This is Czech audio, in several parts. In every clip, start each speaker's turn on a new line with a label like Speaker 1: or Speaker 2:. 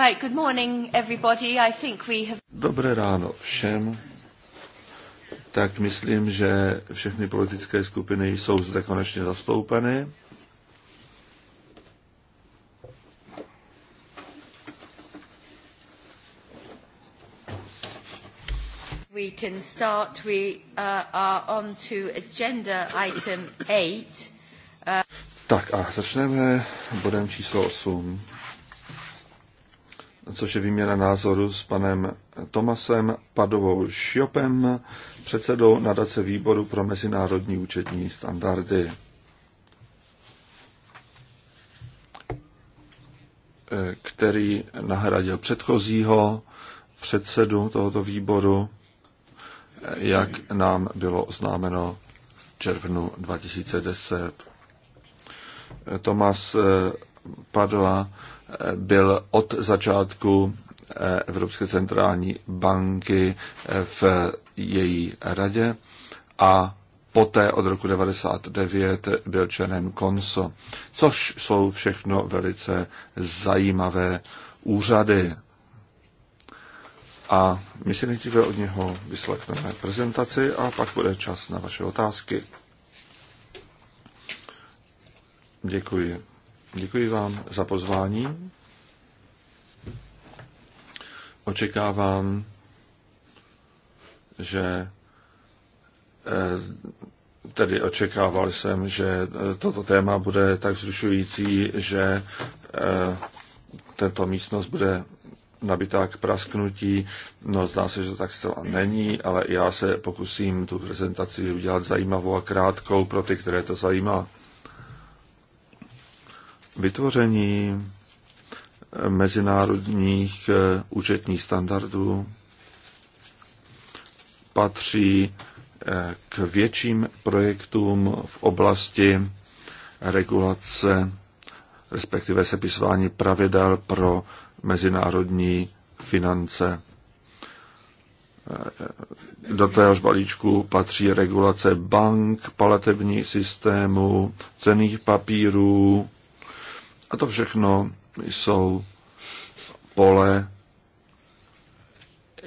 Speaker 1: Right, good morning everybody. I think we have...
Speaker 2: Dobré ráno všem. Tak myslím, že všechny politické skupiny jsou zde konečně zastoupeny. We can start. We uh, are on to agenda item 8. Uh... Tak a začneme bodem číslo 8 což je výměna názoru s panem Tomasem Padovou Šiopem, předsedou nadace výboru pro mezinárodní účetní standardy. který nahradil předchozího předsedu tohoto výboru, jak nám bylo oznámeno v červnu 2010. Tomas Padla byl od začátku eh, Evropské centrální banky eh, v její radě a poté od roku 99 byl členem KONSO, což jsou všechno velice zajímavé úřady. A my si nejdříve od něho vyslechneme prezentaci a pak bude čas na vaše otázky. Děkuji. Děkuji vám za pozvání. Očekávám, že eh, tedy očekával jsem, že eh, toto téma bude tak vzrušující, že eh, tento místnost bude nabitá k prasknutí. No, zdá se, že to tak zcela není, ale já se pokusím tu prezentaci udělat zajímavou a krátkou pro ty, které to zajímá. Vytvoření mezinárodních eh, účetních standardů patří eh, k větším projektům v oblasti regulace, respektive sepisování pravidel pro mezinárodní finance. Eh, do téhož balíčku patří regulace bank, paletební systému, cených papírů, a to všechno jsou pole,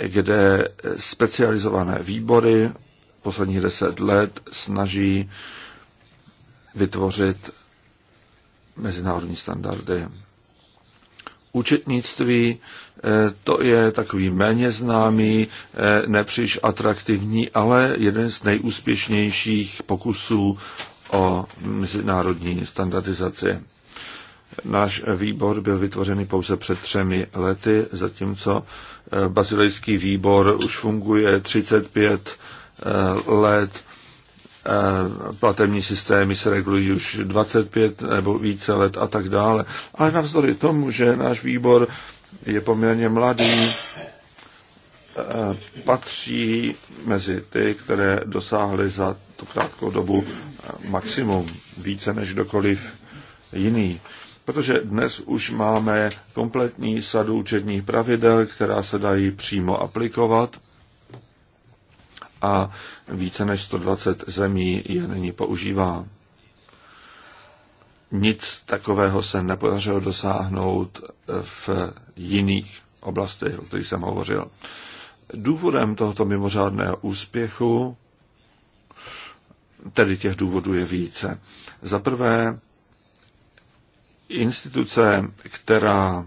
Speaker 2: kde specializované výbory posledních deset let snaží vytvořit mezinárodní standardy. Účetnictví eh, to je takový méně známý, eh, nepříliš atraktivní, ale jeden z nejúspěšnějších pokusů o mezinárodní standardizaci. Náš výbor byl vytvořený pouze před třemi lety, zatímco eh, bazilejský výbor už funguje 35 eh, let. Eh, platební systémy se regulují už 25 nebo více let a tak dále. Ale navzdory tomu, že náš výbor je poměrně mladý, patří mezi ty, které dosáhly za tu krátkou dobu maximum, více než kdokoliv jiný protože dnes už máme kompletní sadu účetních pravidel, která se dají přímo aplikovat a více než 120 zemí je nyní používá. Nic takového se nepodařilo dosáhnout v jiných oblastech, o kterých jsem hovořil. Důvodem tohoto mimořádného úspěchu, tedy těch důvodů je více. Za prvé, instituce, která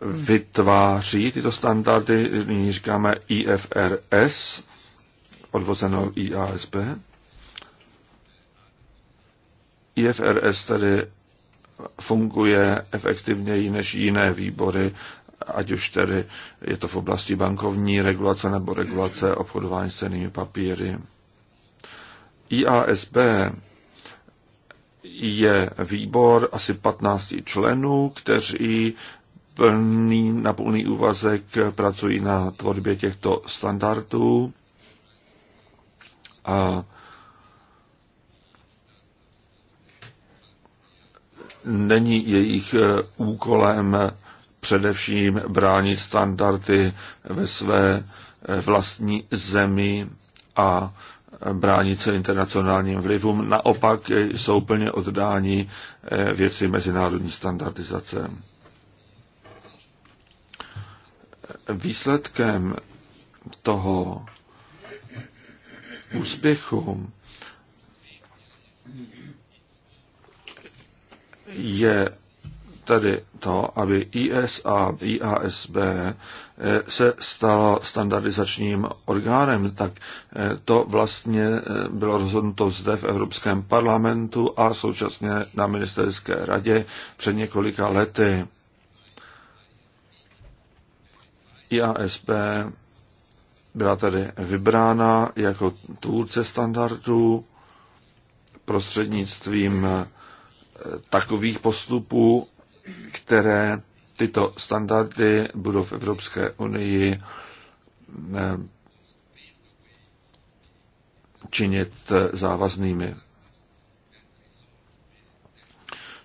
Speaker 2: vytváří tyto standardy, nyní říkáme IFRS, odvozeno IASB. IFRS tedy funguje efektivněji než jiné výbory, ať už tedy je to v oblasti bankovní regulace nebo regulace obchodování s cenými papíry. IASB je výbor asi 15 členů, kteří plný, na plný úvazek pracují na tvorbě těchto standardů. A není jejich eh, úkolem především bránit standardy ve své eh, vlastní zemi a bránit se internacionálním vlivům, naopak jsou plně oddáni eh, věci mezinárodní standardizace. Výsledkem toho úspěchu je tedy to, aby ISA, a IASB Eh, se stalo standardizačním orgánem, tak eh, to vlastně eh, bylo rozhodnuto zde v Evropském parlamentu a současně na ministerské radě před několika lety. IASB byla tedy vybrána jako tvůrce standardů prostřednictvím takových postupů, které tyto standardy budou v Evropské unii eh, činit závaznými.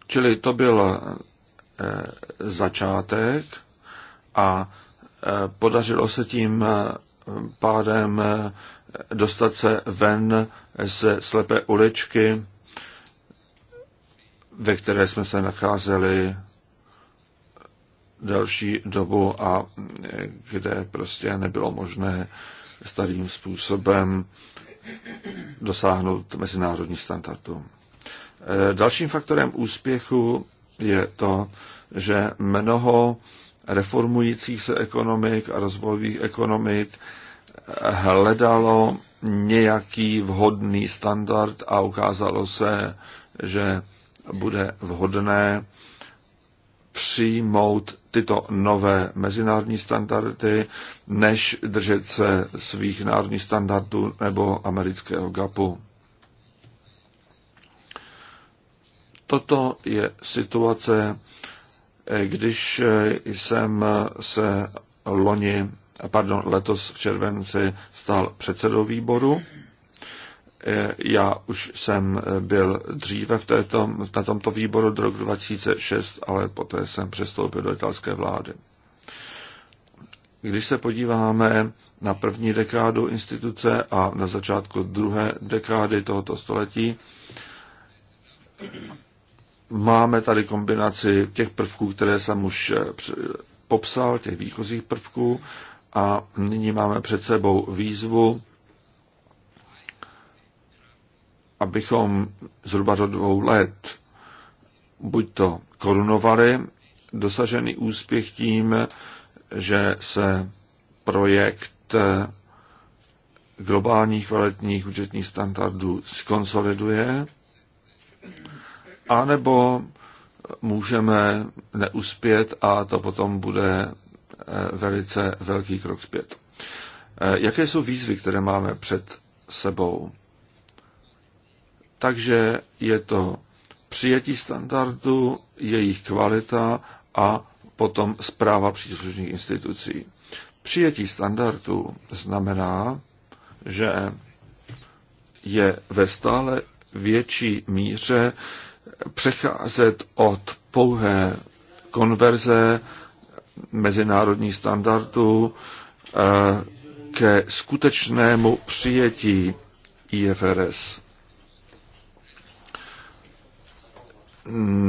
Speaker 2: Čili to byl eh, začátek a eh, podařilo se tím pádem dostat se ven ze slepé uličky, ve které jsme se nacházeli delší dobu a kde prostě nebylo možné starým způsobem dosáhnout mezinárodní standardu. Eh, dalším faktorem úspěchu je to, že mnoho reformujících se ekonomik a rozvojových ekonomik hledalo nějaký vhodný standard a ukázalo se, že bude vhodné přijmout tyto nové mezinárodní standardy, než držet se svých národních standardů nebo amerického GAPu. Toto je situace, když jsem se loni, pardon, letos v červenci stal předsedou výboru Eh, já už jsem eh, byl dříve v, této, na tomto výboru do roku 2006, ale poté jsem přestoupil do italské vlády. Když se podíváme na první dekádu instituce a na začátku druhé dekády tohoto století, máme tady kombinaci těch prvků, které jsem už eh, popsal, těch výchozích prvků, a nyní máme před sebou výzvu abychom zhruba do dvou let buď to korunovali dosažený úspěch tím, že se projekt globálních valetních účetních standardů skonsoliduje, anebo můžeme neuspět a to potom bude eh, velice velký krok zpět. Eh, jaké jsou výzvy, které máme před sebou? Takže je to přijetí standardů, jejich kvalita a potom zpráva příslušných institucí. Přijetí standardů znamená, že je ve stále větší míře přecházet od pouhé konverze mezinárodních standardů eh, ke skutečnému přijetí IFRS.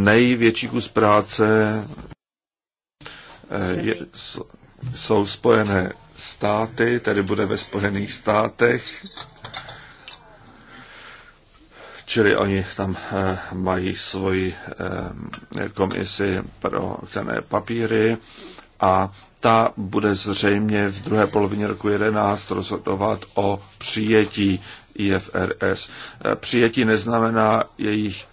Speaker 2: největší kus práce eh, je, jsou spojené státy, tedy bude ve spojených státech, čili oni tam eh, mají svoji eh, komisi pro cené papíry a ta bude zřejmě v druhé polovině roku 11 rozhodovat o přijetí IFRS. Přijetí neznamená jejich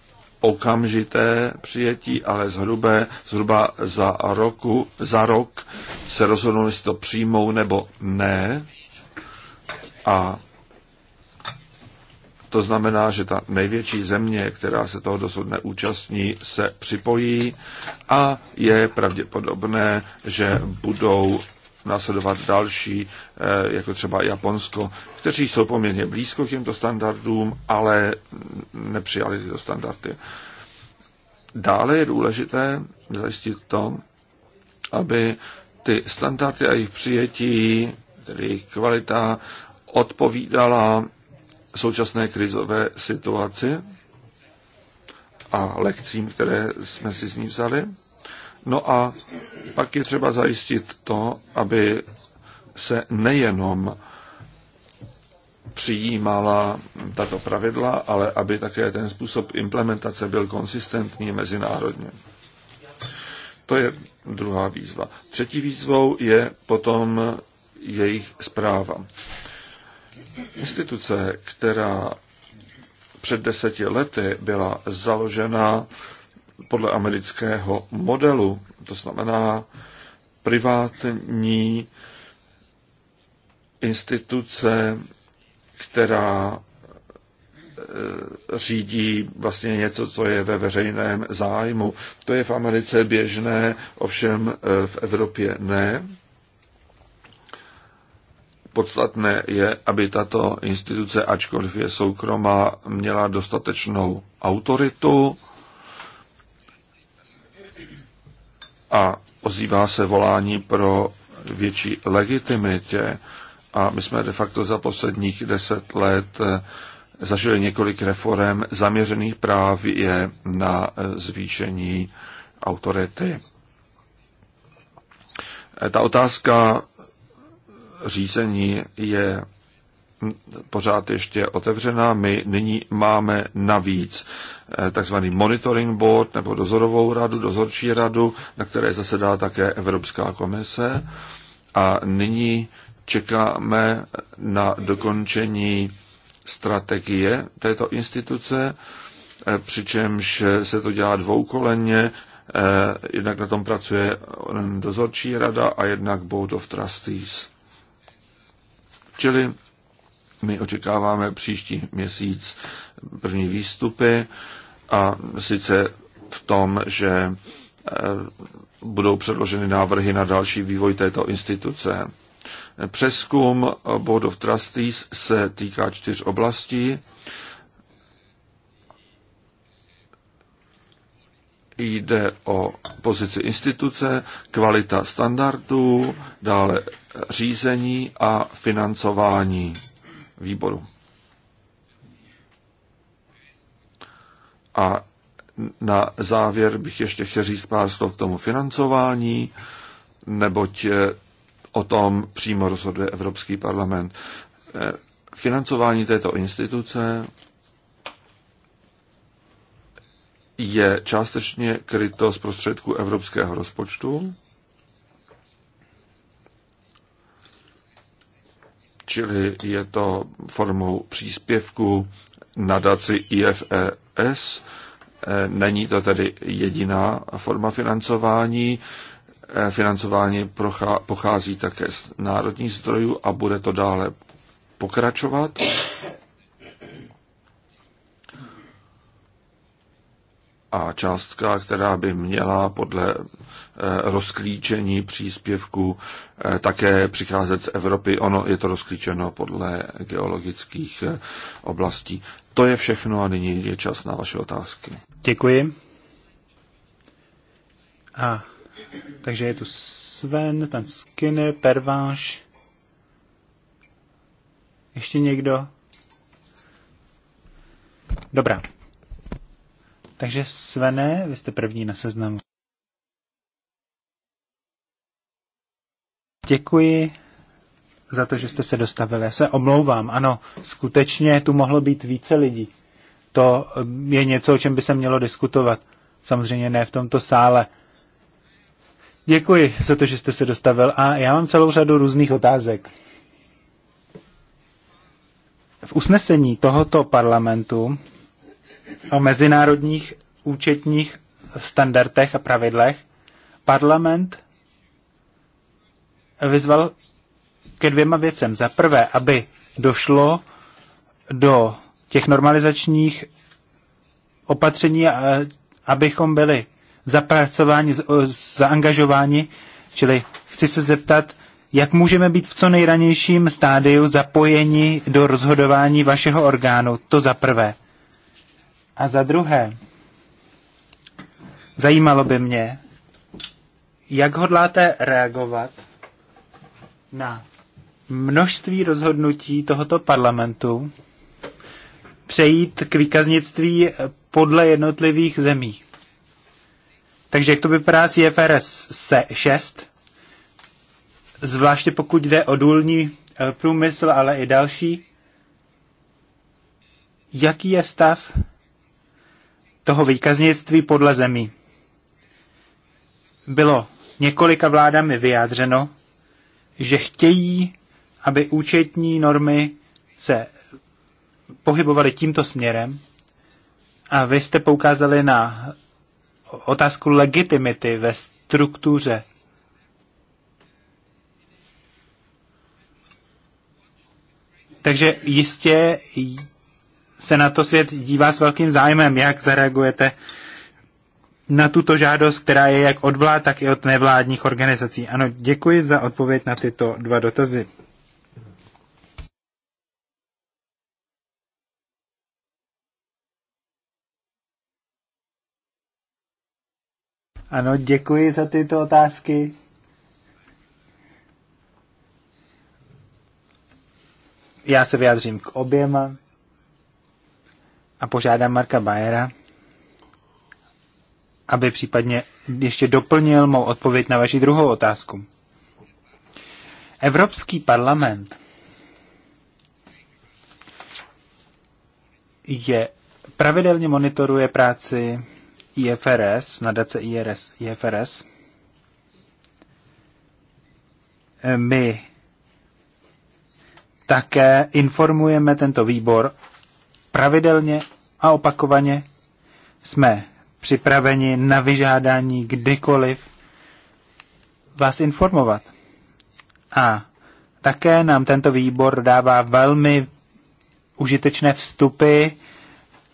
Speaker 2: okamžité přijetí, ale zhruba, zhruba za, roku, za rok se rozhodnou, jestli to přijmou nebo ne. A to znamená, že ta největší země, která se toho dosud neúčastní, se připojí a je pravděpodobné, že budou následovat další, eh, jako třeba Japonsko, kteří jsou poměrně blízko k těmto standardům, ale nepřijali tyto standardy. Dále je důležité zajistit to, aby ty standardy a jejich přijetí, tedy jejich kvalita, odpovídala současné krizové situaci a lekcím, které jsme si z ní vzali. No a pak je třeba zajistit to, aby se nejenom přijímala tato pravidla, ale aby také ten způsob implementace byl konsistentní mezinárodně. To je druhá výzva. Třetí výzvou je potom jejich zpráva. Instituce, která před deseti lety byla založena podle amerického modelu. To znamená privátní instituce, která e, řídí vlastně něco, co je ve veřejném zájmu. To je v Americe běžné, ovšem e, v Evropě ne. Podstatné je, aby tato instituce, ačkoliv je soukromá, měla dostatečnou autoritu a ozývá se volání pro větší legitimitě. A my jsme de facto za posledních deset let eh, zažili několik reform zaměřených právě na eh, zvýšení autority. Eh, ta otázka řízení je pořád ještě otevřená. My nyní máme navíc eh, takzvaný monitoring board nebo dozorovou radu, dozorčí radu, na které zasedá také Evropská komise. A nyní čekáme na dokončení strategie této instituce, eh, přičemž se to dělá dvoukoleně. Eh, jednak na tom pracuje dozorčí rada a jednak Board of Trustees. Čili my očekáváme příští měsíc první výstupy a sice v tom, že eh, budou předloženy návrhy na další vývoj této instituce. Přeskum Board of Trustees se týká čtyř oblastí. Jde o pozici instituce, kvalita standardů, dále řízení a financování výboru. A na závěr bych ještě chtěl říct pár slov k tomu financování, neboť eh, o tom přímo rozhoduje Evropský parlament. Eh, financování této instituce je částečně kryto z prostředků evropského rozpočtu čili je to formou příspěvku nadaci IFES. E, není to tedy jediná forma financování. E, financování pochází také z národních zdrojů a bude to dále pokračovat. A částka, která by měla podle Eh, rozklíčení příspěvků eh, také přicházet z Evropy. Ono je to rozklíčeno podle geologických eh, oblastí. To je všechno a nyní je čas na vaše otázky. Děkuji.
Speaker 3: A takže je tu Sven, pan Skinner, Perváš. Ještě někdo? Dobrá. Takže Svené, vy jste první na seznamu. Děkuji za to, že jste se dostavili. Já se omlouvám. Ano, skutečně tu mohlo být více lidí. To eh, je něco, o čem by se mělo diskutovat. Samozřejmě ne v tomto sále. Děkuji za to, že jste se dostavil a já mám celou řadu různých otázek. V usnesení tohoto parlamentu o mezinárodních účetních standardech a pravidlech parlament vyzval ke dvěma věcem. Za prvé, aby došlo do těch normalizačních opatření, abychom byli zapracováni, zaangažováni, čili chci se zeptat, jak můžeme být v co nejranějším stádiu zapojeni do rozhodování vašeho orgánu? To za prvé. A za druhé, zajímalo by mě, jak hodláte reagovat na množství rozhodnutí tohoto parlamentu přejít k výkaznictví podle jednotlivých zemí. Takže jak to vypadá s IFRS 6, zvláště pokud jde o důlní eh, průmysl, ale i další, jaký je stav toho výkaznictví podle zemí? Bylo několika vládami vyjádřeno, že chtějí, aby účetní normy se pohybovaly tímto směrem. A vy jste poukázali na otázku legitimity ve struktuře. Takže jistě se na to svět dívá s velkým zájmem, jak zareagujete na tuto žádost, která je jak od vlád, tak i od nevládních organizací. Ano, děkuji za odpověď na tyto dva dotazy. Ano, děkuji za tyto otázky. Já se vyjádřím k oběma a požádám Marka Bajera aby případně ještě doplnil mou odpověď na vaši druhou otázku. Evropský parlament je pravidelně monitoruje práci IFRS, nadace IRS, IFRS. My také informujeme tento výbor pravidelně a opakovaně. Jsme připraveni na vyžádání kdykoliv vás informovat. A také nám tento výbor dává velmi užitečné vstupy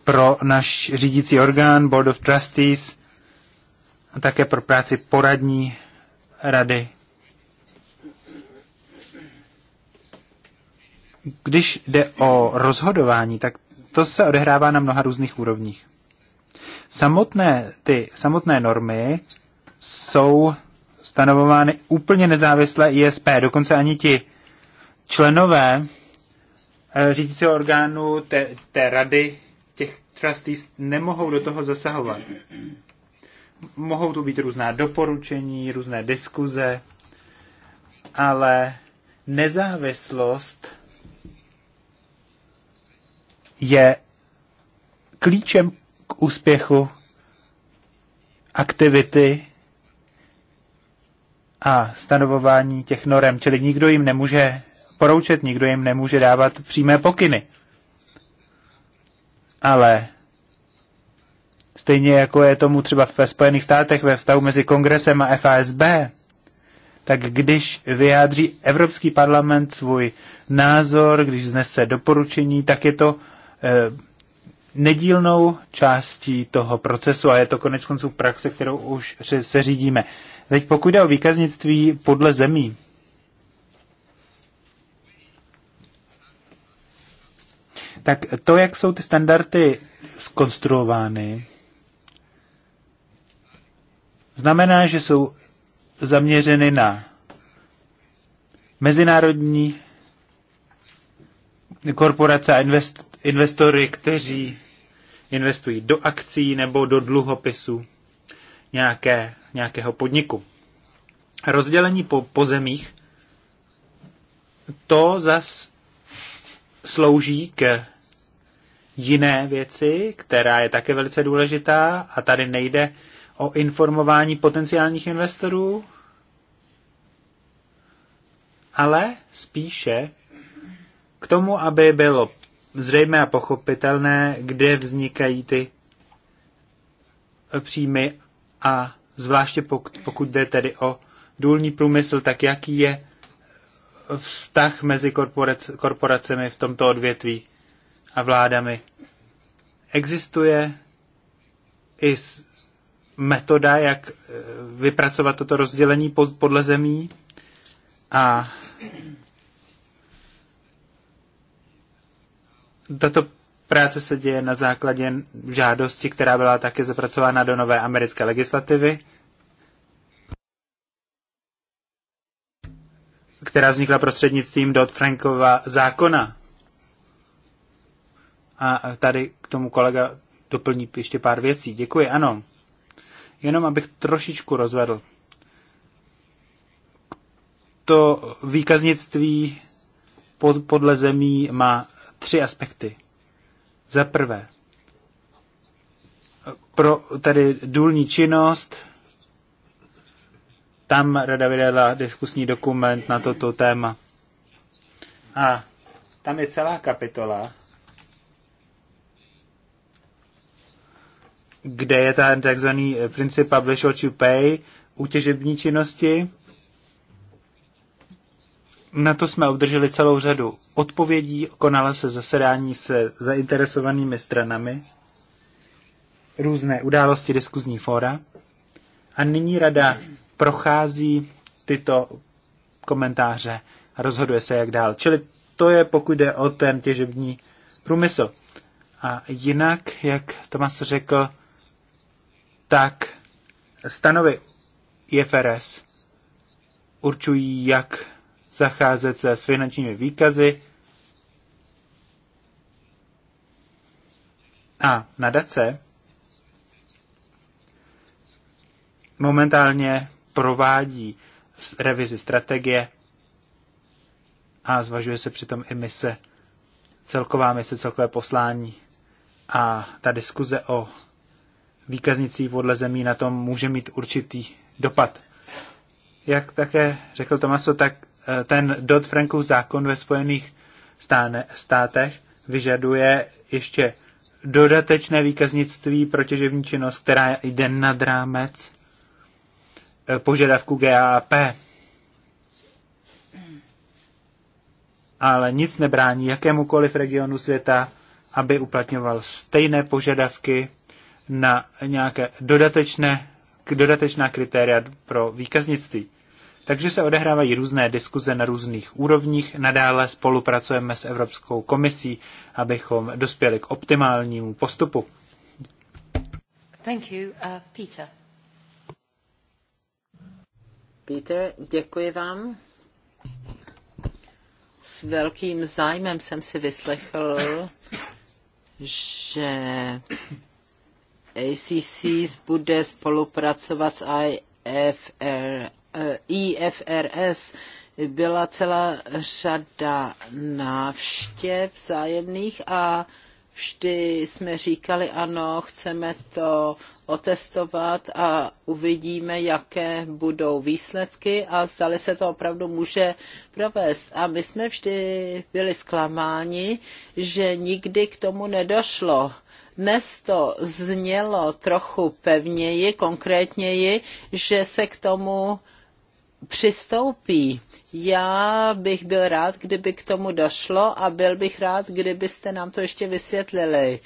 Speaker 3: pro náš řídící orgán Board of Trustees a také pro práci poradní rady. Když jde o rozhodování, tak to se odehrává na mnoha různých úrovních. Samotné, ty samotné normy jsou stanovovány úplně nezávisle ISP, dokonce ani ti členové eh, řídícího orgánu té, té rady těch trustees nemohou do toho zasahovat. Mohou tu být různá doporučení, různé diskuze, ale nezávislost je klíčem k úspěchu aktivity a stanovování těch norem, čili nikdo jim nemůže poroučet, nikdo jim nemůže dávat přímé pokyny. Ale stejně jako je tomu třeba ve Spojených státech ve vztahu mezi kongresem a FASB, tak když vyjádří Evropský parlament svůj názor, když znese doporučení, tak je to eh, nedílnou částí toho procesu a je to konec konců praxe, kterou už se řídíme. Teď pokud jde o výkaznictví podle zemí, tak to, jak jsou ty standardy skonstruovány, znamená, že jsou zaměřeny na mezinárodní korporace a invest, investory, kteří investují do akcí nebo do dluhopisu nějaké, nějakého podniku. Rozdělení po, po zemích, to zas slouží k jiné věci, která je také velice důležitá a tady nejde o informování potenciálních investorů, ale spíše k tomu, aby bylo zřejmé a pochopitelné, kde vznikají ty eh, příjmy a zvláště pokud jde tedy o důlní průmysl, tak jaký je eh, vztah mezi korporacemi v tomto odvětví a vládami. Existuje i metoda, jak eh, vypracovat toto rozdělení podle zemí a tato práce se děje na základě žádosti, která byla také zapracována do nové americké legislativy, která vznikla prostřednictvím Dodd-Frankova zákona. A tady k tomu kolega doplní ještě pár věcí. Děkuji, ano. Jenom abych trošičku rozvedl. To výkaznictví pod, podle zemí má tři aspekty. Za prvé, pro tedy důlní činnost, tam rada vydala diskusní dokument na toto téma. A tam je celá kapitola, kde je ten takzvaný princip publish what you pay u těžební činnosti na to jsme obdrželi celou řadu odpovědí, konala se zasedání se zainteresovanými stranami, různé události diskuzní fóra a nyní rada prochází tyto komentáře a rozhoduje se, jak dál. Čili to je, pokud jde o ten těžební průmysl. A jinak, jak Tomas řekl, tak stanovy IFRS určují, jak zacházet se s finančními výkazy. A nadace momentálně provádí revizi strategie a zvažuje se přitom i mise, celková mise, celkové poslání. A ta diskuze o výkaznicí podle zemí na tom může mít určitý dopad. Jak také řekl Tomaso, tak Eh, ten Dodd-Frankův zákon ve Spojených stáne, státech vyžaduje ještě dodatečné výkaznictví pro těživní činnost, která jde nad rámec eh, požadavku GAP. Ale nic nebrání jakémukoliv regionu světa, aby uplatňoval stejné požadavky na nějaké dodatečné, dodatečná kritéria pro výkaznictví. Takže se odehrávají různé diskuze na různých úrovních. Nadále spolupracujeme s Evropskou komisí, abychom dospěli k optimálnímu postupu.
Speaker 1: Thank you, uh, Peter. Peter, děkuji vám. S velkým zájmem jsem si vyslechl, že ACC bude spolupracovat s IFR Eh, IFRS byla celá řada návštěv vzájemných a vždy jsme říkali, ano, chceme to otestovat a uvidíme, jaké budou výsledky a zdali se to opravdu může provést. A my jsme vždy byli zklamáni, že nikdy k tomu nedošlo. Dnes to znělo trochu pevněji, konkrétněji, že se k tomu přistoupí. Já bych byl rád, kdyby k tomu došlo a byl bych rád, kdybyste nám to ještě vysvětlili.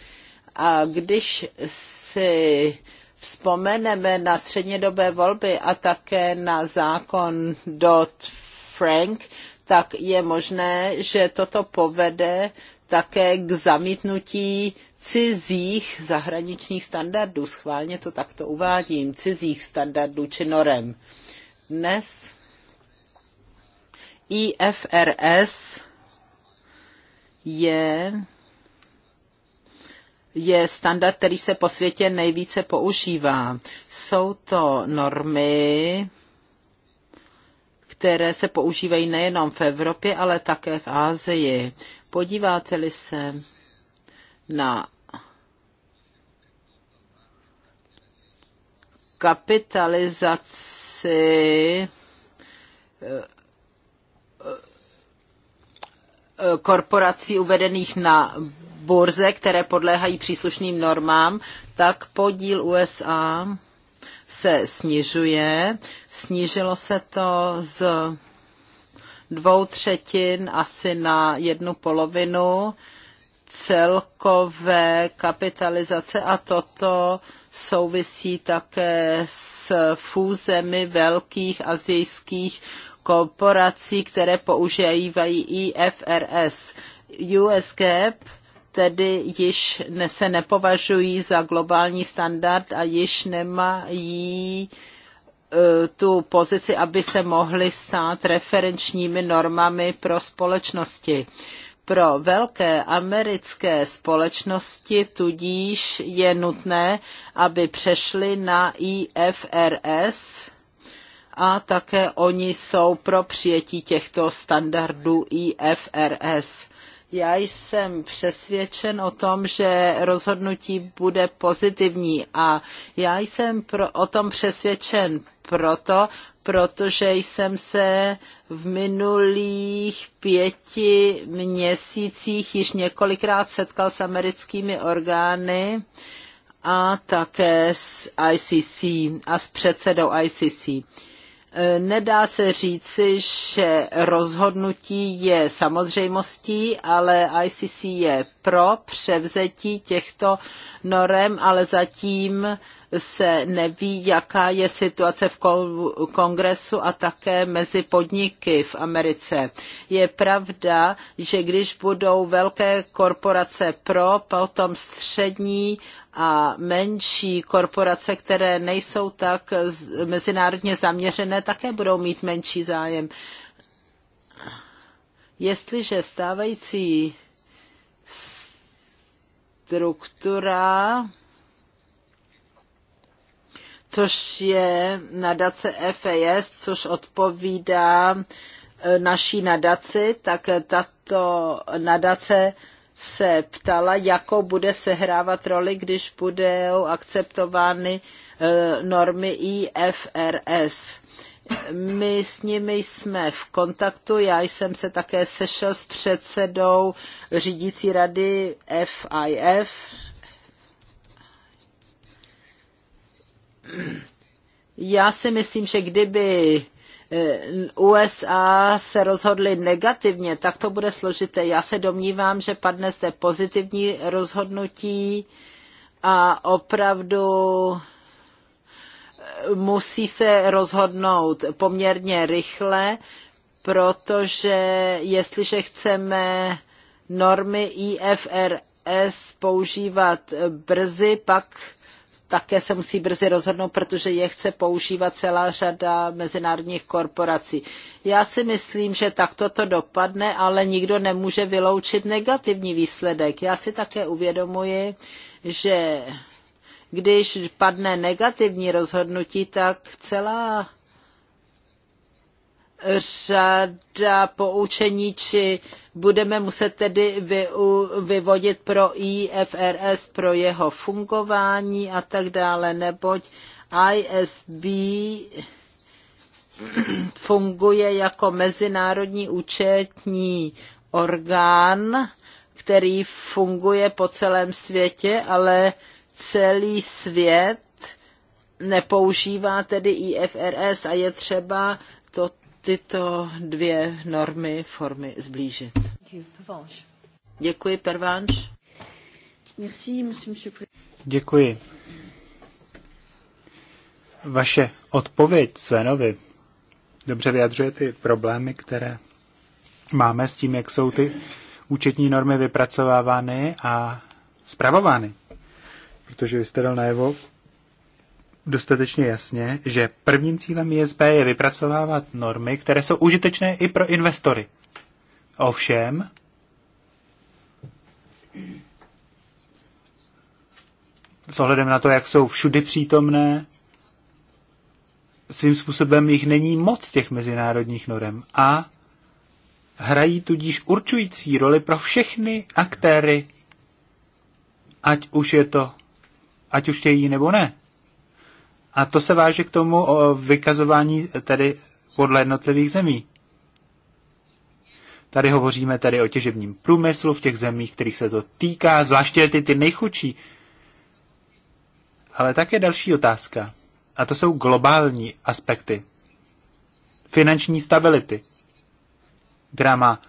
Speaker 1: A když si vzpomeneme na střednědobé volby a také na zákon dot frank tak je možné, že toto povede také k zamítnutí cizích zahraničních standardů. Schválně to takto uvádím, cizích standardů či norem nes IFRS je, je standard, který se po světě nejvíce používá. Jsou to normy, které se používají nejenom v Evropě, ale také v Ázii. Podíváte-li se na kapitalizaci, si eh, eh, korporací uvedených na burze, které podléhají příslušným normám, tak podíl USA se snižuje. Snížilo se to z dvou třetin asi na jednu polovinu celkové kapitalizace a toto souvisí také s fúzemi velkých azijských korporací, které používají IFRS. US GAAP e tedy již se nepovažují za globální standard a již nemají e, tu pozici, aby se mohly stát referenčními normami pro společnosti. Pro velké americké společnosti tudíž je nutné, aby přešly na IFRS a také oni jsou pro přijetí těchto standardů IFRS. Já jsem přesvědčen o tom, že rozhodnutí bude pozitivní a já jsem pro, o tom přesvědčen proto, protože jsem se v minulých pěti měsících již několikrát setkal s americkými orgány a také s ICC a s předsedou ICC. Nedá se říci, že rozhodnutí je samozřejmostí, ale ICC je pro převzetí těchto norem, ale zatím se neví, jaká je situace v kongresu a také mezi podniky v Americe. Je pravda, že když budou velké korporace pro, potom střední a menší korporace, které nejsou tak mezinárodně zaměřené, také budou mít menší zájem. Jestliže stávající struktura, což je nadace FAS, což odpovídá e, naší nadaci, tak tato nadace se ptala, jakou bude sehrávat roli, když budou akceptovány e, normy IFRS. My s nimi jsme v kontaktu, já jsem se také sešel s předsedou řídící rady FIF. Já si myslím, že kdyby Eh, USA se rozhodly negativně, tak to bude složité. Já se domnívám, že padne zde pozitivní rozhodnutí a opravdu eh, musí se rozhodnout poměrně rychle, protože jestliže chceme normy IFRS používat brzy, pak také se musí brzy rozhodnout, protože je chce používat celá řada mezinárodních korporací. Já si myslím, že takto to dopadne, ale nikdo nemůže vyloučit negativní výsledek. Já si také uvědomuji, že když padne negativní rozhodnutí, tak celá řada poučení, či budeme muset tedy vy, vyvodit pro IFRS, pro jeho fungování a tak dále, neboť ISB funguje jako mezinárodní účetní orgán, který funguje po celém světě, ale celý svět nepoužívá tedy IFRS a je třeba to tyto dvě normy, formy zblížit. Děkuji, Pervanš.
Speaker 3: Děkuji. Vaše odpověď Svenovi dobře vyjadřuje ty problémy, které máme s tím, jak jsou ty účetní normy vypracovávány a zpravovány. Protože vy jste dal najevo, dostatečně jasně, že prvním cílem ISB je vypracovávat normy, které jsou užitečné i pro investory. Ovšem, s ohledem na to, jak jsou všudy přítomné, svým způsobem jich není moc těch mezinárodních norem a hrají tudíž určující roli pro všechny aktéry, ať už je to, ať už chtějí nebo ne. A to se váže k tomu o vykazování tedy podle jednotlivých zemí. Tady hovoříme tady o těžebním průmyslu v těch zemích, kterých se to týká, zvláště ty, ty nejchudší. Ale také další otázka. A to jsou globální aspekty. Finanční stability, která má,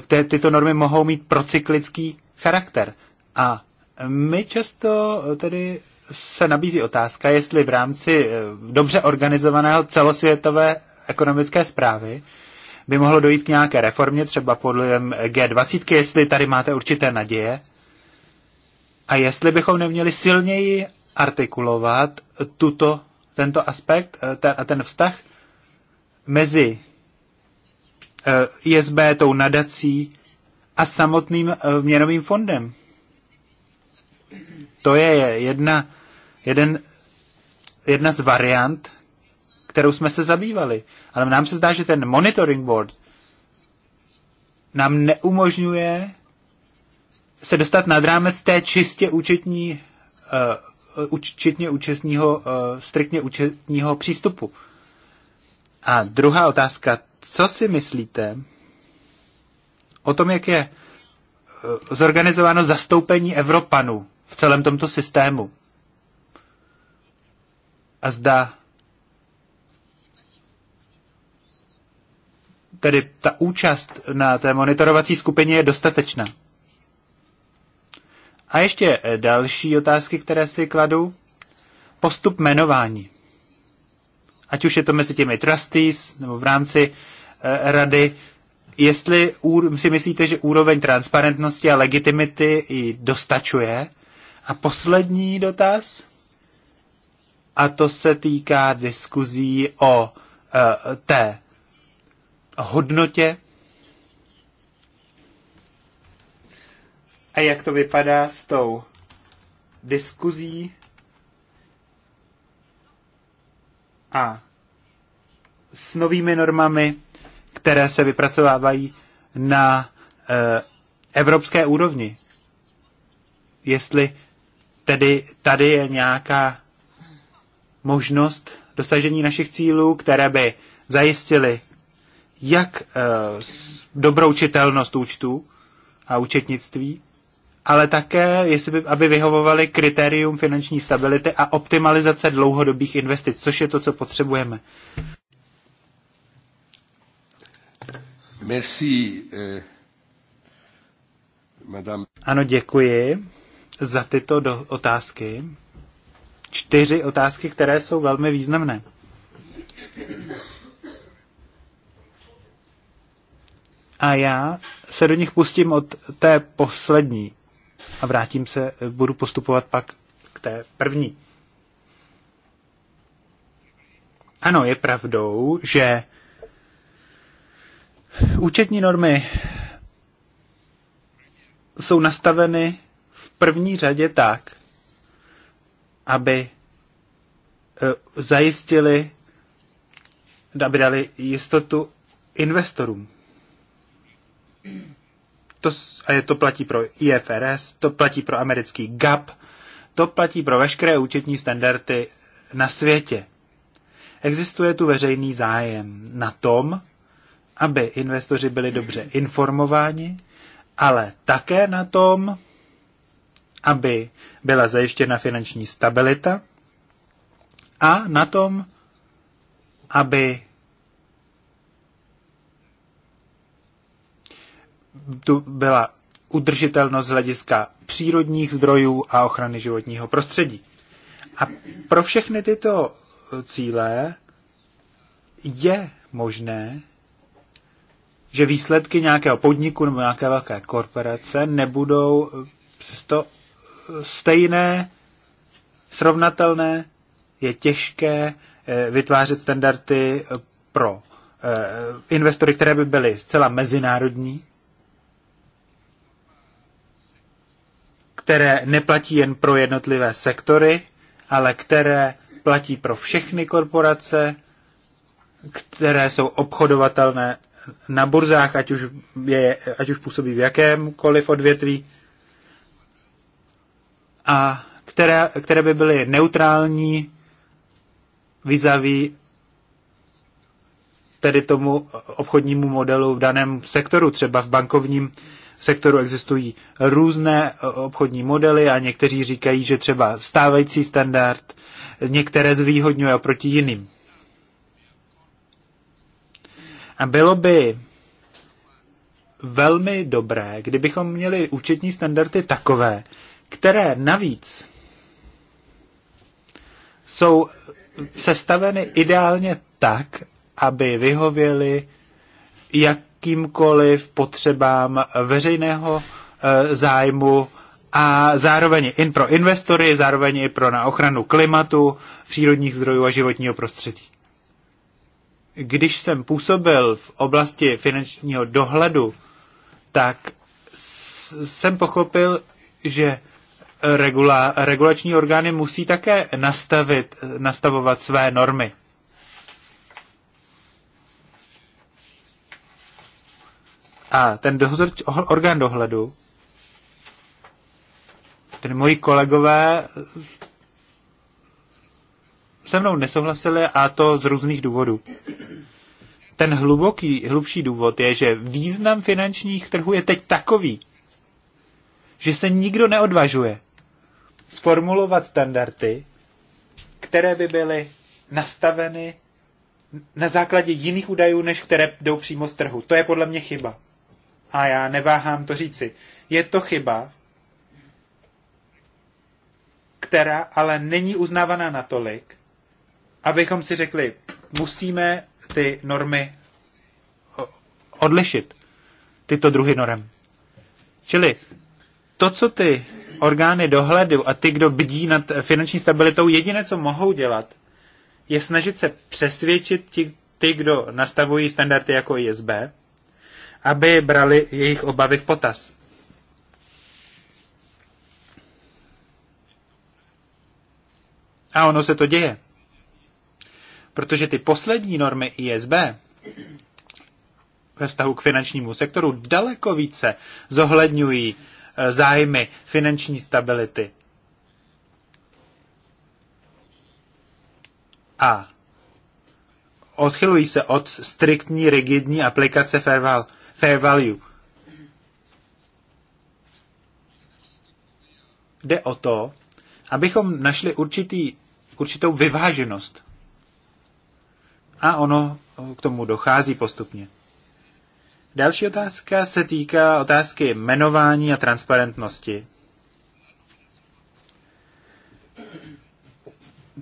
Speaker 3: které tyto normy mohou mít procyklický charakter. A my často tedy se nabízí otázka, jestli v rámci eh, dobře organizovaného celosvětové ekonomické zprávy by mohlo dojít k nějaké reformě, třeba podle G20, jestli tady máte určité naděje. A jestli bychom neměli silněji artikulovat tuto, tento aspekt eh, a ten, ten vztah mezi eh, ISB, tou nadací a samotným měnovým fondem. To je jedna jeden, jedna z variant, kterou jsme se zabývali. Ale nám se zdá, že ten monitoring board nám neumožňuje se dostat nad rámec té čistě účetní, uh, eh, účetně účetního, uh, striktně účetního přístupu. A druhá otázka, co si myslíte o tom, jak je eh, zorganizováno zastoupení Evropanů v celém tomto systému? a zda tedy ta účast na té monitorovací skupině je dostatečná. A ještě eh, další otázky, které si kladu. Postup jmenování. Ať už je to mezi těmi trustees nebo v rámci eh, rady, jestli si myslíte, že úroveň transparentnosti a legitimity i dostačuje. A poslední dotaz a to se týká diskuzí o uh, té hodnotě a jak to vypadá s tou diskuzí a s novými normami, které se vypracovávají na uh, evropské úrovni. Jestli tedy tady je nějaká možnost dosažení našich cílů, které by zajistily jak eh, dobrou čitelnost účtů a účetnictví, ale také, jestli by, aby vyhovovali kritérium finanční stability a optimalizace dlouhodobých investic, což je to, co potřebujeme.
Speaker 2: Merci,
Speaker 3: eh, madame. Ano, děkuji za tyto do- otázky čtyři otázky, které jsou velmi významné. A já se do nich pustím od té poslední a vrátím se, budu postupovat pak k té první. Ano, je pravdou, že účetní normy jsou nastaveny v první řadě tak, aby eh, zajistili, aby dali jistotu investorům. To, a to platí pro IFRS, to platí pro americký GAP, to platí pro veškeré účetní standardy na světě. Existuje tu veřejný zájem na tom, aby investoři byli dobře informováni, ale také na tom, aby byla zajištěna finanční stabilita a na tom, aby tu byla udržitelnost z hlediska přírodních zdrojů a ochrany životního prostředí. A pro všechny tyto cíle je možné, že výsledky nějakého podniku nebo nějaké velké korporace nebudou přesto stejné, srovnatelné, je těžké eh, vytvářet standardy eh, pro eh, investory, které by byly zcela mezinárodní, které neplatí jen pro jednotlivé sektory, ale které platí pro všechny korporace, které jsou obchodovatelné na burzách, ať už, je, ať už působí v jakémkoliv odvětví a které, které by byly neutrální vizaví tedy tomu obchodnímu modelu v daném sektoru. Třeba v bankovním sektoru existují různé obchodní modely a někteří říkají, že třeba stávající standard některé zvýhodňuje oproti jiným. A bylo by velmi dobré, kdybychom měli účetní standardy takové, které navíc jsou sestaveny ideálně tak, aby vyhověly jakýmkoliv potřebám veřejného eh, zájmu a zároveň i pro investory, zároveň i pro na ochranu klimatu, přírodních zdrojů a životního prostředí. Když jsem působil v oblasti finančního dohledu, tak jsem pochopil, že regula, regulační orgány musí také nastavit, nastavovat své normy. A ten dozor, orgán dohledu, tedy moji kolegové se mnou nesouhlasili a to z různých důvodů. Ten hluboký, hlubší důvod je, že význam finančních trhů je teď takový, že se nikdo neodvažuje sformulovat standardy, které by byly nastaveny na základě jiných údajů, než které jdou přímo z trhu. To je podle mě chyba. A já neváhám to říci. Je to chyba, která ale není uznávaná natolik, abychom si řekli, musíme ty normy odlišit, tyto druhy norem. Čili to, co ty orgány dohledu a ty, kdo bdí nad finanční stabilitou, jediné, co mohou dělat, je snažit se přesvědčit ti, ty, kdo nastavují standardy jako ISB, aby brali jejich obavy v potaz. A ono se to děje. Protože ty poslední normy ISB ve vztahu k finančnímu sektoru daleko více zohledňují Eh, zájmy finanční stability. A odchylují se od striktní, rigidní aplikace fair value. Jde o to, abychom našli určitý, určitou vyváženost. A ono k tomu dochází postupně. Další otázka se týká otázky jmenování a transparentnosti.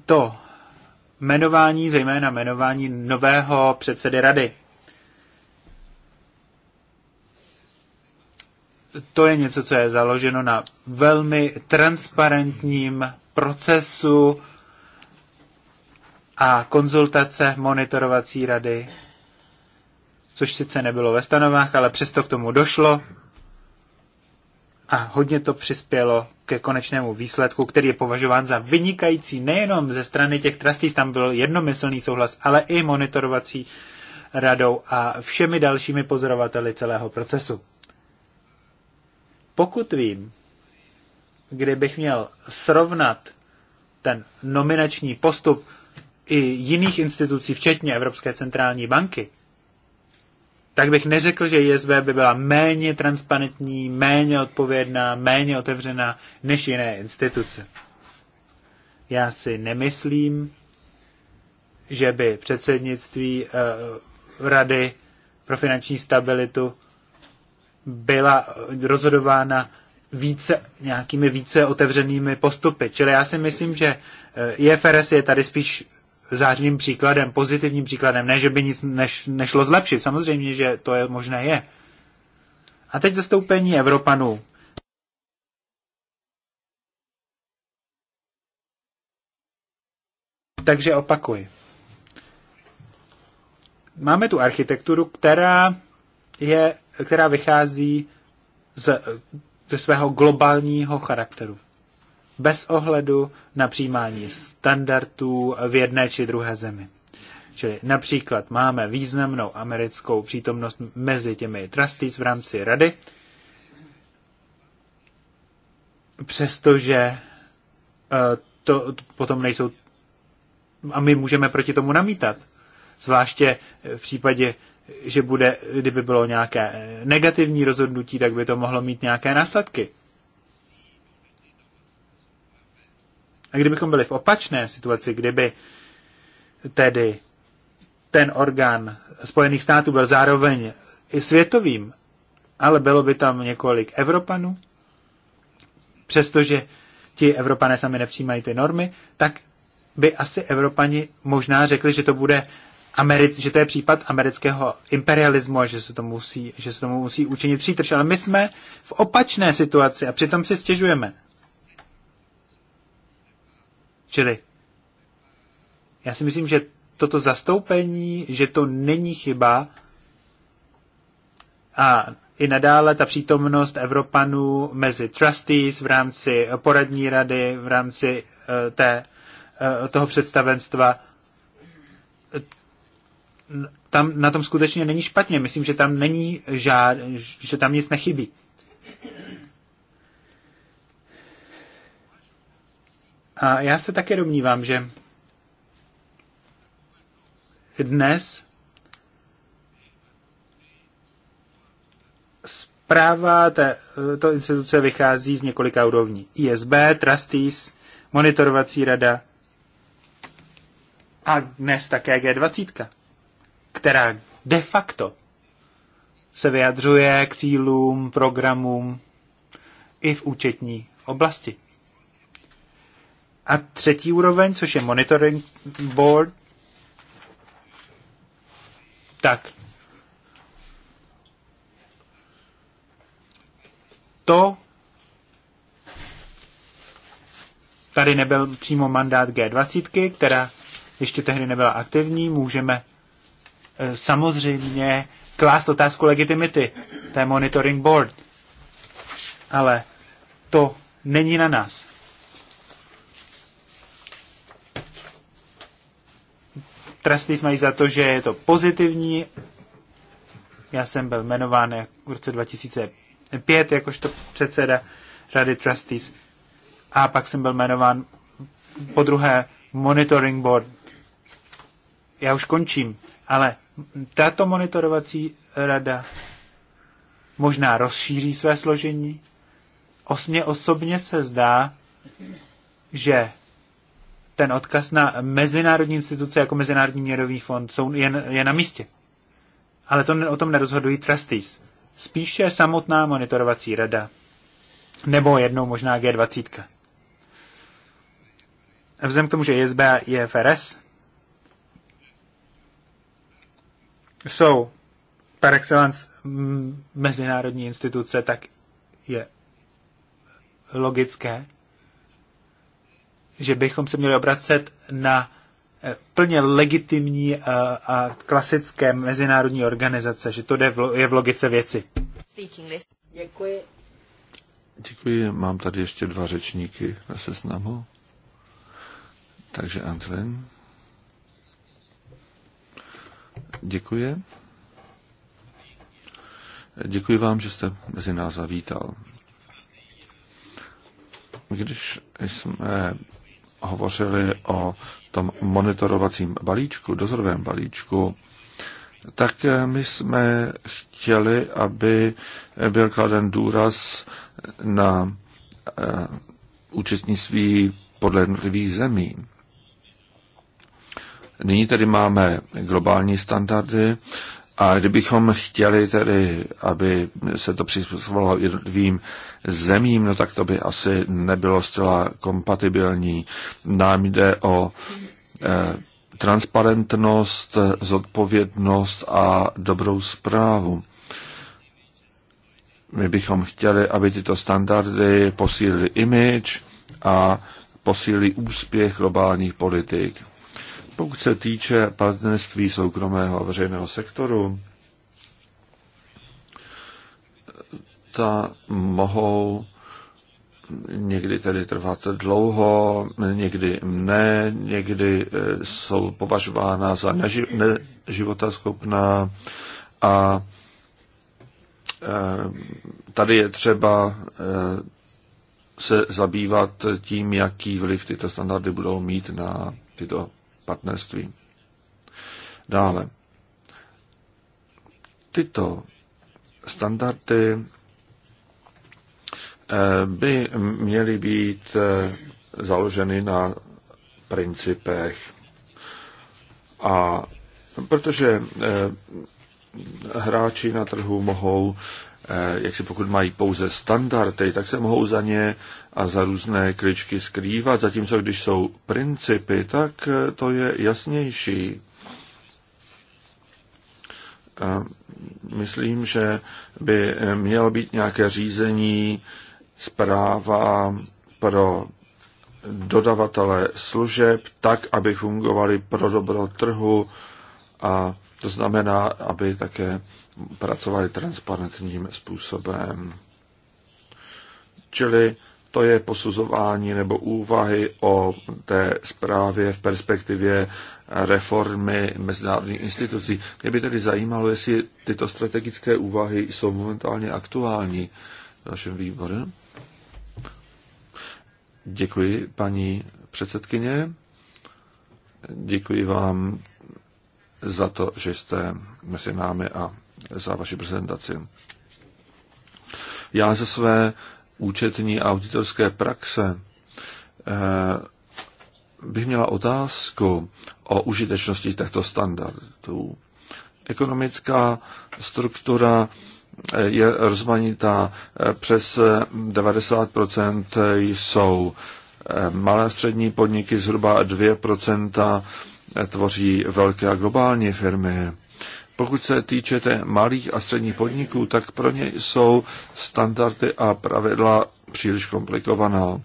Speaker 3: To jmenování, zejména jmenování nového předsedy rady. To je něco, co je založeno na velmi transparentním procesu a konzultace monitorovací rady což sice nebylo ve stanovách, ale přesto k tomu došlo a hodně to přispělo ke konečnému výsledku, který je považován za vynikající nejenom ze strany těch trustees, tam byl jednomyslný souhlas, ale i monitorovací radou a všemi dalšími pozorovateli celého procesu. Pokud vím, kdybych měl srovnat ten nominační postup i jiných institucí, včetně Evropské centrální banky, tak bych neřekl, že ISV by byla méně transparentní, méně odpovědná, méně otevřená než jiné instituce. Já si nemyslím, že by předsednictví eh, Rady pro finanční stabilitu byla rozhodována více, nějakými více otevřenými postupy. Čili já si myslím, že eh, IFRS je tady spíš zářným příkladem, pozitivním příkladem. Ne, že by nic neš, nešlo zlepšit, samozřejmě, že to je možné je. A teď zastoupení Evropanů. Takže opakuji. Máme tu architekturu, která, je, která vychází z, ze svého globálního charakteru bez ohledu na přijímání standardů v jedné či druhé zemi. Čili například máme významnou americkou přítomnost mezi těmi trustees v rámci rady, přestože eh, to potom nejsou a my můžeme proti tomu namítat. Zvláště v případě, že bude, kdyby bylo nějaké negativní rozhodnutí, tak by to mohlo mít nějaké následky. A kdybychom byli v opačné situaci, kdyby tedy ten orgán Spojených států byl zároveň i světovým, ale bylo by tam několik Evropanů, přestože ti Evropané sami nepřijímají ty normy, tak by asi Evropani možná řekli, že to bude Americ, že to je případ amerického imperialismu a že se to musí, že se tomu musí učinit přítrž. Ale my jsme v opačné situaci a přitom si stěžujeme. Čili já si myslím, že toto zastoupení, že to není chyba a i nadále ta přítomnost Evropanů mezi trustees v rámci poradní rady, v rámci eh, té, eh, toho představenstva, tam na tom skutečně není špatně. Myslím, že tam není žád, že tam nic nechybí. A já se také domnívám, že dnes zpráva to instituce vychází z několika úrovní. ISB, Trustees, Monitorovací rada a dnes také G20, která de facto se vyjadřuje k cílům, programům i v účetní oblasti. A třetí úroveň, což je monitoring board, tak to tady nebyl přímo mandát G20, která ještě tehdy nebyla aktivní, můžeme eh, samozřejmě klást otázku legitimity té monitoring board. Ale to není na nás. trustees mají za to, že je to pozitivní. Já jsem byl jmenován v roce 2005 jakožto předseda řady trustees a pak jsem byl jmenován po druhé monitoring board. Já už končím, ale tato monitorovací rada možná rozšíří své složení. Osmě osobně se zdá, že ten odkaz na mezinárodní instituce jako Mezinárodní měrový fond jsou, je, je na místě. Ale to, o tom nerozhodují trustees. Spíše samotná monitorovací rada. Nebo jednou možná G20. Vzhledem k tomu, že ISB a IFRS jsou par excellence mezinárodní instituce, tak je logické, že bychom se měli obracet na eh, plně legitimní eh, a klasické mezinárodní organizace, že to je v logice věci.
Speaker 1: Děkuji.
Speaker 2: Děkuji, mám tady ještě dva řečníky na seznamu. Takže Antlin. Děkuji. Děkuji vám, že jste mezi nás zavítal. Když jsme hovořili o tom monitorovacím balíčku, dozorovém balíčku, tak eh, my jsme chtěli, aby byl kladen důraz na eh, účetnictví podle jednotlivých zemí. Nyní tedy máme globální standardy a kdybychom chtěli tedy, aby se to přizpůsobovalo jednotlivým zemím, no tak to by asi nebylo zcela kompatibilní. Nám jde o eh, transparentnost, zodpovědnost a dobrou zprávu. My bychom chtěli, aby tyto standardy posílily image a posílili úspěch globálních politik. Pokud se týče partnerství soukromého a veřejného sektoru, ta mohou někdy tedy trvat dlouho, někdy ne, někdy eh, jsou považována za neži, neživotaschopná a eh, tady je třeba eh, se zabývat tím, jaký vliv tyto standardy budou mít na tyto partnerství. Dále. Tyto standardy eh, by měly být eh, založeny na principech. A protože eh, hráči na trhu mohou Eh, jak si pokud mají pouze standardy, tak se mohou za ně a za různé kličky skrývat, zatímco když jsou principy, tak eh, to je jasnější. Eh, myslím, že by mělo být nějaké řízení, zpráva pro dodavatele služeb tak, aby fungovaly pro dobro trhu a to znamená, aby také pracovali transparentním způsobem. Čili to je posuzování nebo úvahy o té zprávě v perspektivě reformy mezinárodních institucí. Mě by tedy zajímalo, jestli tyto strategické úvahy jsou momentálně aktuální v našem výboru. Děkuji, paní předsedkyně. Děkuji vám za to, že jste mezi námi a za vaši prezentaci. Já ze své účetní a auditorské praxe eh, bych měla otázku o užitečnosti těchto standardů. Ekonomická struktura eh, je rozmanitá. Eh, přes 90% jsou malé střední podniky, zhruba 2% tvoří velké a globální firmy. Pokud se týče malých a středních podniků, tak pro ně jsou standardy a pravidla příliš komplikovaná.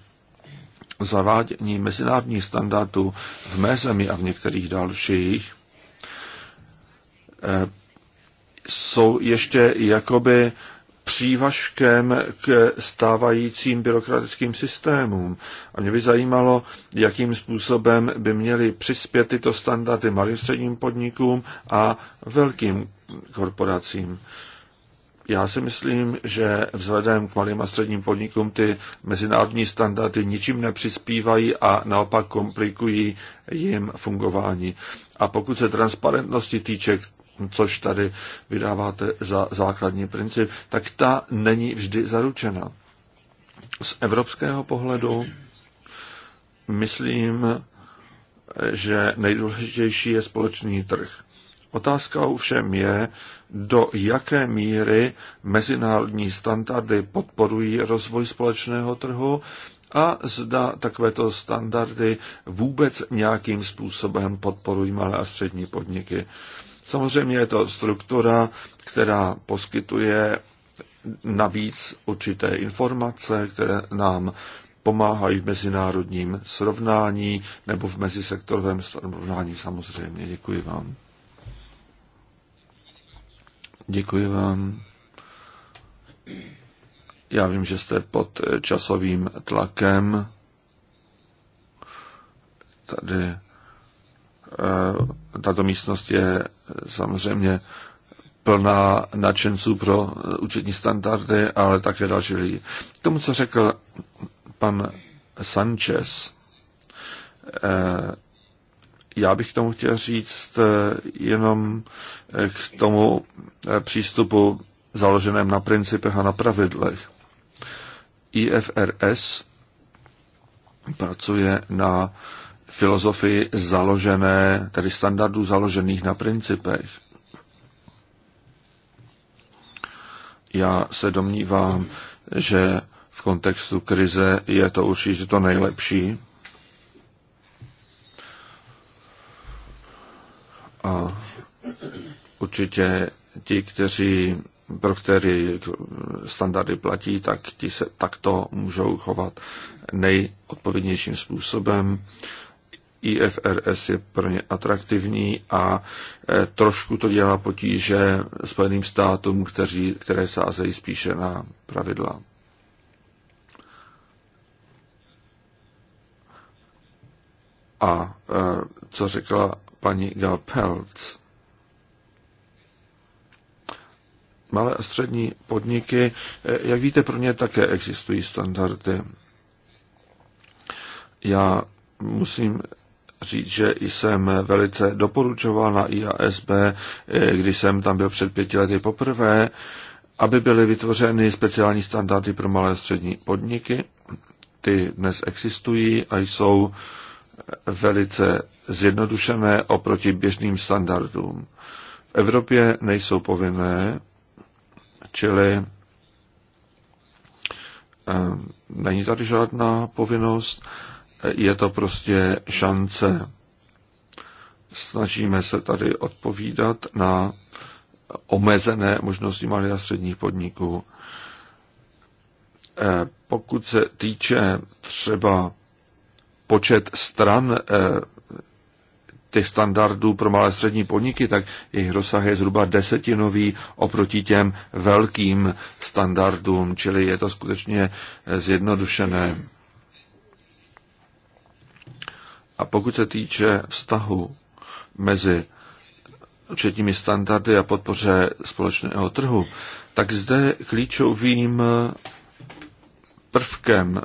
Speaker 2: Zavádění mezinárodních standardů v mé zemi a v některých dalších eh, jsou ještě jakoby přívažkem k stávajícím byrokratickým systémům. A mě by zajímalo, jakým způsobem by měly přispět tyto standardy malým středním podnikům a velkým korporacím. Já si myslím, že vzhledem k malým a středním podnikům ty mezinárodní standardy ničím nepřispívají a naopak komplikují jim fungování. A pokud se transparentnosti týče, což tady vydáváte za základní princip, tak ta není vždy zaručena. Z evropského pohledu myslím, že nejdůležitější je společný trh. Otázka ovšem je, do jaké míry mezinárodní standardy podporují rozvoj společného trhu a zda takovéto standardy vůbec nějakým způsobem podporují malé a střední podniky. Samozřejmě je to struktura, která poskytuje navíc určité informace, které nám pomáhají v mezinárodním srovnání nebo v mezisektorovém srovnání samozřejmě. Děkuji vám. Děkuji vám. Já vím, že jste pod časovým tlakem. Tady eh, tato místnost je samozřejmě plná nadšenců pro eh, účetní standardy, ale také další lidi. K tomu, co řekl pan Sanchez, eh, já bych k tomu chtěl říct eh, jenom k tomu přístupu založeném na principech a na pravidlech. IFRS pracuje na filozofii založené, tedy standardů založených na principech. Já se domnívám, že v kontextu krize je to určitě to nejlepší. A určitě ti, kteří, pro který standardy platí, tak ti se takto můžou chovat nejodpovědnějším způsobem IFRS je pro ně atraktivní a e, trošku to dělá potíže Spojeným státům, kteří, které sázejí spíše na pravidla. A e, co řekla paní Galpelc? Malé a střední podniky, e, jak víte, pro ně také existují standardy. Já musím říct, že jsem velice doporučoval na IASB, eh, když jsem tam byl před pěti lety poprvé, aby byly vytvořeny speciální standardy pro malé a střední podniky. Ty dnes existují a jsou velice zjednodušené oproti běžným standardům. V Evropě nejsou povinné, čili eh, není tady žádná povinnost je to prostě šance. Snažíme se tady odpovídat na omezené možnosti malých a středních podniků. Eh, pokud se týče třeba počet stran eh, těch standardů pro malé střední podniky, tak jejich rozsah je zhruba desetinový oproti těm velkým standardům, čili je to skutečně eh, zjednodušené. A pokud se týče vztahu mezi určitými standardy a podpoře společného trhu, tak zde klíčovým prvkem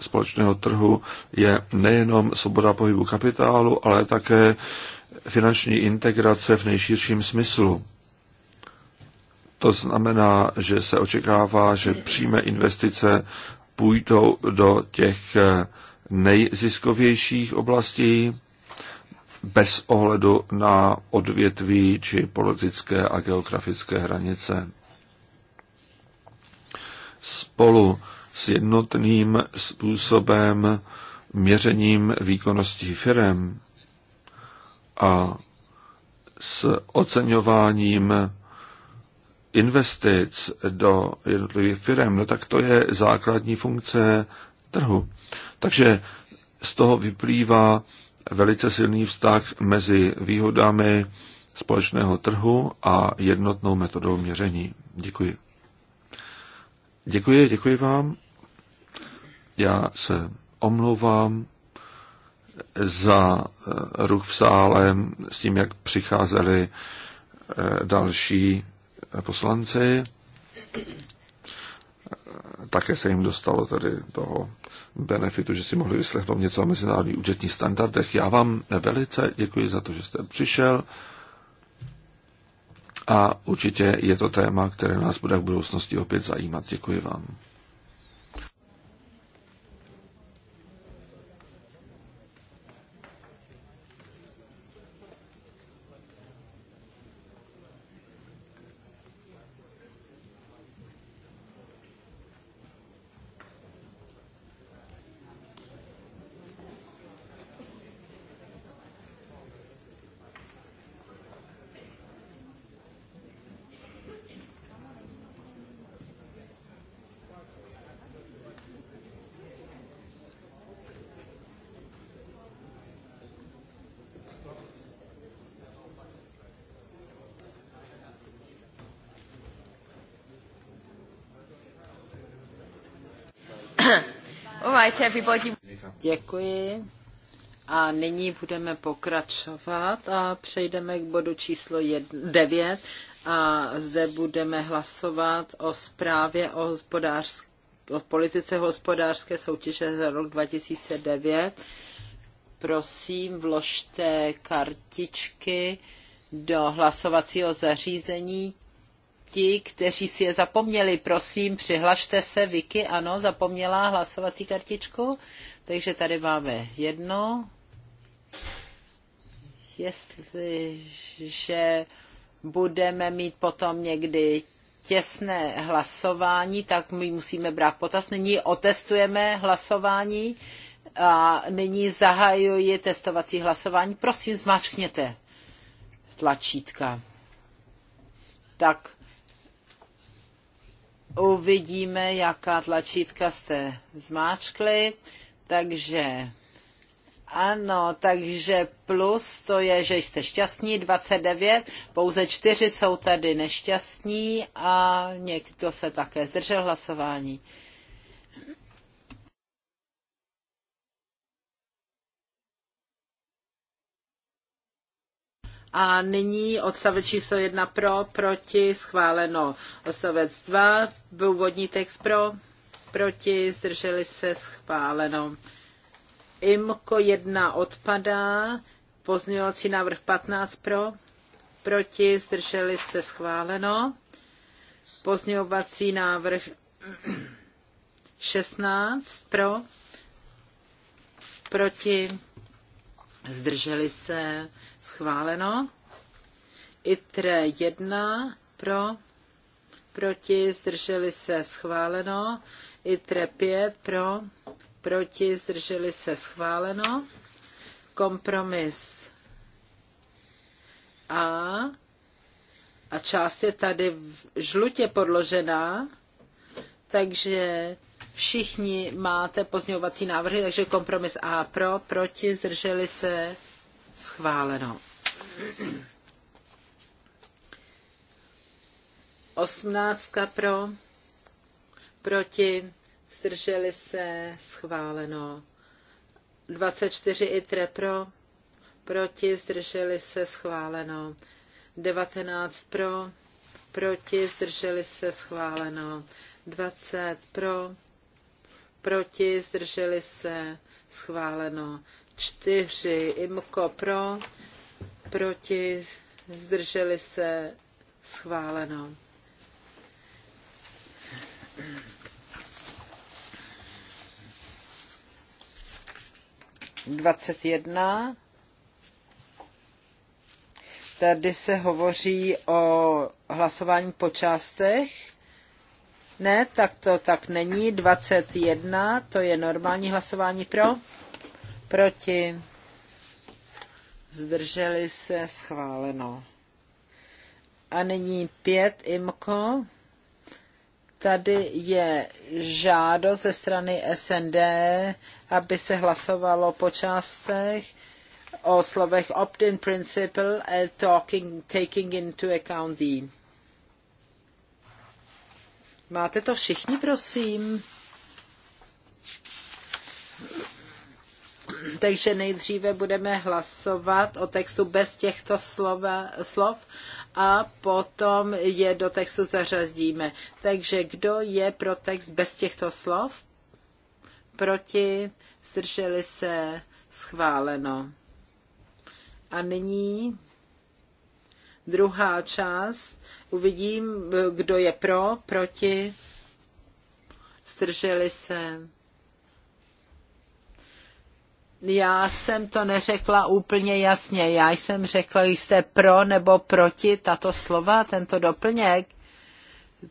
Speaker 2: společného trhu je nejenom svoboda pohybu kapitálu, ale také finanční integrace v nejširším smyslu. To znamená, že se očekává, že přímé investice půjdou do těch nejziskovějších oblastí bez ohledu na odvětví či politické a geografické hranice. Spolu s jednotným způsobem měřením výkonností firem a s oceňováním investic do jednotlivých firm, no tak to je základní funkce trhu. Takže z toho vyplývá velice silný vztah mezi výhodami společného trhu a jednotnou metodou měření. Děkuji. Děkuji, děkuji vám. Já se omlouvám za eh, ruch v sále s tím, jak přicházeli eh, další eh, poslanci také se jim dostalo tady toho benefitu, že si mohli vyslechnout něco o mezinárodních účetních standardech. Já vám velice děkuji za to, že jste přišel a určitě je to téma, které nás bude v budoucnosti opět zajímat. Děkuji vám.
Speaker 1: everybody. Děkuji. A nyní budeme pokračovat a přejdeme k bodu číslo 9. A zde budeme hlasovat o zprávě o, hospodářské, o politice hospodářské soutěže za rok 2009. Prosím, vložte kartičky do hlasovacího zařízení ti, kteří si je zapomněli, prosím, přihlašte se. Vicky, ano, zapomněla hlasovací kartičku. Takže tady máme jedno. Jestliže budeme mít potom někdy těsné hlasování, tak my musíme brát potaz. Nyní otestujeme hlasování a nyní zahajuji testovací hlasování. Prosím, zmáčkněte tlačítka. Tak uvidíme, jaká tlačítka jste zmáčkli. Takže ano, takže plus to je, že jste šťastní, 29, pouze čtyři jsou tady nešťastní a někdo se také zdržel hlasování. A nyní odstavec číslo jedna pro, proti, schváleno. Odstavec 2, původní text pro, proti, zdrželi se, schváleno. IMKO 1 odpadá, pozměňovací návrh 15 pro, proti, zdrželi se, schváleno. Pozměňovací návrh 16 pro, proti, zdrželi se, schváleno. ITRE 1 pro, proti, zdrželi se, schváleno. ITRE 5 pro, proti, zdrželi se, schváleno. Kompromis A a část je tady v žlutě podložená, takže všichni máte pozměňovací návrhy, takže kompromis A pro, proti, zdrželi se, Schváleno. 18 pro, proti, zdrželi se, schváleno. 24 tre pro, proti, zdrželi se, schváleno. 19 pro, proti, zdrželi se, schváleno. 20 pro, proti, zdrželi se, schváleno. 4 imko pro, proti, zdrželi se, schváleno. Dvacet jedna. Tady se hovoří o hlasování po částech. Ne, tak to tak není. 21, to je normální hlasování pro proti, zdrželi se, schváleno. A nyní pět IMKO. Tady je žádost ze strany SND, aby se hlasovalo po částech o slovech opt-in principle a eh, talking, taking into account the. Máte to všichni, prosím? Takže nejdříve budeme hlasovat o textu bez těchto slova, slov a potom je do textu zařazíme. Takže kdo je pro text bez těchto slov? Proti? Zdrželi se? Schváleno. A nyní druhá část. Uvidím, kdo je pro, proti, zdrželi se já jsem to neřekla úplně jasně. Já jsem řekla, jste pro nebo proti tato slova, tento doplněk.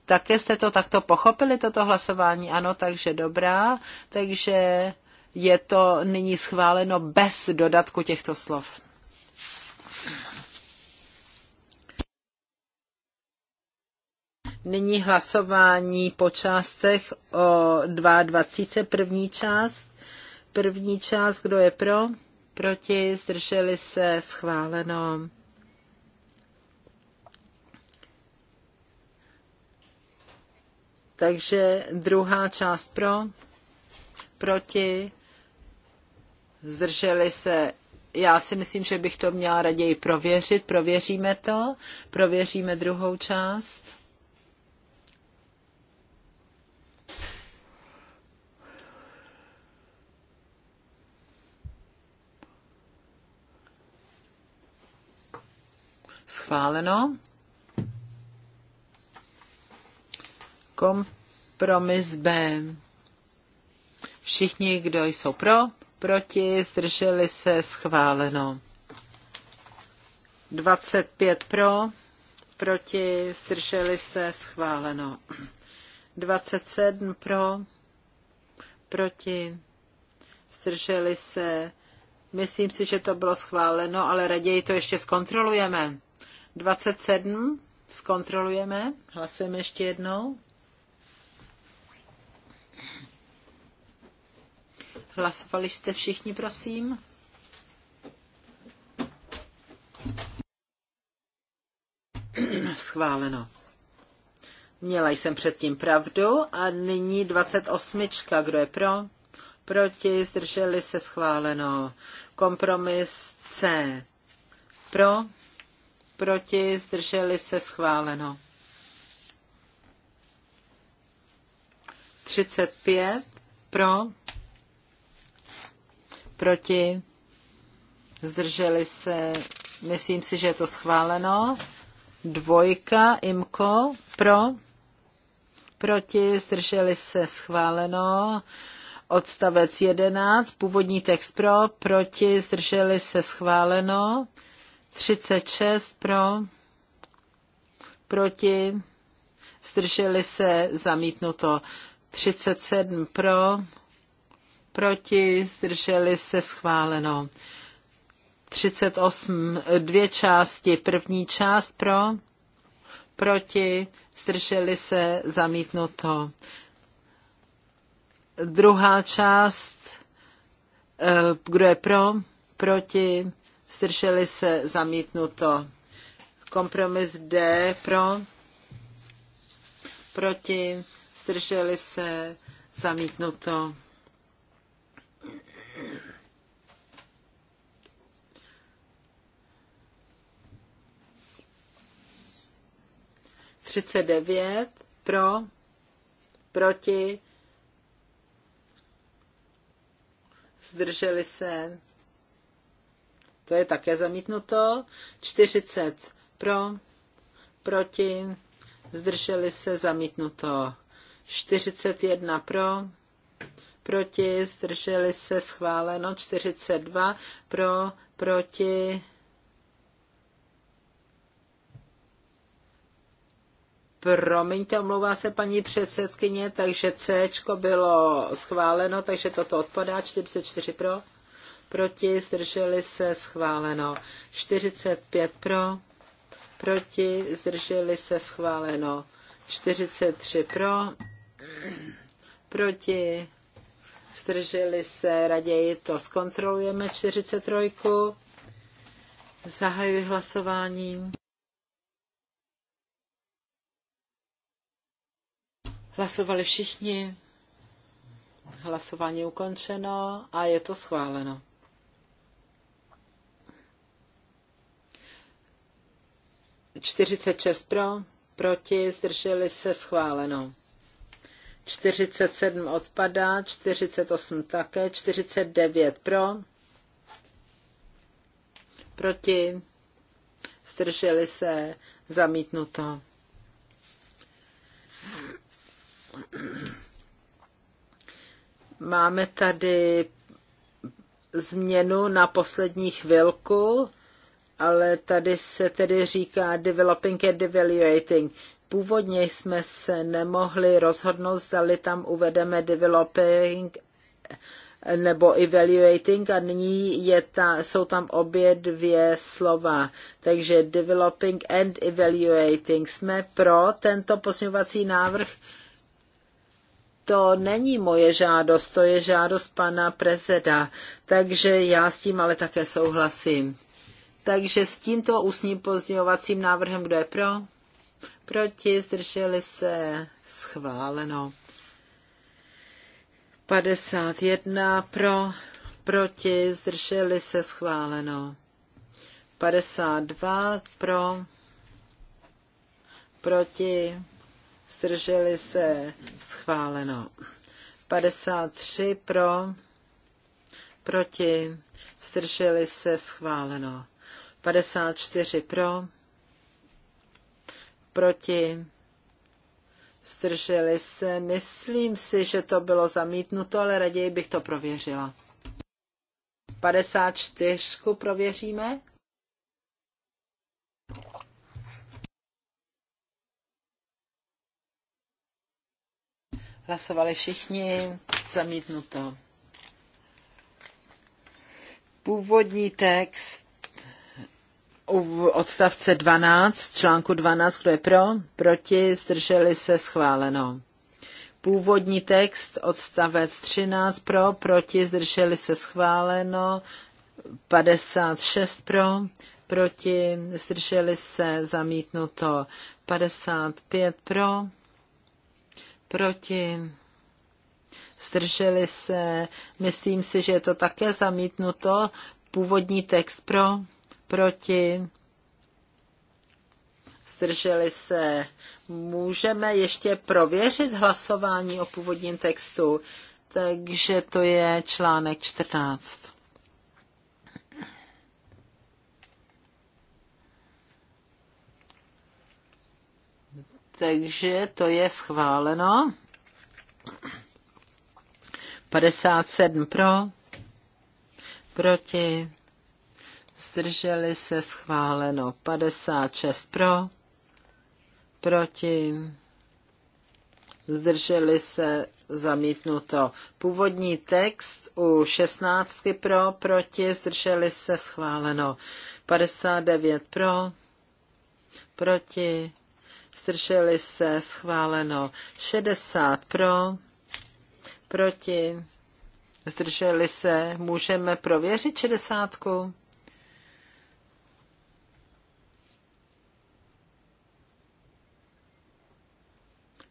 Speaker 1: Také jste to takto pochopili, toto hlasování? Ano, takže dobrá. Takže je to nyní schváleno bez dodatku těchto slov. Nyní hlasování po částech o 22. první část První část, kdo je pro? Proti, zdrželi se, schváleno. Takže druhá část pro, proti, zdrželi se. Já si myslím, že bych to měla raději prověřit. Prověříme to, prověříme druhou část. Schváleno. Kompromis B. Všichni, kdo jsou pro, proti, zdrželi se, schváleno. 25 pro, proti, zdrželi se, schváleno. 27 pro, proti, zdrželi se. Myslím si, že to bylo schváleno, ale raději to ještě zkontrolujeme. 27 zkontrolujeme, hlasujeme ještě jednou. Hlasovali jste všichni, prosím? Schváleno. Měla jsem předtím pravdu a nyní 28. Kdo je pro? Proti, zdrželi se schváleno. Kompromis C. Pro, proti, zdrželi se schváleno. 35 pro, proti, zdrželi se, myslím si, že je to schváleno. Dvojka, imko, pro, proti, zdrželi se, schváleno. Odstavec 11, původní text pro, proti, zdrželi se, schváleno. 36 pro, proti, zdrželi se, zamítnuto. 37 pro, proti, zdrželi se, schváleno. 38, dvě části. První část pro, proti, zdrželi se, zamítnuto. Druhá část, eh, kdo je pro, proti, zdrželi se, zamítnuto. Kompromis D pro, proti, zdrželi se, zamítnuto. Třicet devět pro, proti, zdrželi se, to je také zamítnuto. 40 pro, proti, zdrželi se, zamítnuto. 41 pro, proti, zdrželi se, schváleno. 42 pro, proti, Promiňte, omlouvá se paní předsedkyně, takže C bylo schváleno, takže toto odpadá, 44 pro proti, zdrželi se, schváleno. 45 pro, proti, zdrželi se, schváleno. 43 pro, proti, zdrželi se, raději to zkontrolujeme, 43. Zahajuji hlasování. Hlasovali všichni. Hlasování ukončeno a je to schváleno. 46 pro, proti, zdrželi se schváleno. 47 odpadá, 48 také, 49 pro, proti, zdrželi se, zamítnuto. Máme tady změnu na poslední chvilku ale tady se tedy říká developing and evaluating. Původně jsme se nemohli rozhodnout, zdali tam uvedeme developing nebo evaluating a nyní je ta, jsou tam obě dvě slova. Takže developing and evaluating. Jsme pro tento posňovací návrh. To není moje žádost, to je žádost pana prezeda, takže já s tím ale také souhlasím. Takže s tímto ústním pozdějovacím návrhem, kdo je pro? Proti, zdrželi se, schváleno. 51 pro, proti, zdrželi se, schváleno. 52 pro, proti, zdrželi se, schváleno. 53 pro, proti, zdrželi se, schváleno. 54 pro, proti, zdrželi se. Myslím si, že to bylo zamítnuto, ale raději bych to prověřila. 54 prověříme. Hlasovali všichni, zamítnuto. Původní text odstavce 12, článku 12, kdo je pro, proti, zdrželi se, schváleno. Původní text, odstavec 13 pro, proti, zdrželi se, schváleno. 56 pro, proti, zdrželi se, zamítnuto. 55 pro, proti, zdrželi se. Myslím si, že je to také zamítnuto. Původní text pro, proti, zdrželi se. Můžeme ještě prověřit hlasování o původním textu, takže to je článek 14. Takže to je schváleno. 57 pro, proti, zdrželi se schváleno 56 pro, proti, zdrželi se zamítnuto. Původní text u 16 pro, proti, zdrželi se schváleno 59 pro, proti, zdrželi se schváleno 60 pro, proti, zdrželi se, můžeme prověřit 60.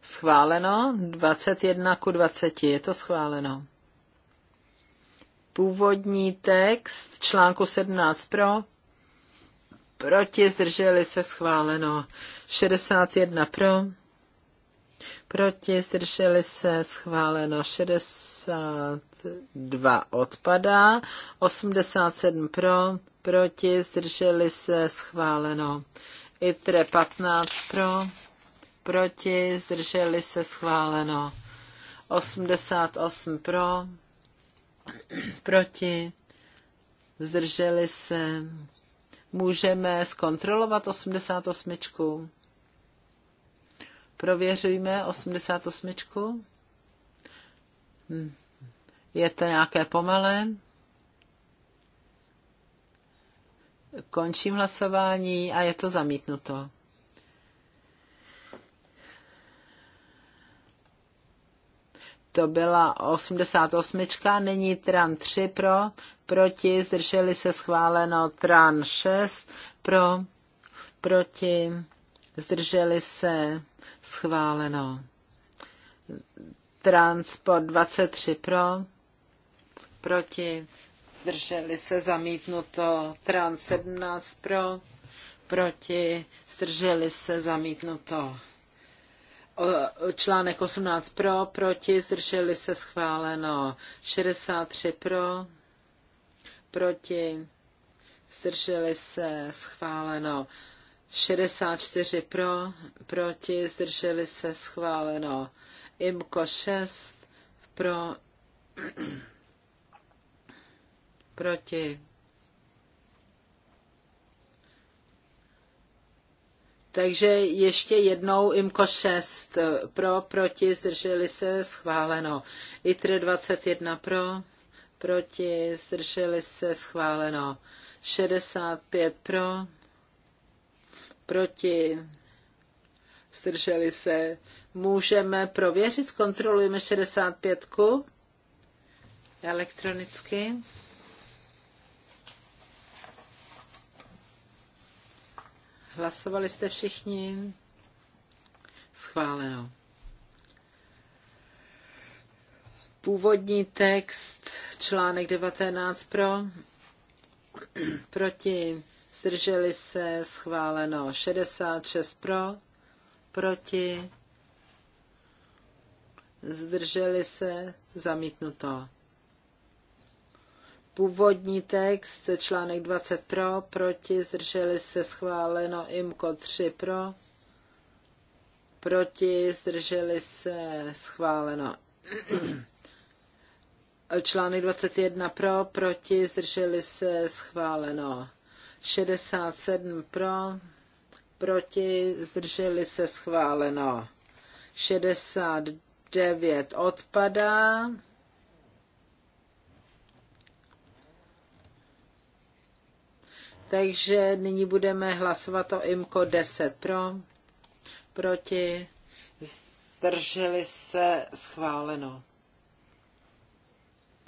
Speaker 1: Schváleno 21 ku 20. Je to schváleno. Původní text článku 17 pro. Proti zdrželi se schváleno. 61 pro. Proti zdrželi se schváleno. 62 odpadá. 87 pro. Proti zdrželi se schváleno. ITRE 15 pro proti, zdrželi se schváleno. 88 pro, proti, zdrželi se. Můžeme zkontrolovat 88. Prověřujme 88. Hm. Je to nějaké pomalé? Končím hlasování a je to zamítnuto. to byla 88, nyní tran 3 pro, proti, zdrželi se schváleno tran 6 pro, proti, zdrželi se schváleno. Transport 23 pro, proti, zdrželi se zamítnuto, trans 17 pro, proti, zdrželi se zamítnuto článek 18 pro, proti, zdrželi se schváleno 63 pro, proti, zdrželi se schváleno 64 pro, proti, zdrželi se schváleno IMKO 6 pro, proti, Takže ještě jednou IMKO 6 pro, proti, zdrželi se, schváleno. ITR 21 pro, proti, zdrželi se, schváleno. 65 pro, proti, zdrželi se. Můžeme prověřit, zkontrolujeme 65 elektronicky. Hlasovali jste všichni? Schváleno. Původní text, článek 19 pro, proti, zdrželi se, schváleno 66 pro, proti, zdrželi se, zamítnuto. Původní text, článek 20 pro, proti, zdrželi se schváleno, IMKO 3 pro, proti, zdrželi se schváleno. článek 21 pro, proti, zdrželi se schváleno. 67 pro, proti, zdrželi se schváleno. 69 odpadá. Takže nyní budeme hlasovat o IMCO 10 pro, proti, zdrželi se schváleno.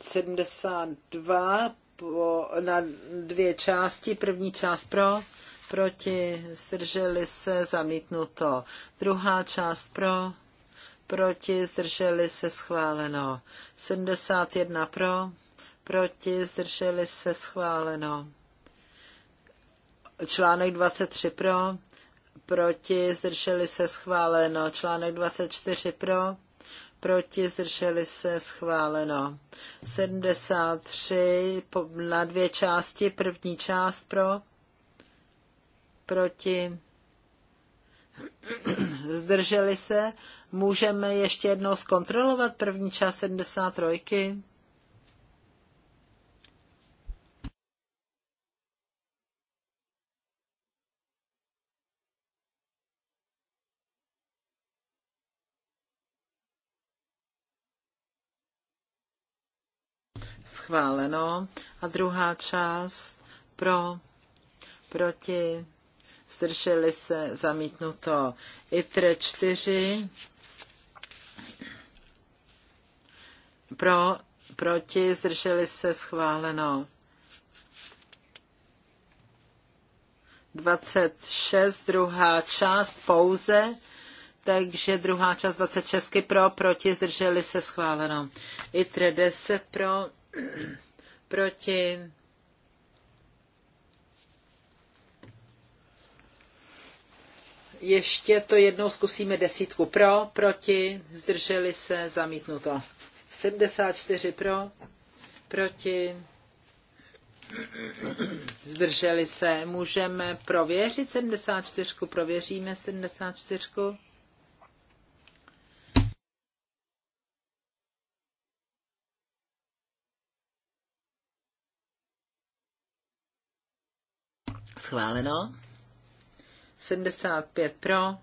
Speaker 1: 72 po, na dvě části. První část pro, proti, zdrželi se, zamítnuto. Druhá část pro, proti, zdrželi se, schváleno. 71 pro, proti, zdrželi se, schváleno. Článek 23 pro, proti, zdrželi se schváleno. Článek 24 pro, proti, zdrželi se schváleno. 73 na dvě části, první část pro, proti, zdrželi se. Můžeme ještě jednou zkontrolovat první část 73. schváleno. A druhá část pro, proti, zdrželi se, zamítnuto. ITRE 4 pro, proti, zdrželi se, schváleno. 26, druhá část pouze, takže druhá část 26 pro, proti, zdrželi se schváleno. ITRE 10 pro, Proti? Ještě to jednou zkusíme desítku pro, proti, zdrželi se, zamítnuto. 74 pro, proti, zdrželi se. Můžeme prověřit 74, prověříme 74. Schváleno. 75 pro,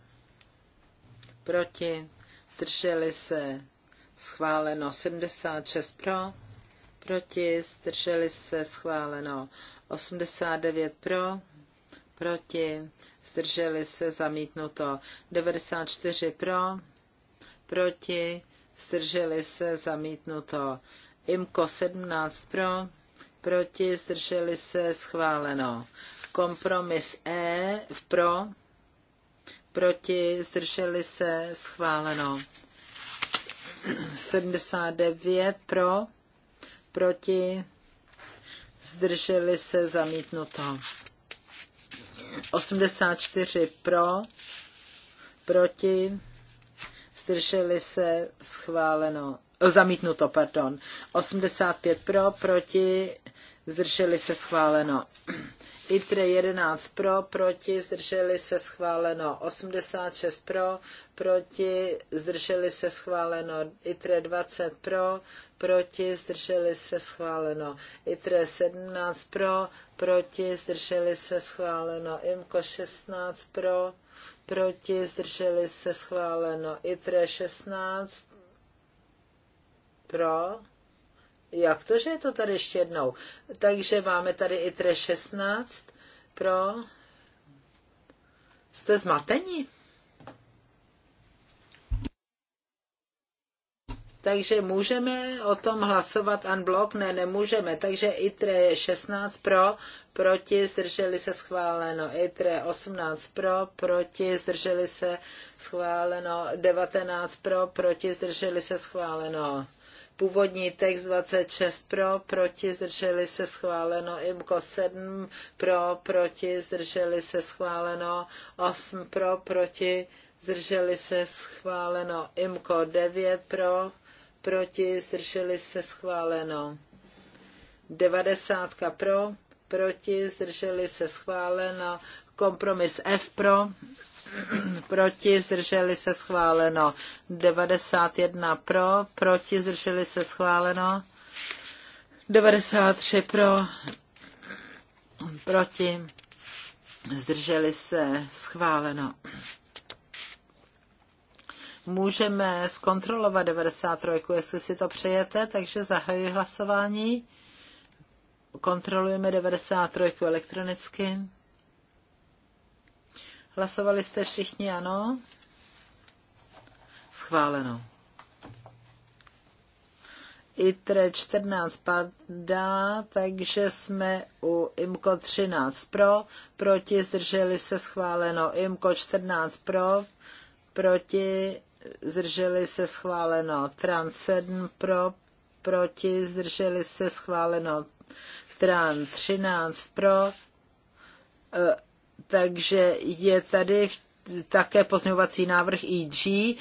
Speaker 1: proti, zdrželi se, schváleno 76 pro, proti, zdrželi se, schváleno 89 pro, proti, zdrželi se, zamítnuto 94 pro, proti, zdrželi se, zamítnuto IMKO 17 pro, proti, zdrželi se, schváleno Kompromis E pro, proti, zdrželi se, schváleno. 79 pro, proti, zdrželi se, zamítnuto. 84 pro, proti, zdrželi se, schváleno. Eh, zamítnuto, pardon. 85 pro, proti, zdrželi se, schváleno. ITRE 11 pro, proti, zdrželi se schváleno 86 pro, proti, zdrželi se schváleno ITRE 20 pro, proti, zdrželi se schváleno ITRE 17 pro, proti, zdrželi se schváleno IMKO 16 pro, proti, zdrželi se schváleno ITRE 16 pro, jak to, že je to tady ještě jednou? Takže máme tady i ITRE 16 pro... Jste zmatení? Takže můžeme o tom hlasovat unblock? Ne, nemůžeme. Takže ITRE je 16 pro, proti, zdrželi se schváleno. ITRE 18 pro, proti, zdrželi se schváleno. 19 pro, proti, zdrželi se schváleno. Původní text 26 pro, proti, zdrželi se schváleno. IMKO 7 pro, proti, zdrželi se schváleno. 8 pro, proti, zdrželi se schváleno. IMKO 9 pro, proti, zdrželi se schváleno. 90 pro, proti, zdrželi se schváleno. Kompromis F pro, proti, zdrželi se schváleno. 91 pro, proti, zdrželi se schváleno. 93 pro, proti, zdrželi se schváleno. Můžeme zkontrolovat 93, jestli si to přejete, takže zahajuji hlasování. Kontrolujeme 93 elektronicky. Hlasovali jste všichni, ano? Schváleno. ITRE 14 padá, takže jsme u IMKO 13 pro, proti zdrželi se schváleno. IMKO 14 pro, proti zdrželi se schváleno. TRAN 7 pro, proti zdrželi se schváleno. TRAN 13 pro, eh, takže je tady také pozměňovací návrh IG e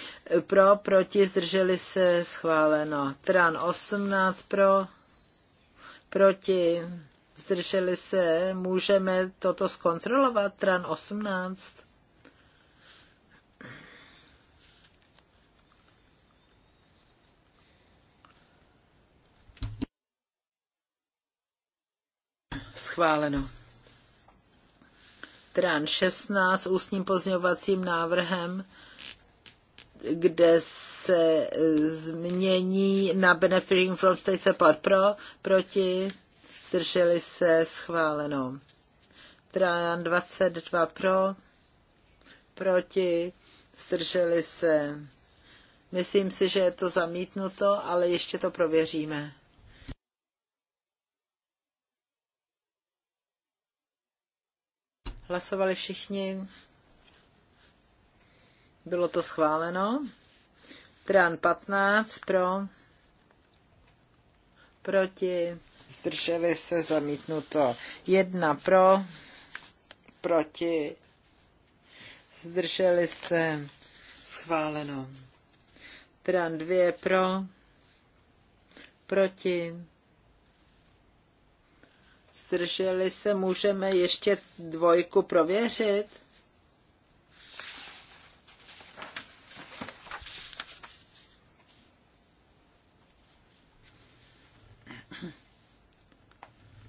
Speaker 1: pro, proti, zdrželi se, schváleno. Tran 18 pro, proti, zdrželi se, můžeme toto zkontrolovat, Tran 18. Schváleno stran 16 ústním pozňovacím návrhem, kde se eh, změní na benefiting from state support pro, proti, zdrželi se schváleno. Trán 22 pro, proti, zdrželi se. Myslím si, že je to zamítnuto, ale ještě to prověříme. Hlasovali všichni. Bylo to schváleno. Trán 15 pro, proti, zdrželi se zamítnuto. Jedna pro, proti, zdrželi se schváleno. Trán 2 pro, proti, zdrželi se, můžeme ještě dvojku prověřit.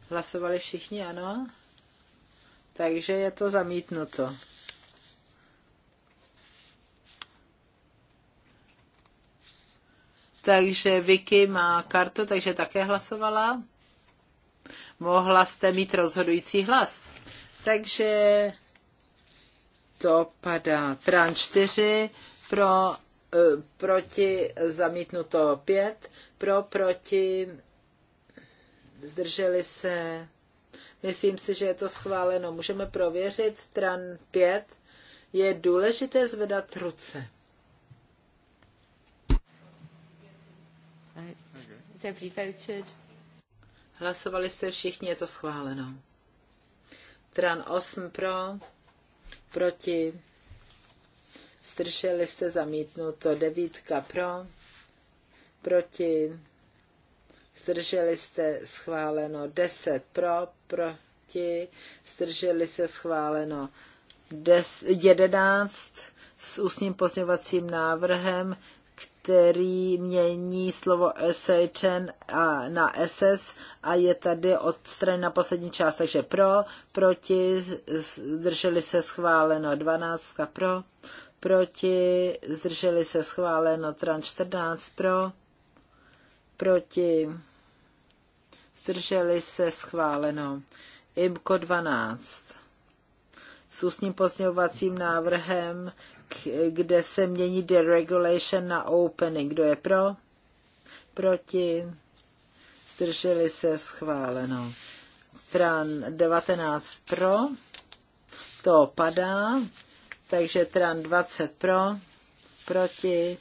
Speaker 1: Hlasovali všichni, ano? Takže je to zamítnuto. Takže Vicky má kartu, takže také hlasovala. Mohla jste mít rozhodující hlas. Takže to padá. tran 4 pro, eh, proti zamítnuto 5, pro, proti zdrželi se. Myslím si, že je to schváleno. Můžeme prověřit. Tran 5 je důležité zvedat ruce. Right. Okay. Hlasovali jste všichni, je to schváleno. Tran 8 pro, proti, stršeli jste zamítnuto, devítka pro, proti, zdrželi jste schváleno, deset pro, proti, zdrželi se schváleno, des, jedenáct s ústním pozměvacím návrhem, který mění slovo SHN na SS a je tady odstraněn na poslední část. Takže pro, proti, zdrželi se schváleno 12 pro, proti, zdrželi se schváleno tran 14 pro, proti, zdrželi se schváleno IMCO 12 s ústním pozměňovacím návrhem, kde se mění deregulation na opening. Kdo je pro? Proti? Zdrželi se schváleno. Tran 19 pro. To padá. Takže Tran 20 pro. Proti?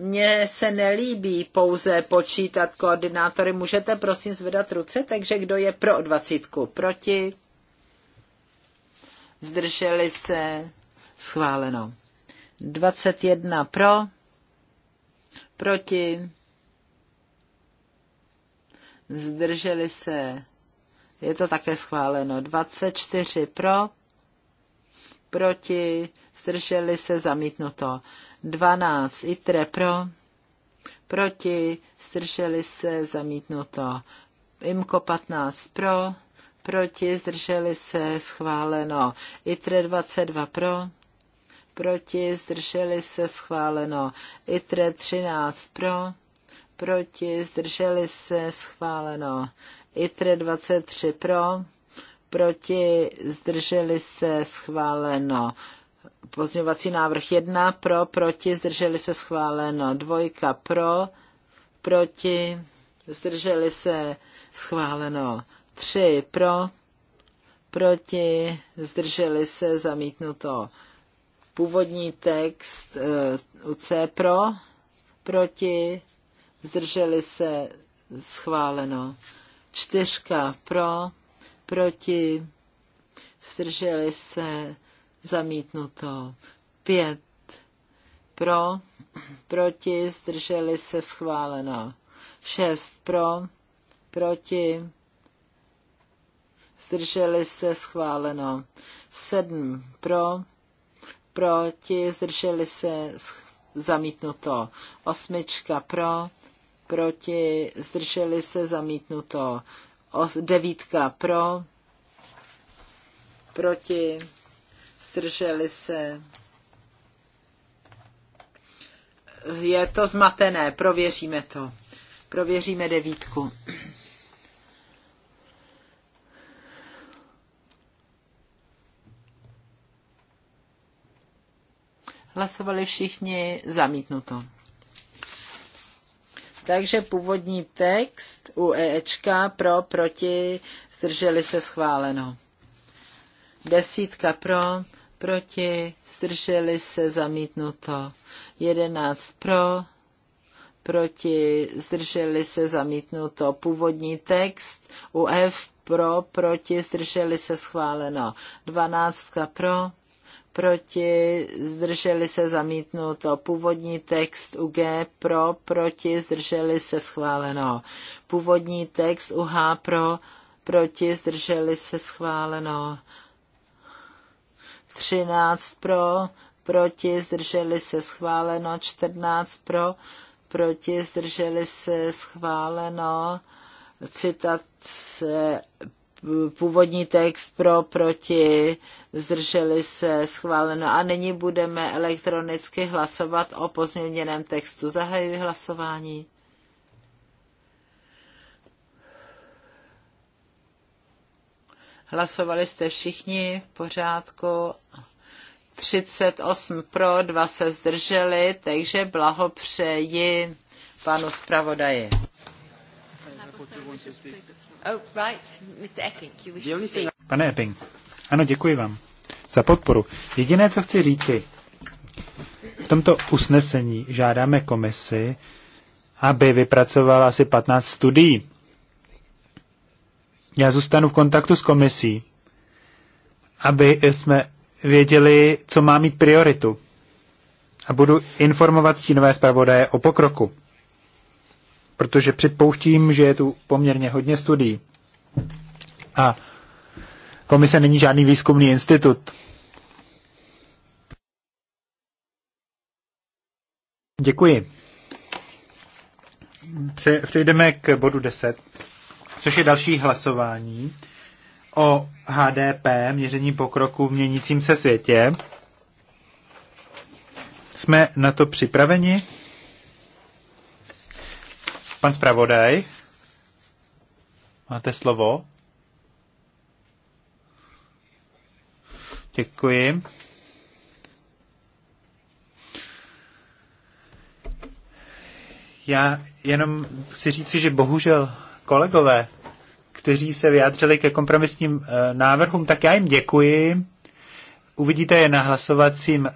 Speaker 1: Mně se nelíbí pouze počítat koordinátory. Můžete prosím zvedat ruce, takže kdo je pro dvacítku? Proti? Zdrželi se? Schváleno. 21 pro? Proti? Zdrželi se? Je to také schváleno. 24 pro? Proti? Zdrželi se? Zamítnuto. 12 ITRE pro, proti, zdrželi se, zamítnuto. IMKO 15 pro, proti, zdrželi se, schváleno. ITRE 22 pro, proti, zdrželi se, schváleno. ITRE 13 pro, proti, zdrželi se, schváleno. ITRE 23 pro, proti, zdrželi se, schváleno. Pozměňovací návrh 1 pro, proti, zdrželi se schváleno. Dvojka pro, proti, zdrželi se schváleno. tři pro, proti, zdrželi se zamítnuto. Původní text eh, u C pro, proti, zdrželi se schváleno. Čtyřka pro, proti, zdrželi se zamítnuto. Pět pro, proti, zdrželi se schváleno. Šest pro, proti, zdrželi se schváleno. Sedm pro, proti, zdrželi se zamítnuto. Osmička pro, proti, zdrželi se zamítnuto. Os, devítka pro, proti, zdrželi se. Je to zmatené, prověříme to. Prověříme devítku. Hlasovali všichni zamítnuto. Takže původní text u EEčka pro, proti, zdrželi se schváleno. Desítka pro, proti, zdrželi se, zamítnuto. 11 pro, proti, zdrželi se, zamítnuto. Původní text u F pro, proti, zdrželi se, schváleno. 12 pro, proti, zdrželi se, zamítnuto. Původní text u G pro, proti, zdrželi se, schváleno. Původní text u H pro, proti, zdrželi se, schváleno. 13 pro, proti, zdrželi se schváleno, 14 pro, proti, zdrželi se schváleno, citace, původní text pro, proti, zdrželi se schváleno. A nyní budeme elektronicky hlasovat o pozměněném textu. Zahajuji hlasování. Hlasovali jste všichni v pořádku. 38 pro, dva se zdrželi, takže blahopřeji panu zpravodaji. Oh,
Speaker 3: Pane Epping, ano, děkuji vám za podporu. Jediné, co chci říci, v tomto usnesení žádáme komisi, aby vypracovala asi 15 studií já zůstanu v kontaktu s komisí, aby jsme věděli, co má mít prioritu. A budu informovat stínové zpravodaje o pokroku. Protože připouštím, že je tu poměrně hodně studií. A komise není žádný výzkumný institut. Děkuji. Přejdeme k bodu 10 což je další hlasování o HDP, měření pokroku v měnícím se světě. Jsme na to připraveni? Pan zpravodaj, máte slovo. Děkuji. Já jenom chci říci, že bohužel kolegové, kteří se vyjádřili ke kompromisním eh, návrhům, tak já jim děkuji. Uvidíte je na hlasovacím eh,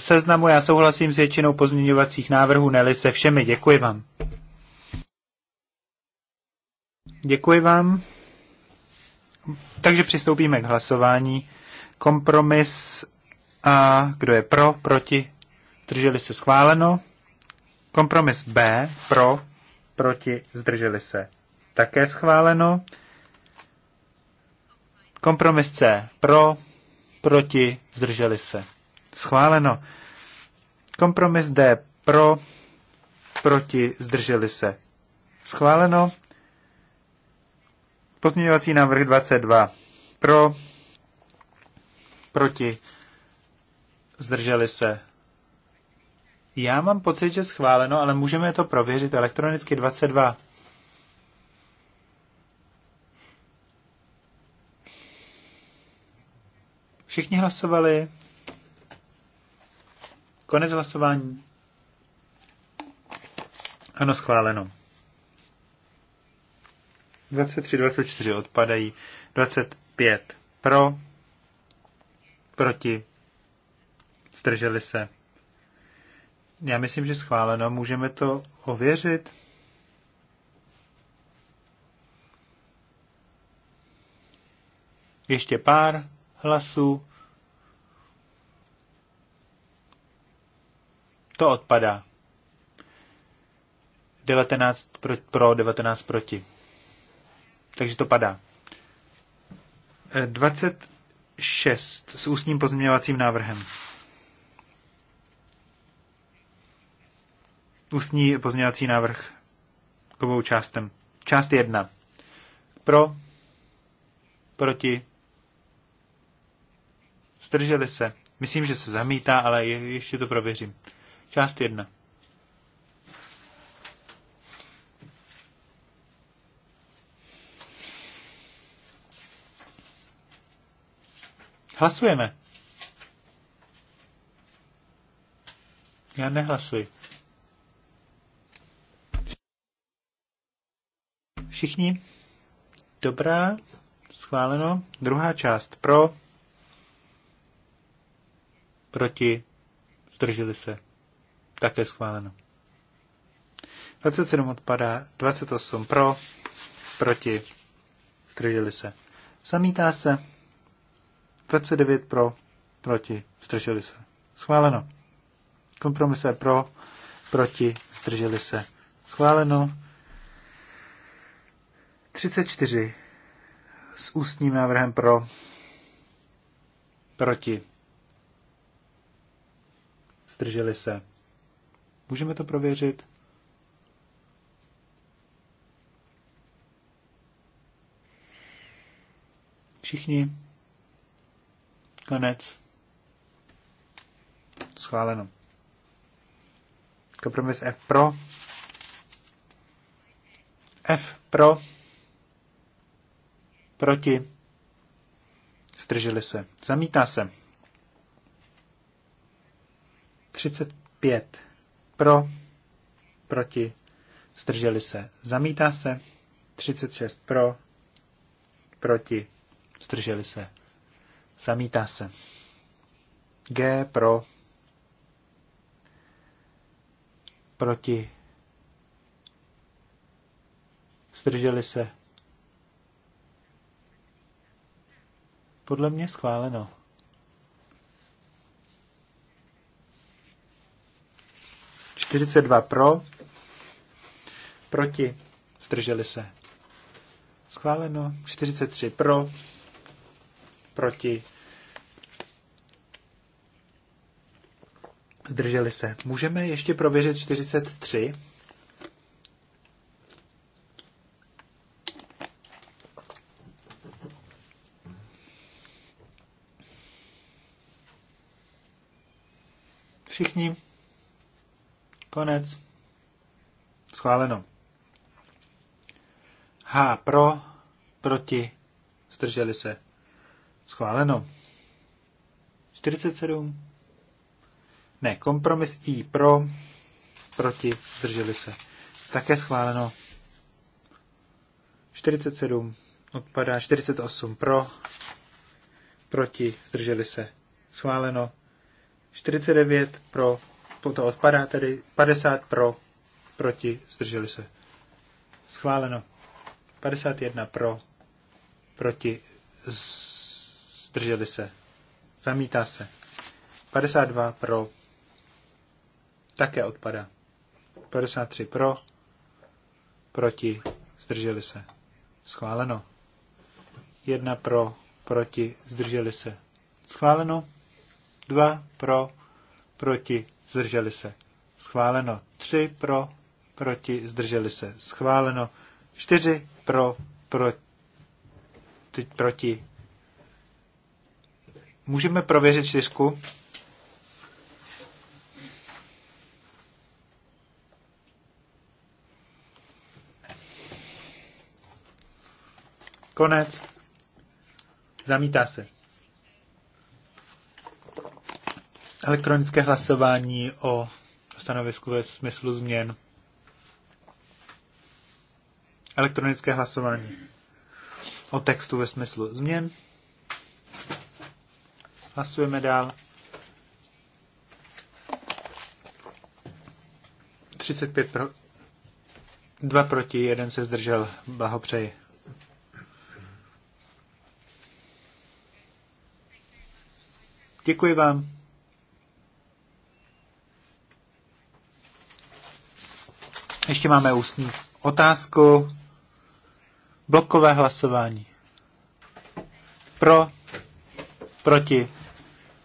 Speaker 3: seznamu. Já souhlasím s většinou pozměňovacích návrhů, neli se všemi. Děkuji vám. Děkuji vám. Takže přistoupíme k hlasování. Kompromis a kdo je pro, proti, zdrželi se schváleno. Kompromis B, pro, proti, zdrželi se také schváleno. Kompromis C pro, proti, zdrželi se. Schváleno. Kompromis D pro, proti, zdrželi se. Schváleno. Pozměňovací návrh 22 pro, proti, zdrželi se. Já mám pocit, že schváleno, ale můžeme to prověřit elektronicky 22. Všichni hlasovali. Konec hlasování. Ano, schváleno. 23, 24 odpadají. 25 pro, proti, zdrželi se. Já myslím, že schváleno. Můžeme to ověřit. Ještě pár hlasu. To odpadá. 19 pro, 19 proti. Takže to padá. 26 e, s ústním pozměňovacím návrhem. Ústní pozměňovací návrh k obou částem. Část 1. Pro, proti, Zdrželi se. Myslím, že se zamítá, ale je, ještě to prověřím. Část jedna. Hlasujeme. Já nehlasuji. Všichni? Dobrá, schváleno. Druhá část pro, proti, zdrželi se, také schváleno. 27 odpadá, 28 pro, proti, zdrželi se. Zamítá se, 29 pro, proti, zdrželi se. Schváleno. Kompromise pro, proti, zdrželi se. Schváleno. 34 s ústním návrhem pro, proti, zdrželi se. Můžeme to prověřit? Všichni. Konec. Schváleno. Kompromis F pro. F pro. Proti. Zdrželi se. Zamítá se. 35 pro, proti, zdrželi se, zamítá se. 36 pro, proti, zdrželi se, zamítá se. G pro, proti, zdrželi se. Podle mě schváleno. 42 pro, proti, zdrželi se. Schváleno. 43 pro, proti, zdrželi se. Můžeme ještě prověřit 43. Konec. Schváleno. H pro, proti, zdrželi se. Schváleno. 47. Ne, kompromis I pro, proti, zdrželi se. Také schváleno. 47 odpadá, 48 pro, proti, zdrželi se. Schváleno. 49 pro, to odpadá, tedy 50 pro, proti, zdrželi se. Schváleno. 51 pro, proti, zdrželi se. Zamítá se. 52 pro, také odpadá. 53 pro, proti, zdrželi se. Schváleno. 1 pro, proti, zdrželi se. Schváleno. 2 pro, proti, zdrželi se, schváleno. 3 pro, proti, zdrželi se, schváleno. 4 pro, proti, proti. Můžeme prověřit čtyřku. Konec. Zamítá se. Elektronické hlasování o stanovisku ve smyslu změn. Elektronické hlasování o textu ve smyslu změn. Hlasujeme dál. 35 pro, 2 proti, Jeden se zdržel. Blahopřeji. Děkuji vám. Ještě máme ústní otázku. Blokové hlasování. Pro, proti,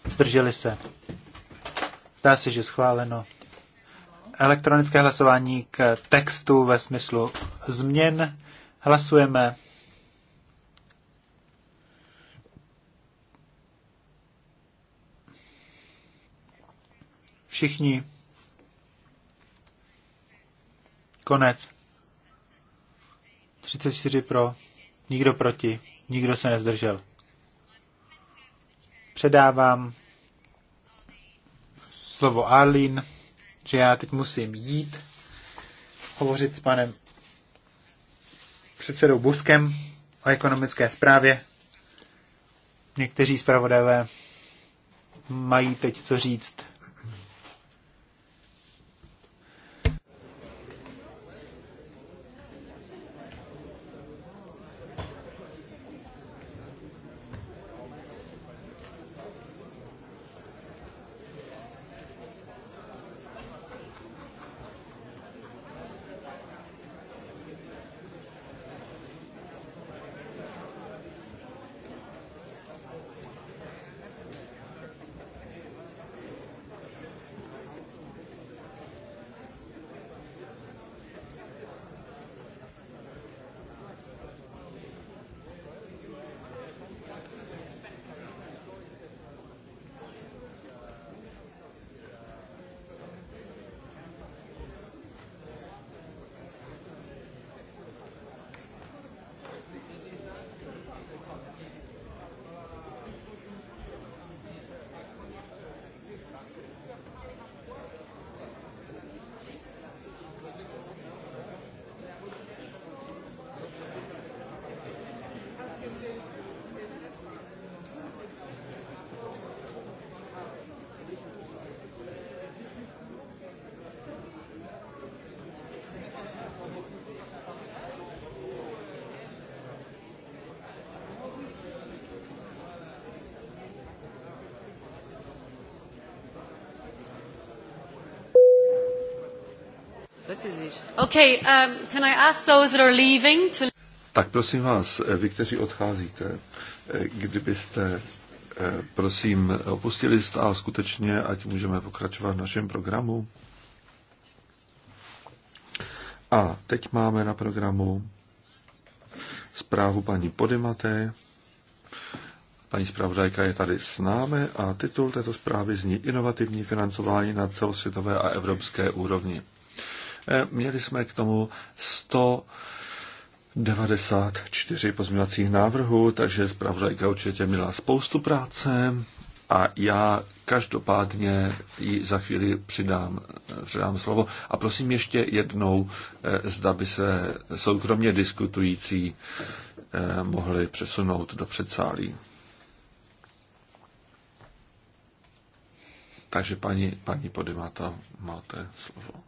Speaker 3: zdrželi se. Zdá se, že schváleno. Elektronické hlasování k textu ve smyslu změn. Hlasujeme. Všichni Konec. 34 pro, nikdo proti, nikdo se nezdržel. Předávám slovo Arlín, že já teď musím jít hovořit s panem předsedou Buskem o ekonomické zprávě. Někteří zpravodajové mají teď co říct.
Speaker 2: Tak prosím vás, eh, vy, kteří odcházíte, eh, kdybyste eh, prosím opustili stál skutečně, ať můžeme pokračovat v našem programu. A teď máme na programu zprávu paní Podimaté. Paní zpravodajka je tady s námi a titul této zprávy zní Inovativní financování na celosvětové a evropské úrovni. Eh, měli jsme k tomu 100 94 pozměňovacích návrhů, takže zpravodajka určitě měla spoustu práce a já každopádně ji za chvíli přidám, eh, přidám slovo. A prosím ještě jednou, eh, zda by se soukromně diskutující mohli přesunout do předsálí. Takže paní, paní Podimata, máte slovo.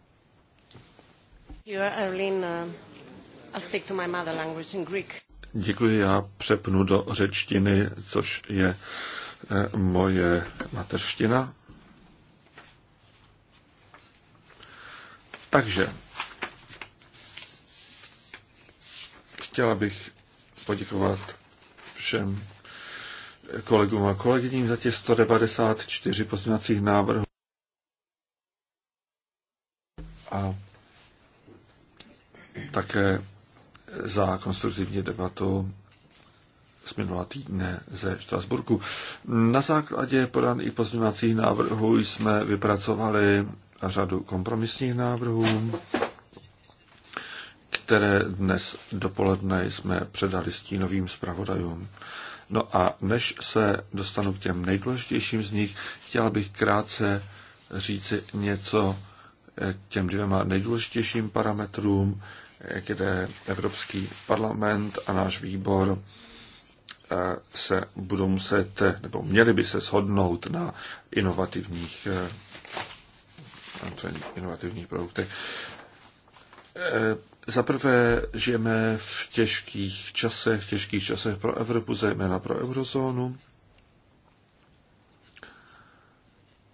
Speaker 2: Děkuji, já přepnu do řečtiny, což je eh, moje mateřština. Takže chtěla bych poděkovat všem kolegům a kolegyním za těch 194 pozměňovacích návrhů. A také za konstruktivní debatu z minulá týdne ze Štrasburku. Na základě podaných pozměňovacích návrhů jsme vypracovali řadu kompromisních návrhů, které dnes dopoledne jsme předali stínovým zpravodajům. No a než se dostanu k těm nejdůležitějším z nich, chtěl bych krátce říci něco k těm dvěma nejdůležitějším parametrům, jde Evropský parlament a náš výbor eh, se budou muset, nebo měli by se shodnout na inovativních, eh, inovativních produktech. Eh, za prvé žijeme v těžkých časech, v těžkých časech pro Evropu, zejména pro eurozónu.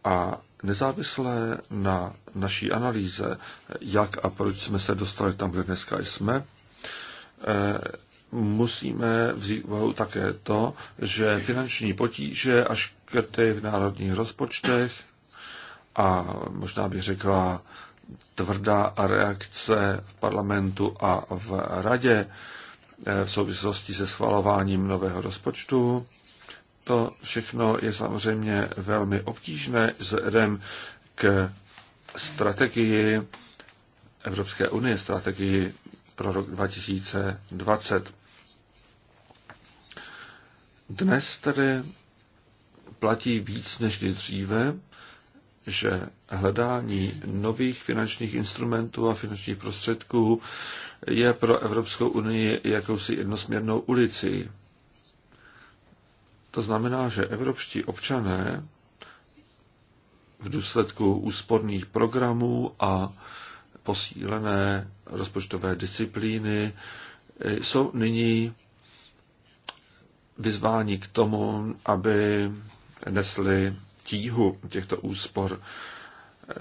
Speaker 2: A Nezávisle na naší analýze, jak a proč jsme se dostali tam, kde dneska jsme, eh, musíme vzít úvahu také to, že finanční potíže a škrty v národních rozpočtech a možná bych řekla tvrdá reakce v parlamentu a v radě eh, v souvislosti se schvalováním nového rozpočtu to všechno je samozřejmě velmi obtížné vzhledem k strategii Evropské unie, strategii pro rok 2020. Dnes tedy platí víc než dříve, že hledání nových finančních instrumentů a finančních prostředků je pro Evropskou unii jakousi jednosměrnou ulicí. To znamená, že evropští občané v důsledku úsporných programů a posílené rozpočtové disciplíny jsou nyní vyzváni k tomu, aby nesli tíhu těchto úspor.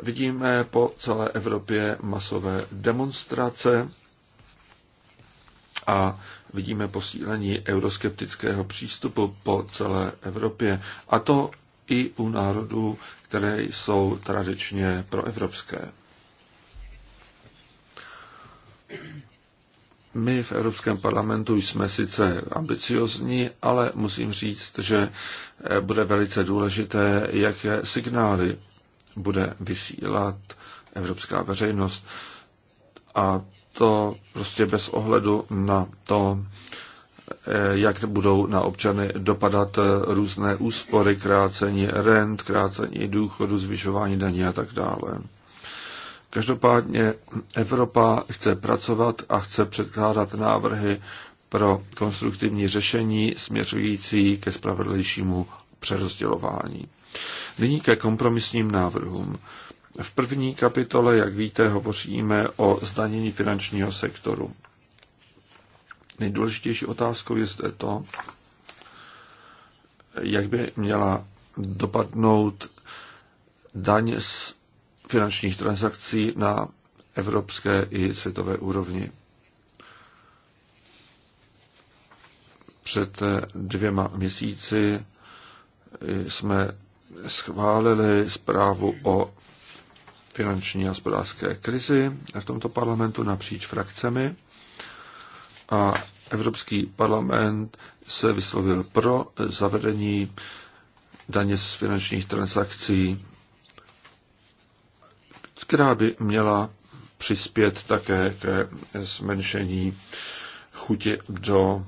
Speaker 2: Vidíme po celé Evropě masové demonstrace a vidíme posílení euroskeptického přístupu po celé Evropě. A to i u národů, které jsou tradičně proevropské. My v Evropském parlamentu jsme sice ambiciozní, ale musím říct, že bude velice důležité, jaké signály bude vysílat evropská veřejnost. A to prostě bez ohledu na to, eh, jak budou na občany dopadat eh, různé úspory, krácení rent, krácení důchodu, zvyšování daní a tak dále. Každopádně Evropa chce pracovat a chce předkládat návrhy pro konstruktivní řešení směřující ke spravedlnějšímu přerozdělování. Nyní ke kompromisním návrhům. V první kapitole, jak víte, hovoříme o zdanění finančního sektoru. Nejdůležitější otázkou je zde to, jak by měla dopadnout daň z finančních transakcí na evropské i světové úrovni. Před dvěma měsíci jsme schválili zprávu o finanční a hospodářské krizi v tomto parlamentu napříč frakcemi a Evropský parlament se vyslovil pro zavedení daně z finančních transakcí, která by měla přispět také ke zmenšení chuti do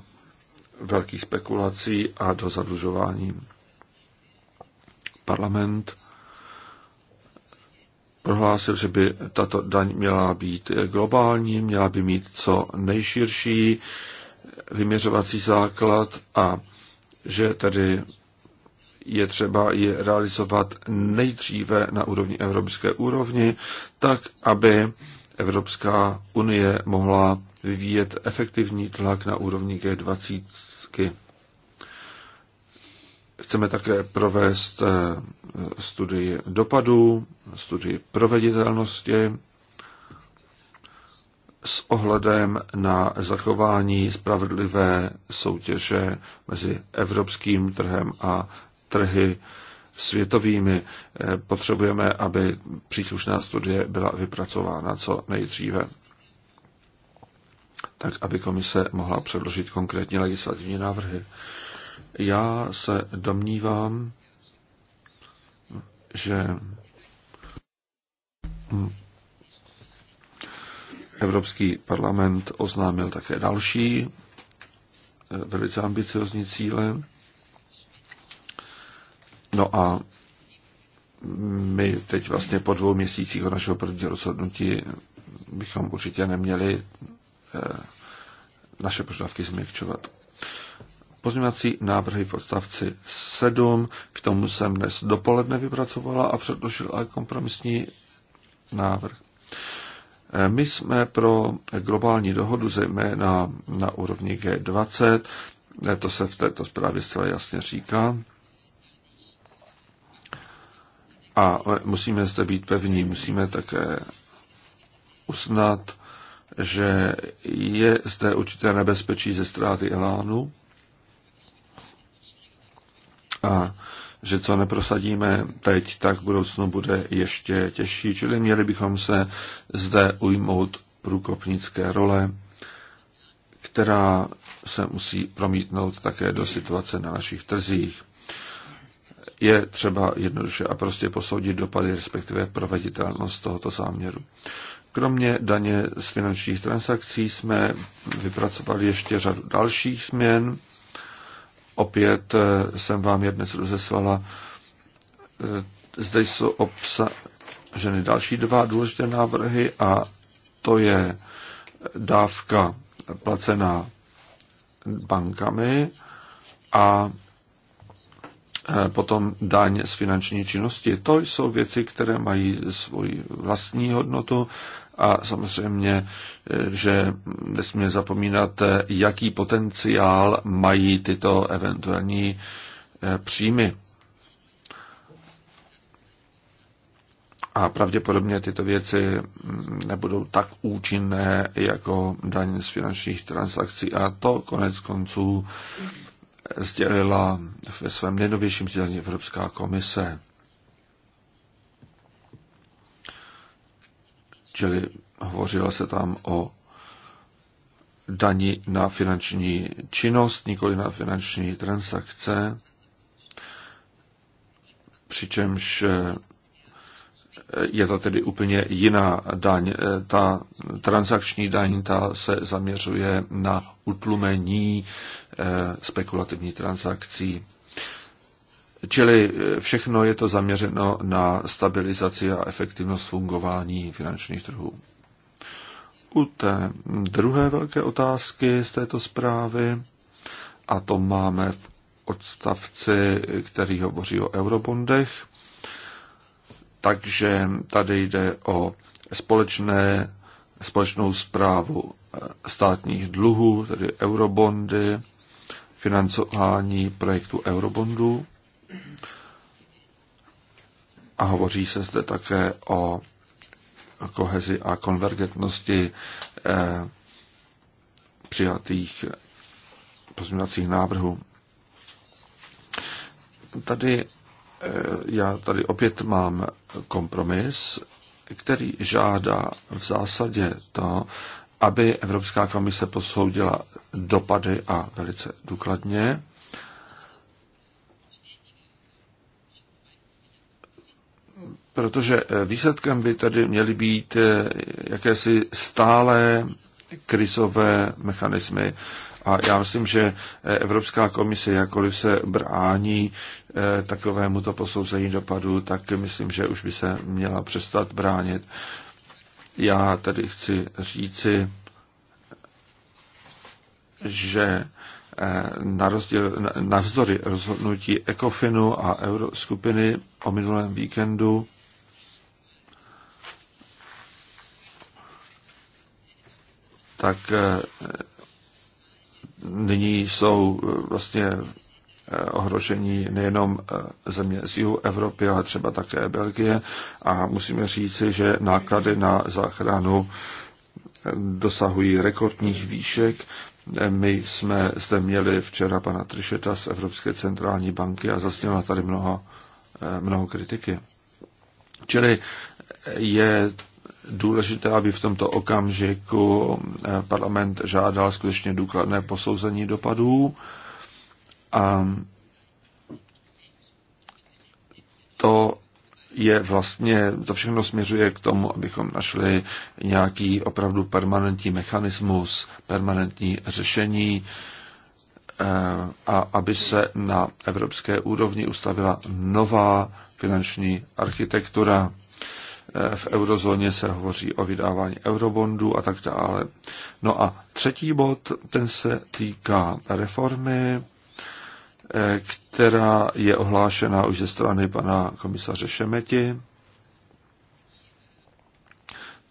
Speaker 2: velkých spekulací a do zadlužování. Parlament prohlásil, že by tato daň měla být globální, měla by mít co nejširší vyměřovací základ a že tedy je třeba je realizovat nejdříve na úrovni evropské úrovni, tak aby Evropská unie mohla vyvíjet efektivní tlak na úrovni G20. Chceme také provést eh, studii dopadů studii proveditelnosti s ohledem na zachování spravedlivé soutěže mezi evropským trhem a trhy světovými. Eh, potřebujeme, aby příslušná studie byla vypracována co nejdříve, tak aby komise mohla předložit konkrétní legislativní návrhy. Já se domnívám, že Hmm. Evropský parlament oznámil také další eh, velice ambiciozní cíle. No a my teď vlastně po dvou měsících od našeho prvního rozhodnutí bychom určitě neměli eh, naše požadavky změkčovat. Pozměňovací návrhy v odstavci 7, k tomu jsem dnes dopoledne vypracovala a předložila kompromisní návrh. Eh, my jsme pro globální dohodu, zejména na úrovni G20, eh, to se v této zprávě zcela jasně říká. A eh, musíme zde být pevní, musíme také usnat, že je zde určité nebezpečí ze ztráty elánu. A že co neprosadíme teď, tak v budoucnu bude ještě těžší, čili měli bychom se zde ujmout průkopnické role, která se musí promítnout také do situace na našich trzích. Je třeba jednoduše a prostě posoudit dopady, respektive proveditelnost tohoto záměru. Kromě daně z finančních transakcí jsme vypracovali ještě řadu dalších změn, Opět eh, jsem vám je dnes rozeslala. Eh, zde jsou obsaženy další dva důležité návrhy a to je dávka placená bankami a eh, potom daň z finanční činnosti. To jsou věci, které mají svoji vlastní hodnotu a samozřejmě, eh, že nesmíme zapomínat, eh, jaký potenciál mají tyto eventuální eh, příjmy. A pravděpodobně tyto věci mm, nebudou tak účinné jako daň z finančních transakcí. A to konec konců sdělila ve svém nejnovějším sdělení Evropská komise. Čili hovořilo se tam o dani na finanční činnost, nikoli na finanční transakce, přičemž eh, je to tedy úplně jiná daň. Eh, ta transakční daň ta se zaměřuje na utlumení eh, spekulativní transakcí. Čili eh, všechno je to zaměřeno na stabilizaci a efektivnost fungování finančních trhů. U té druhé velké otázky z této zprávy, a to máme v odstavci, který hovoří o eurobondech, takže tady jde o společné, společnou zprávu eh, státních dluhů, tedy eurobondy, financování projektu eurobondů. A hovoří se zde také o kohezi a konvergentnosti eh, přijatých pozměňovacích návrhů. Tady eh, já tady opět mám kompromis, který žádá v zásadě to, aby Evropská komise posoudila dopady a velice důkladně, protože eh, výsledkem by tady měly být eh, jakési stále krizové mechanismy. A já myslím, že eh, Evropská komise, jakkoliv se brání takovému to posouzení dopadu, tak myslím, že už by se měla přestat bránit. Já tady chci říci, že na rozdíl, navzdory rozhodnutí ECOFINu a Euroskupiny o minulém víkendu tak eh, nyní jsou eh, vlastně eh, ohrožení nejenom země z jihu Evropy, ale třeba také Belgie. A musíme říci, že náklady na záchranu dosahují rekordních výšek. My jsme zde měli včera pana Tršeta z Evropské centrální banky a zasněla tady mnoho, mnoho kritiky. Čili je důležité, aby v tomto okamžiku eh, parlament žádal skutečně důkladné posouzení dopadů a to je vlastně, to všechno směřuje k tomu, abychom našli nějaký opravdu permanentní mechanismus, permanentní řešení eh, a aby se na evropské úrovni ustavila nová finanční architektura Eh, v eurozóně se hovoří o vydávání eurobondů a tak dále. No a třetí bod, ten se týká reformy, eh, která je ohlášena už ze strany pana komisaře Šemeti.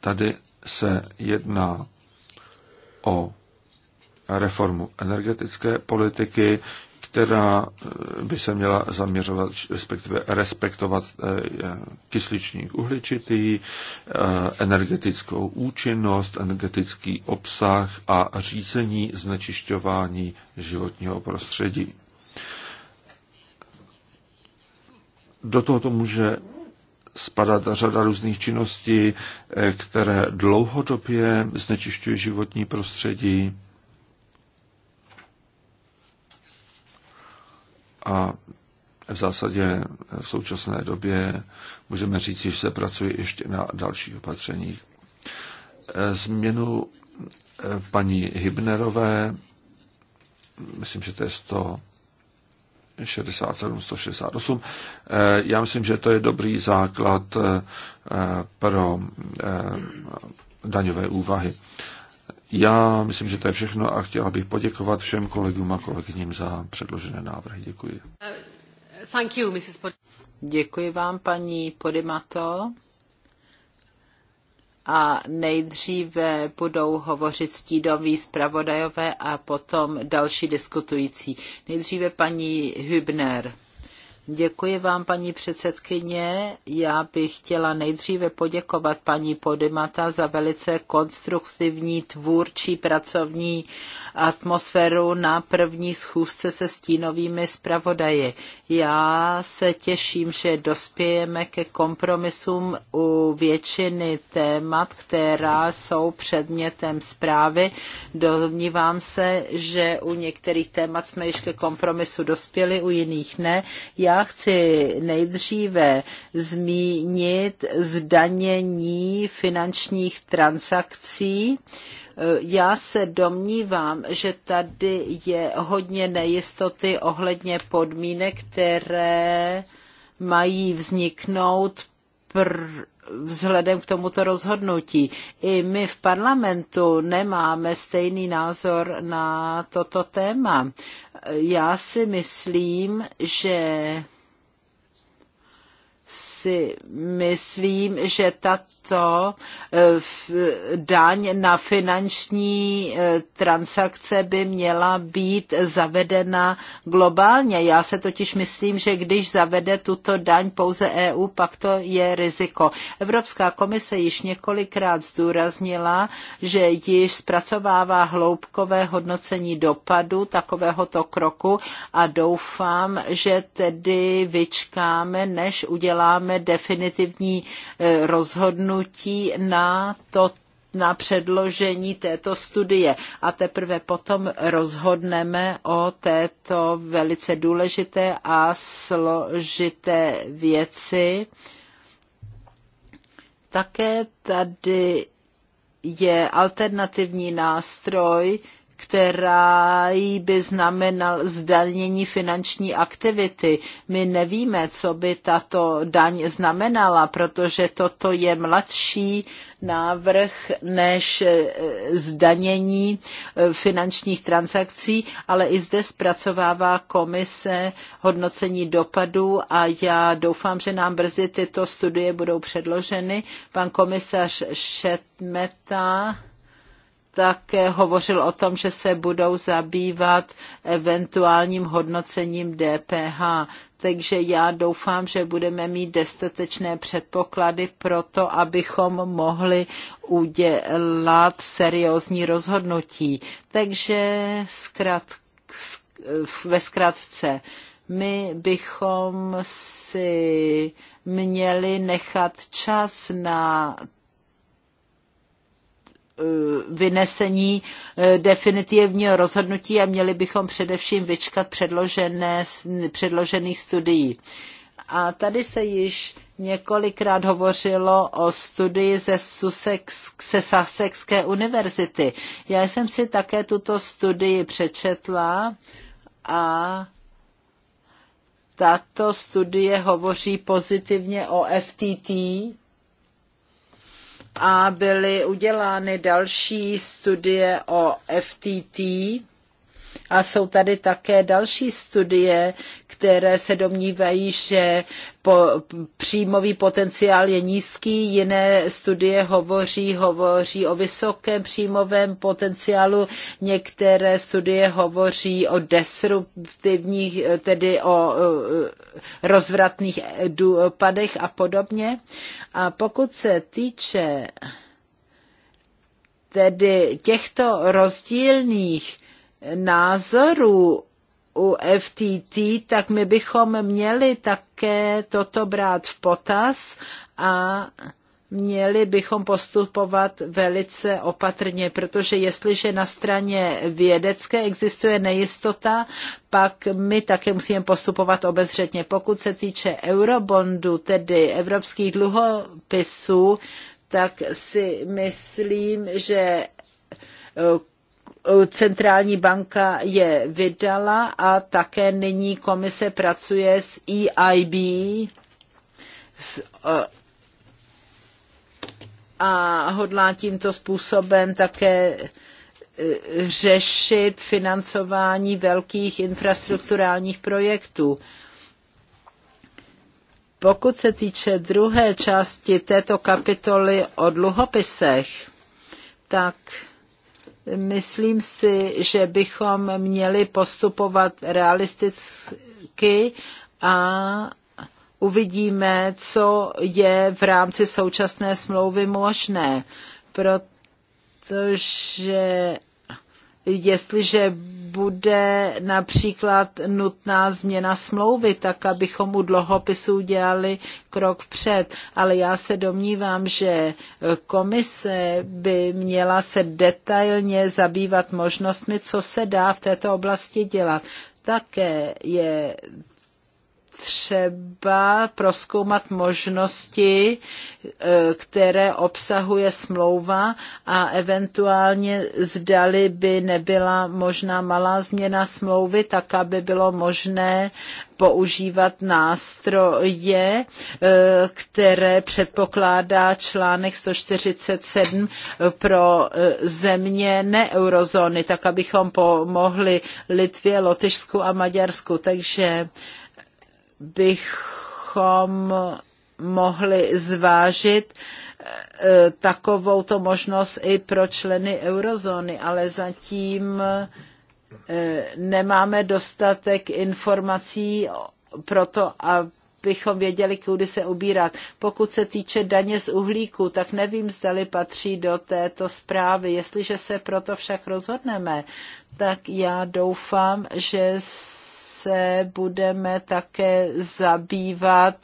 Speaker 2: Tady se jedná o reformu energetické politiky, která eh, by se měla zaměřovat, respektive respektovat eh, kysličník uhličitý, eh, energetickou účinnost, energetický obsah a řízení znečišťování životního prostředí. Do tohoto může spadat řada různých činností, které dlouhodobě znečišťují životní prostředí, a v zásadě v současné době můžeme říct, že se pracuje ještě na dalších opatřeních. Změnu eh, paní Hybnerové, myslím, že to je 167, 168. Eh, já myslím, že to je dobrý základ eh, pro daňové úvahy. Já myslím, že to je všechno a chtěla bych poděkovat všem kolegům a kolegyním za předložené návrhy. Děkuji. Uh,
Speaker 1: thank you, Mrs. Pod- Děkuji vám, paní Podimato. A nejdříve budou hovořit stídoví zpravodajové a potom další diskutující. Nejdříve paní Hübner. Děkuji vám, paní předsedkyně. Já bych chtěla nejdříve poděkovat paní Podimata za velice konstruktivní, tvůrčí pracovní atmosféru na první schůzce se stínovými zpravodaji. Já se těším, že dospějeme ke kompromisům u většiny témat, která jsou předmětem zprávy. Domnívám se, že u některých témat jsme již ke kompromisu dospěli, u jiných ne. Já chci nejdříve zmínit zdanění finančních transakcí, já se domnívám, že tady je hodně nejistoty ohledně podmínek, které mají vzniknout pr- vzhledem k tomuto rozhodnutí. I my v parlamentu nemáme stejný názor na toto téma. Já si myslím, že si myslím, že tato eh, daň na finanční eh, transakce by měla být zavedena globálně. Já se totiž myslím, že když zavede tuto daň pouze EU, pak to je riziko. Evropská komise již několikrát zdůraznila, že již zpracovává hloubkové hodnocení dopadu takovéhoto kroku a doufám, že tedy vyčkáme, než uděláme máme definitivní eh, rozhodnutí na to, na předložení této studie a teprve potom rozhodneme o této velice důležité a složité věci. Také tady je alternativní nástroj, která by znamenal zdanění finanční aktivity. My nevíme, co by tato daň znamenala, protože toto je mladší návrh než eh, zdanění eh, finančních transakcí, ale i zde zpracovává komise hodnocení dopadů a já doufám, že nám brzy tyto studie budou předloženy. Pan komisař Šetmeta také hovořil o tom, že se budou zabývat eventuálním hodnocením DPH. Takže já doufám, že budeme mít dostatečné předpoklady pro to, abychom mohli udělat seriózní rozhodnutí. Takže zkrat, ve zkratce, my bychom si měli nechat čas na Eh, vynesení eh, definitivního rozhodnutí a měli bychom především vyčkat předložené, předložených studií. A tady se již několikrát hovořilo o studii ze, Sussex, ze Sussexské univerzity. Já jsem si také tuto studii přečetla a tato studie hovoří pozitivně o FTT, a byly udělány další studie o FTT a jsou tady také další studie, které se domnívají, že po, příjmový potenciál je nízký, jiné studie hovoří, hovoří o vysokém příjmovém potenciálu, některé studie hovoří o disruptivních, tedy o e, rozvratných dopadech a podobně. A pokud se týče tedy těchto rozdílných názorů u FTT, tak my bychom měli také toto brát v potaz a měli bychom postupovat velice opatrně, protože jestliže na straně vědecké existuje nejistota, pak my také musíme postupovat obezřetně. Pokud se týče eurobondu, tedy evropských dluhopisů, tak si myslím, že centrální banka je vydala a také nyní komise pracuje s EIB s, a hodlá tímto způsobem také e, řešit financování velkých infrastrukturálních projektů. Pokud se týče druhé části této kapitoly o dluhopisech, tak Myslím si, že bychom měli postupovat realisticky a uvidíme, co je v rámci současné smlouvy možné, protože jestliže bude například nutná změna smlouvy, tak abychom u dluhopisů dělali krok před. Ale já se domnívám, že komise by měla se detailně zabývat možnostmi, co se dá v této oblasti dělat. Také je třeba proskoumat možnosti, e, které obsahuje smlouva a eventuálně zdali by nebyla možná malá změna smlouvy, tak aby bylo možné používat nástroje, e, které předpokládá článek 147 pro e, země neeurozóny, tak abychom pomohli Litvě, Lotyšsku a Maďarsku. Takže bychom mohli zvážit eh, takovouto možnost i pro členy eurozóny, ale zatím eh, nemáme dostatek informací pro to, abychom věděli, kudy se ubírat. Pokud se týče daně z uhlíku, tak nevím, zdali patří do této zprávy. Jestliže se proto však rozhodneme, tak já doufám, že se budeme také zabývat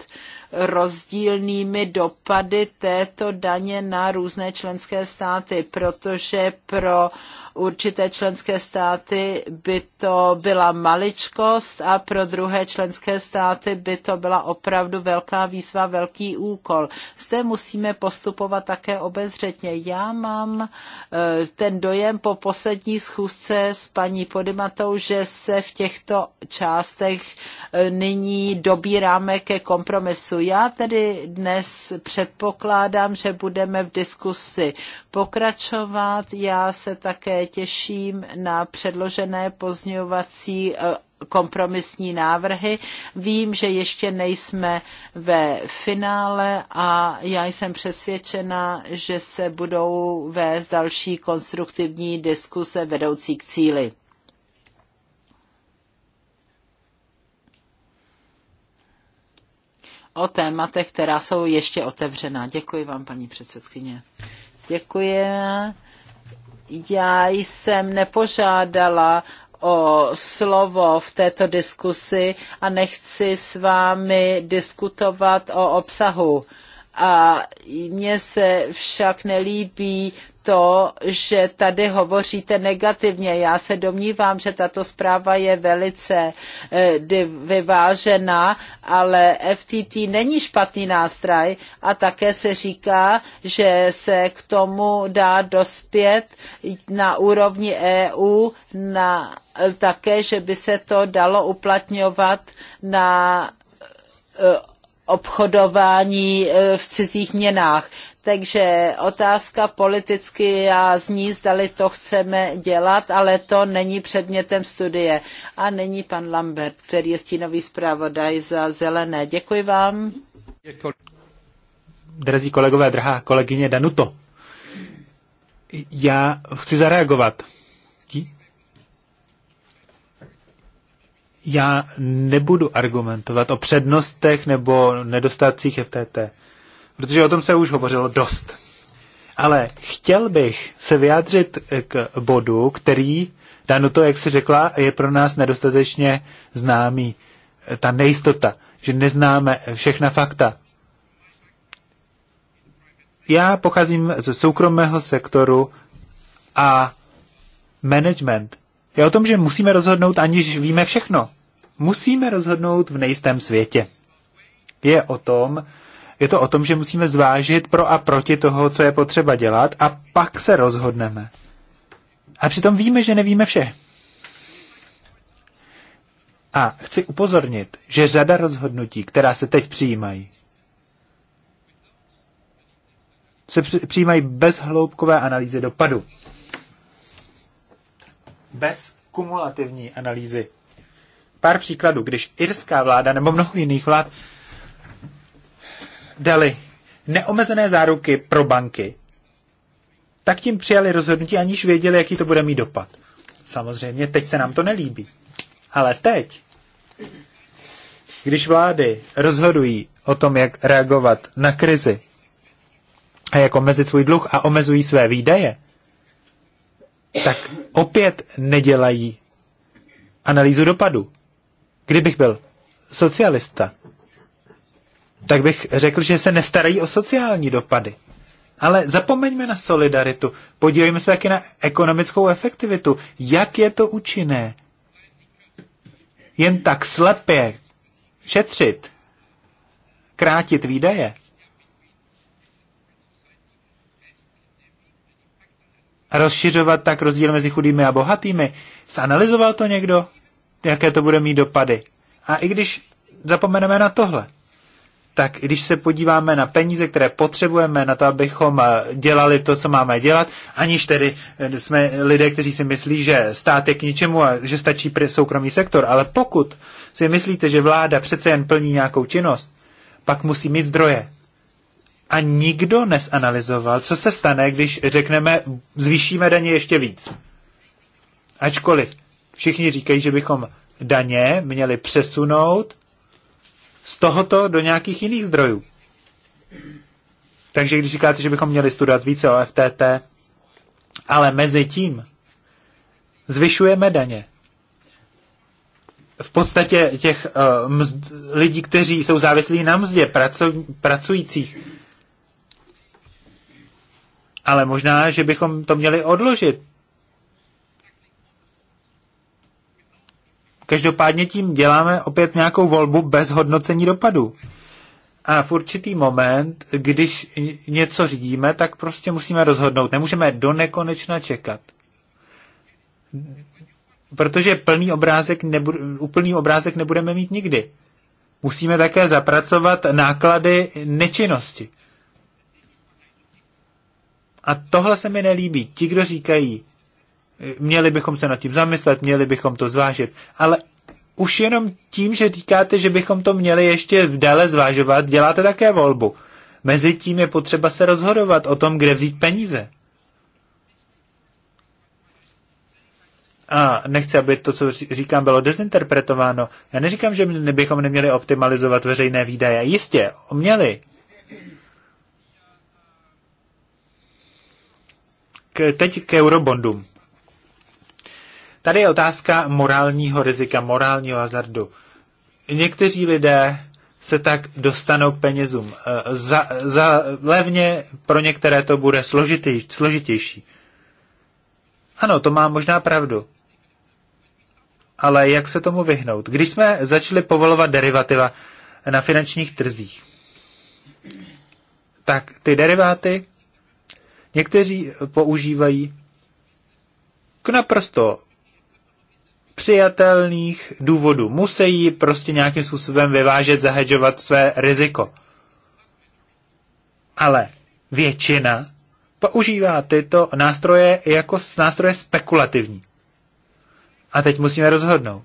Speaker 1: rozdílnými dopady této daně na různé členské státy, protože pro určité členské státy by to byla maličkost a pro druhé členské státy by to byla opravdu velká výzva, velký úkol. Zde musíme postupovat také obezřetně. Já mám eh, ten dojem po poslední schůzce s paní Podimatou, že se v těchto částech eh, nyní dobíráme ke kompromisu. Já tedy dnes předpokládám, že budeme v diskusi pokračovat. Já se také těším na předložené pozňovací eh, kompromisní návrhy. Vím, že ještě nejsme ve finále a já jsem přesvědčena, že se budou vést další konstruktivní diskuse vedoucí k cíli. o tématech, která jsou ještě otevřená. Děkuji vám, paní předsedkyně. Děkuji. Já jsem nepožádala o slovo v této diskusi a nechci s vámi diskutovat o obsahu a mně se však nelíbí to, že tady hovoříte negativně. Já se domnívám, že tato zpráva je velice eh, vyvážená, ale FTT není špatný nástroj a také se říká, že se k tomu dá dospět na úrovni EU na, eh, také, že by se to dalo uplatňovat na eh, obchodování e, v cizích měnách. Takže otázka politicky já zní, zdali to chceme dělat, ale to není předmětem studie. A není pan Lambert, který je stínový zpravodaj za zelené. Děkuji vám.
Speaker 3: Drazí kolegové, drahá kolegyně Danuto, já chci zareagovat já nebudu argumentovat o přednostech nebo nedostatcích FTT, protože o tom se už hovořilo dost. Ale chtěl bych se vyjádřit k bodu, který, Dáno to, jak jsi řekla, je pro nás nedostatečně známý. Ta nejistota, že neznáme všechna fakta. Já pocházím ze soukromého sektoru a management je o tom, že musíme rozhodnout, aniž víme všechno musíme rozhodnout v nejistém světě. Je o tom, je to o tom, že musíme zvážit pro a proti toho, co je potřeba dělat a pak se rozhodneme. A přitom víme, že nevíme vše. A chci upozornit, že řada rozhodnutí, která se teď přijímají, se přijímají bez hloubkové analýzy dopadu. Bez kumulativní analýzy pár příkladů, když irská vláda nebo mnoho jiných vlád dali neomezené záruky pro banky, tak tím přijali rozhodnutí, aniž věděli, jaký to bude mít dopad. Samozřejmě, teď se nám to nelíbí. Ale teď, když vlády rozhodují o tom, jak reagovat na krizi a jak omezit svůj dluh a omezují své výdaje, tak opět nedělají analýzu dopadu. Kdybych byl socialista, tak bych řekl, že se nestarají o sociální dopady. Ale zapomeňme na solidaritu. Podívejme se taky na ekonomickou efektivitu. Jak je to účinné? Jen tak slepě šetřit, krátit výdaje. Rozšiřovat tak rozdíl mezi chudými a bohatými. Zanalizoval to někdo? jaké to bude mít dopady. A i když zapomeneme na tohle, tak když se podíváme na peníze, které potřebujeme na to, abychom eh, dělali to, co máme dělat, aniž tedy eh, jsme lidé, kteří si myslí, že stát je k ničemu a že stačí soukromý sektor, ale pokud si myslíte, že vláda přece jen plní nějakou činnost, pak musí mít zdroje. A nikdo nesanalizoval, co se stane, když řekneme, zvýšíme daně ještě víc. Ačkoliv všichni říkají, že bychom daně měli přesunout z tohoto do nějakých jiných zdrojů. Takže když říkáte, že bychom měli studovat více o FTT, ale mezi tím zvyšujeme daně. V podstatě těch uh, mzd, lidí, kteří jsou závislí na mzdě, pracov, pracujících. Ale možná, že bychom to měli odložit, Každopádně tím děláme opět nějakou volbu bez hodnocení dopadu. A v určitý moment, když něco řídíme, tak prostě musíme rozhodnout. Nemůžeme do nekonečna čekat. Protože plný obrázek nebu, úplný obrázek nebudeme mít nikdy. Musíme také zapracovat náklady nečinnosti. A tohle se mi nelíbí. Ti, kdo říkají, měli bychom se nad tím zamyslet, měli bychom to zvážit. Ale už jenom tím, že říkáte, že bychom to měli ještě dále zvážovat, děláte také volbu. Mezi tím je potřeba se rozhodovat o tom, kde vzít peníze. A nechci, aby to, co říkám, bylo dezinterpretováno. Já neříkám, že bychom neměli optimalizovat veřejné výdaje. Jistě, měli. K, teď k eurobondům. Tady je otázka morálního rizika, morálního hazardu. Někteří lidé se tak dostanou k penězům. E, za, za levně pro některé to bude složitý, složitější. Ano, to má možná pravdu. Ale jak se tomu vyhnout? Když jsme začali povolovat derivativa na finančních trzích, tak ty deriváty někteří používají k naprosto přijatelných důvodů. Musí prostě nějakým způsobem vyvážet, zahedžovat své riziko. Ale většina používá tyto nástroje jako nástroje spekulativní. A teď musíme rozhodnout.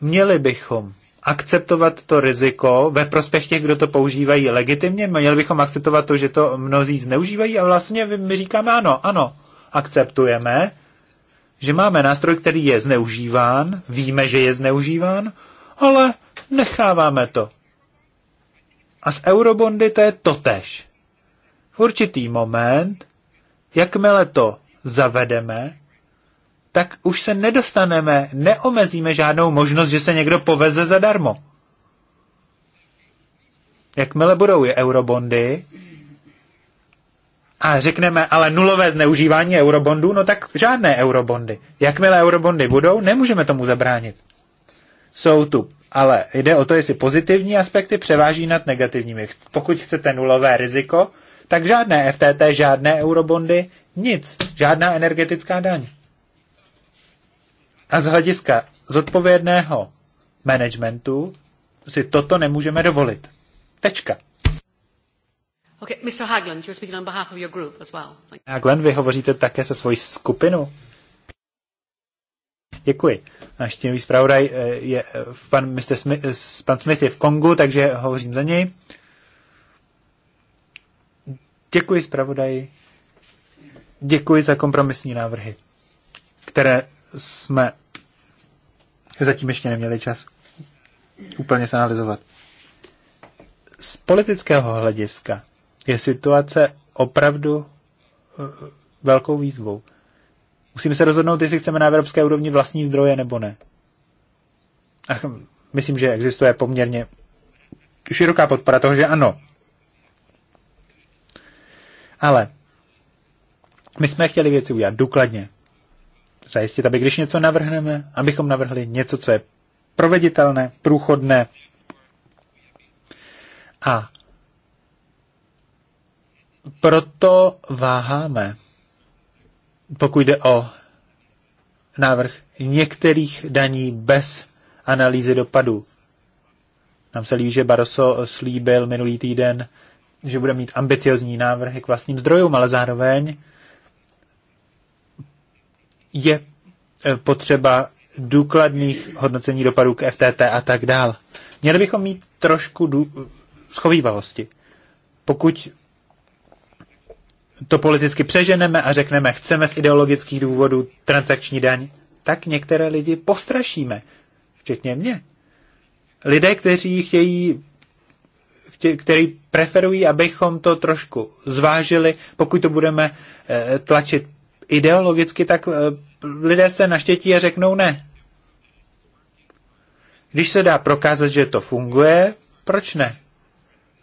Speaker 3: Měli bychom akceptovat to riziko ve prospěch těch, kdo to používají legitimně, měli bychom akceptovat to, že to mnozí zneužívají a vlastně my říkáme ano, ano, akceptujeme, že máme nástroj, který je zneužíván, víme, že je zneužíván, ale necháváme to. A s eurobondy to je totež. V určitý moment, jakmile to zavedeme, tak už se nedostaneme, neomezíme žádnou možnost, že se někdo poveze zadarmo. Jakmile budou je eurobondy, a řekneme, ale nulové zneužívání eurobondů, no tak žádné eurobondy. Jakmile eurobondy budou, nemůžeme tomu zabránit. Jsou tu. Ale jde o to, jestli pozitivní aspekty převáží nad negativními. Pokud chcete nulové riziko, tak žádné FTT, žádné eurobondy, nic, žádná energetická daň. A z hlediska zodpovědného managementu si toto nemůžeme dovolit. Tečka.
Speaker 1: Okay, Mr. Hagland, you're speaking on behalf of your group as well.
Speaker 3: Hagland, vy hovoříte také se svojí skupinu? Děkuji. Náš stínový zpravodaj eh, je eh, pan, Mr. Smith, eh, pan Smith je v Kongu, takže hovořím za něj. Děkuji zpravodaji. Děkuji za kompromisní návrhy, které jsme zatím ještě neměli čas úplně se analyzovat. Z politického hlediska je situace opravdu eh, velkou výzvou. Musíme se rozhodnout, jestli chceme na evropské úrovni vlastní zdroje nebo ne. Ach, myslím, že existuje poměrně široká podpora toho, že ano. Ale my jsme chtěli věci udělat důkladně. Zajistit, aby když něco navrhneme, abychom navrhli něco, co je proveditelné, průchodné. A proto váháme, pokud jde o návrh některých daní bez analýzy dopadu. Nám se líbí, že Baroso slíbil minulý týden, že bude mít ambiciozní návrhy k vlastním zdrojům, ale zároveň je eh, potřeba důkladných hodnocení dopadů k FTT a tak dál. Měli bychom mít trošku schovývalosti. Pokud to politicky přeženeme a řekneme, chceme z ideologických důvodů transakční daň, tak některé lidi postrašíme, včetně mě. Lidé, kteří chtějí, chtě, který preferují, abychom to trošku zvážili, pokud to budeme e, tlačit ideologicky, tak e, lidé se naštětí a řeknou ne. Když se dá prokázat, že to funguje, proč ne?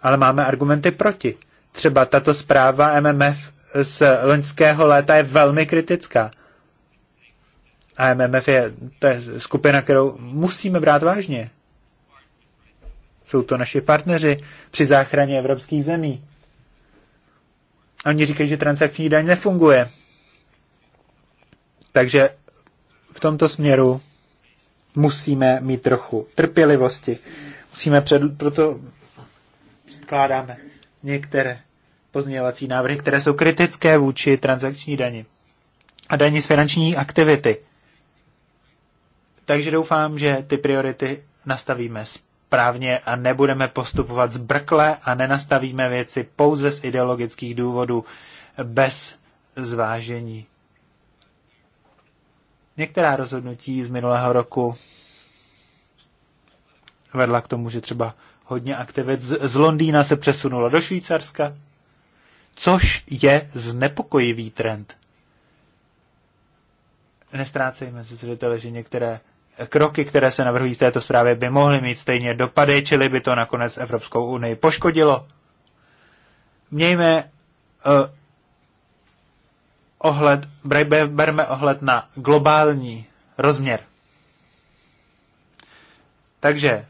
Speaker 3: Ale máme argumenty proti. Třeba tato zpráva MMF z loňského léta je velmi kritická. A MMF je, to je skupina, kterou musíme brát vážně. Jsou to naši partneři při záchraně evropských zemí. A oni říkají, že transakční daň nefunguje. Takže v tomto směru musíme mít trochu trpělivosti. Musíme před, proto skládáme některé pozměňovací návrhy, které jsou kritické vůči transakční dani a daní z finanční aktivity. Takže doufám, že ty priority nastavíme správně a nebudeme postupovat zbrkle a nenastavíme věci pouze z ideologických důvodů bez zvážení. Některá rozhodnutí z minulého roku vedla k tomu, že třeba hodně aktivit z Londýna se přesunulo do Švýcarska což je znepokojivý trend. Nestrácejme se zřetele, že některé kroky, které se navrhují v této zprávě, by mohly mít stejně dopady, čili by to nakonec Evropskou unii poškodilo. Mějme uh, ohled, berme ohled na globální rozměr. Takže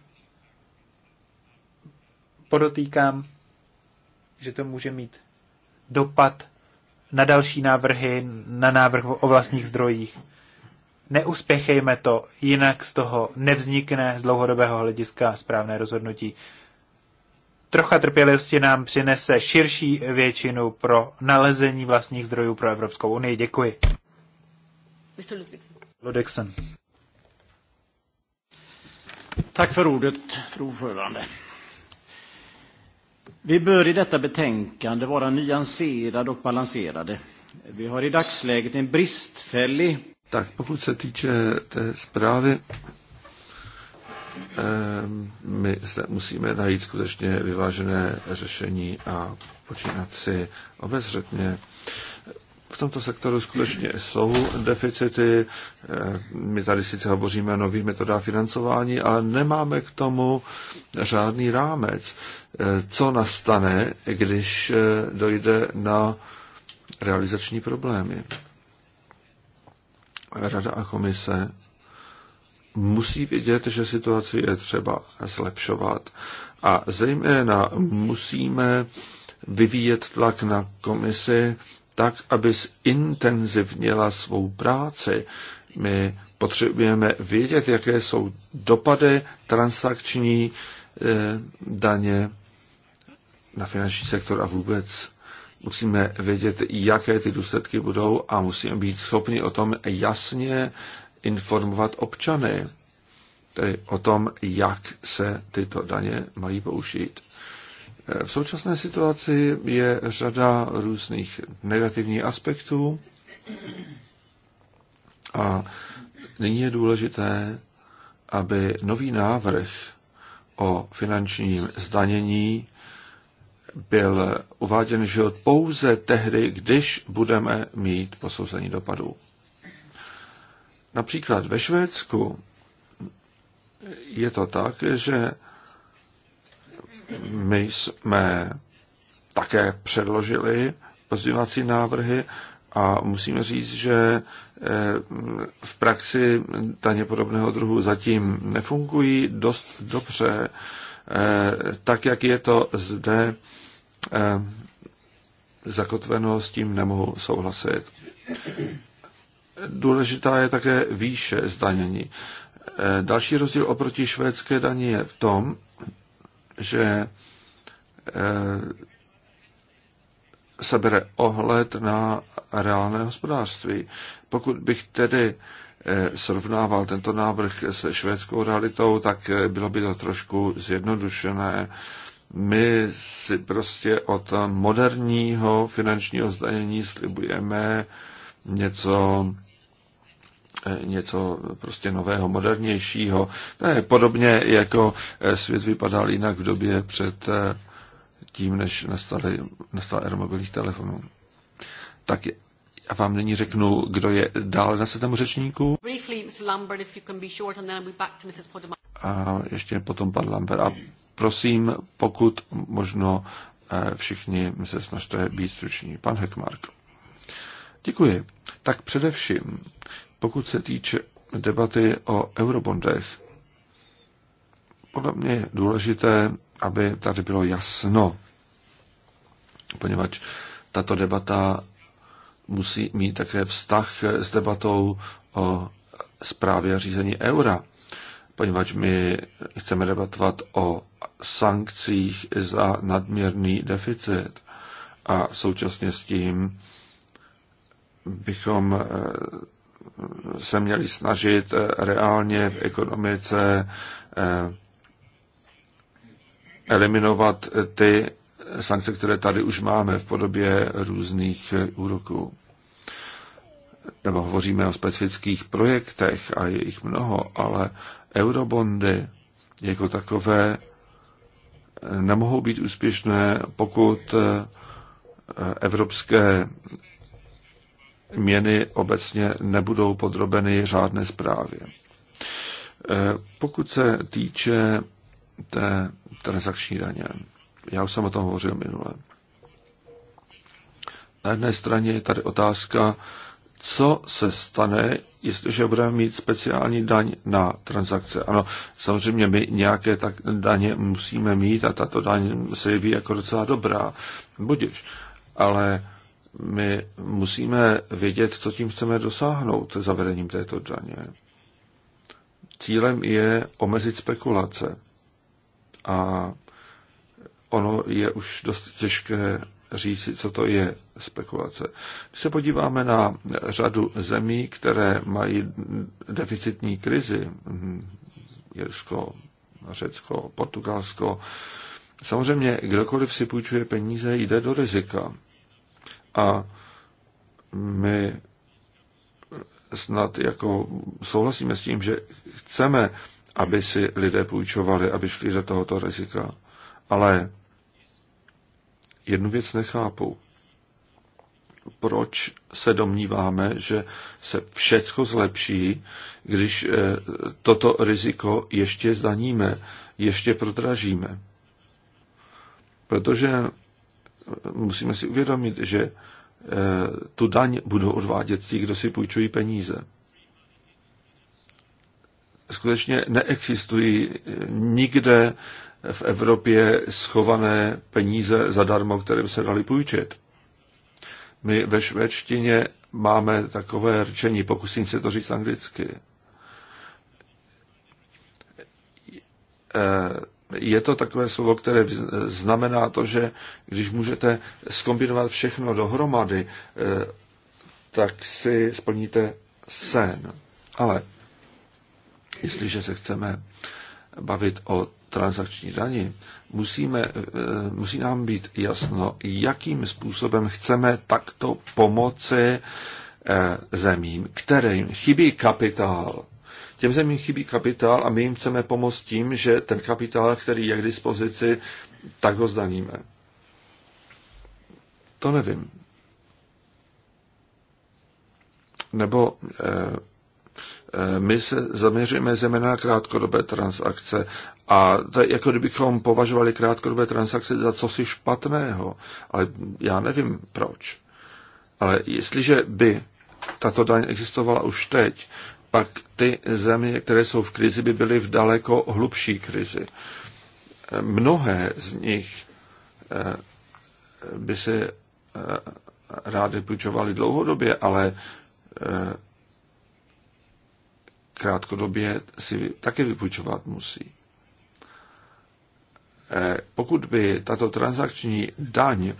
Speaker 3: podotýkám, že to může mít dopad na další návrhy, na návrh o vlastních zdrojích. Neuspěchejme to, jinak z toho nevznikne z dlouhodobého hlediska správné rozhodnutí. Trocha trpělivosti nám přinese širší většinu pro nalezení vlastních zdrojů pro Evropskou unii. Děkuji. Mr. Ludvigsen. Ludvigsen. Tak för ordet, fru Vi bör i detta betänkande vara nyanserade och balanserade. Vi har i dagsläget en bristfällig...
Speaker 2: Tak pokud se týče té zprávy, ehm, my zde musíme najít skutečně vyvážené řešení a počínat si obezřetně v tomto sektoru skutečně jsou deficity. Eh, my tady sice hovoříme o nových metodách financování, ale nemáme k tomu žádný rámec. Eh, co nastane, když eh, dojde na realizační problémy? Rada a komise musí vědět, že situaci je třeba zlepšovat. A zejména musíme vyvíjet tlak na komisi, tak, aby zintenzivnila svou práci. My potřebujeme vědět, jaké jsou dopady transakční eh, daně na finanční sektor a vůbec musíme vědět, jaké ty důsledky budou a musíme být schopni o tom jasně informovat občany, tedy o tom, jak se tyto daně mají použít. V současné situaci je řada různých negativních aspektů a nyní je důležité, aby nový návrh o finančním zdanění byl uváděn život pouze tehdy, když budeme mít posouzení dopadů. Například ve Švédsku je to tak, že my jsme také předložili pozdělovací návrhy a musíme říct, že eh, v praxi daně podobného druhu zatím nefungují dost dobře, eh, tak jak je to zde eh, zakotveno, s tím nemohu souhlasit. Důležitá je také výše zdanění. Další rozdíl oproti švédské daní je v tom, že eh, se bere ohled na reálné hospodářství. Pokud bych tedy eh, srovnával tento návrh se švédskou realitou, tak eh, bylo by to trošku zjednodušené. My si prostě od moderního finančního zdanění slibujeme něco něco prostě nového, modernějšího. Ne, podobně jako eh, svět vypadal jinak v době před eh, tím, než nastaly, nastal era mobilních telefonů. Tak je, A vám nyní řeknu, kdo je dál na seznamu řečníku. A ještě potom pan Lambert. A prosím, pokud možno eh, všichni se snažte být struční. Pan Hekmark. Děkuji. Tak především pokud se týče debaty o eurobondech, podle mě je důležité, aby tady bylo jasno, poněvadž tato debata musí mít také vztah s debatou o zprávě a řízení eura, poněvadž my chceme debatovat o sankcích za nadměrný deficit a současně s tím bychom eh, se měli snažit eh, reálně v ekonomice eh, eliminovat eh, ty sankce, které tady už máme v podobě různých úroků. Nebo hovoříme o specifických projektech a je jich mnoho, ale eurobondy jako takové nemohou být úspěšné, pokud evropské měny obecně nebudou podrobeny řádné zprávě. Eh, pokud se týče té transakční daně, já už jsem o tom hovořil minule. Na jedné straně je tady otázka, co se stane, jestliže budeme mít speciální daň na transakce. Ano, samozřejmě my nějaké tak daně musíme mít a tato daň se jeví jako docela dobrá. Budiš. Ale my musíme vědět, co tím chceme dosáhnout zavedením této daně. Cílem je omezit spekulace. A ono je už dost těžké říci, co to je spekulace. Když se podíváme na řadu zemí, které mají deficitní krizi, Jirsko, Řecko, Portugalsko, samozřejmě kdokoliv si půjčuje peníze, jde do rizika. A my snad jako souhlasíme s tím, že chceme, aby si lidé půjčovali, aby šli do tohoto rizika. Ale jednu věc nechápu. Proč se domníváme, že se všecko zlepší, když eh, toto riziko ještě zdaníme, ještě prodražíme? Protože musíme si uvědomit, že eh, tu daň budou odvádět ti, kdo si půjčují peníze. Skutečně neexistují eh, nikde v Evropě schované peníze zadarmo, kterým se dali půjčit. My ve švédštině máme takové řečení, pokusím se to říct anglicky. E je to takové slovo, které znamená to, že když můžete skombinovat všechno dohromady, eh, tak si splníte sen. Ale jestliže se chceme bavit o transakční dani, musíme, eh, musí nám být jasno, jakým způsobem chceme takto pomoci eh, zemím, kterým chybí kapitál Těm zemím chybí kapitál a my jim chceme pomoct tím, že ten kapitál, který je k dispozici, tak ho zdaníme. To nevím. Nebo eh, eh, my se zaměříme zejména na krátkodobé transakce a to je jako kdybychom považovali krátkodobé transakce za cosi špatného, ale já nevím proč. Ale jestliže by tato daň existovala už teď, pak ty země, které jsou v krizi, by byly v daleko hlubší krizi. Mnohé z nich eh, by se eh, rádi půjčovali dlouhodobě, ale eh, krátkodobě si také vypůjčovat musí. Pokud by tato transakční daň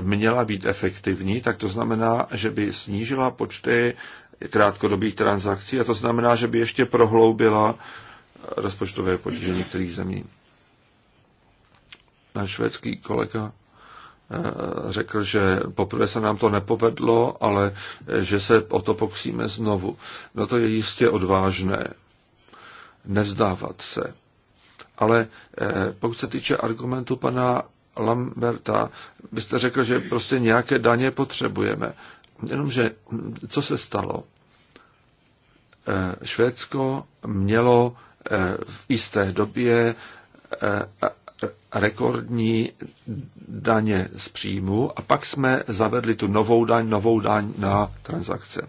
Speaker 2: měla být efektivní, tak to znamená, že by snížila počty krátkodobých transakcí a to znamená, že by ještě prohloubila rozpočtové potíže některých zemí. Náš švédský kolega eh, řekl, že poprvé se nám to nepovedlo, ale eh, že se o to pokusíme znovu. No to je jistě odvážné. Nevzdávat se. Ale eh, pokud se týče argumentu pana Lamberta, byste řekl, že prostě nějaké daně potřebujeme. Jenomže, hm, co se stalo? Eh, Švédsko mělo eh, v jisté době eh, rekordní daně z příjmu a pak jsme zavedli tu novou daň, novou daň na transakce.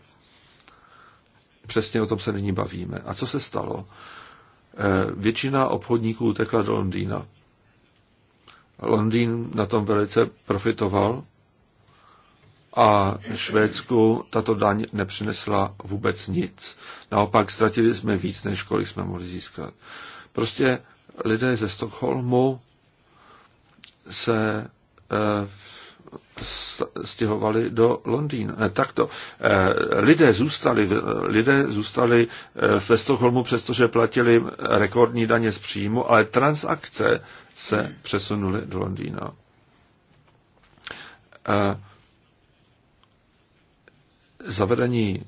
Speaker 2: Přesně o tom se nyní bavíme. A co se stalo? Většina obchodníků utekla do Londýna. Londýn na tom velice profitoval a Švédsku tato daň nepřinesla vůbec nic. Naopak ztratili jsme víc, než kolik jsme mohli získat. Prostě lidé ze Stockholmu se eh, stěhovali do Londýna. Ne, eh, tak to. Eh, lidé zůstali, lidé zůstali ve Stockholmu, přestože platili rekordní daně z příjmu, ale transakce se přesunuly do Londýna. E, zavedení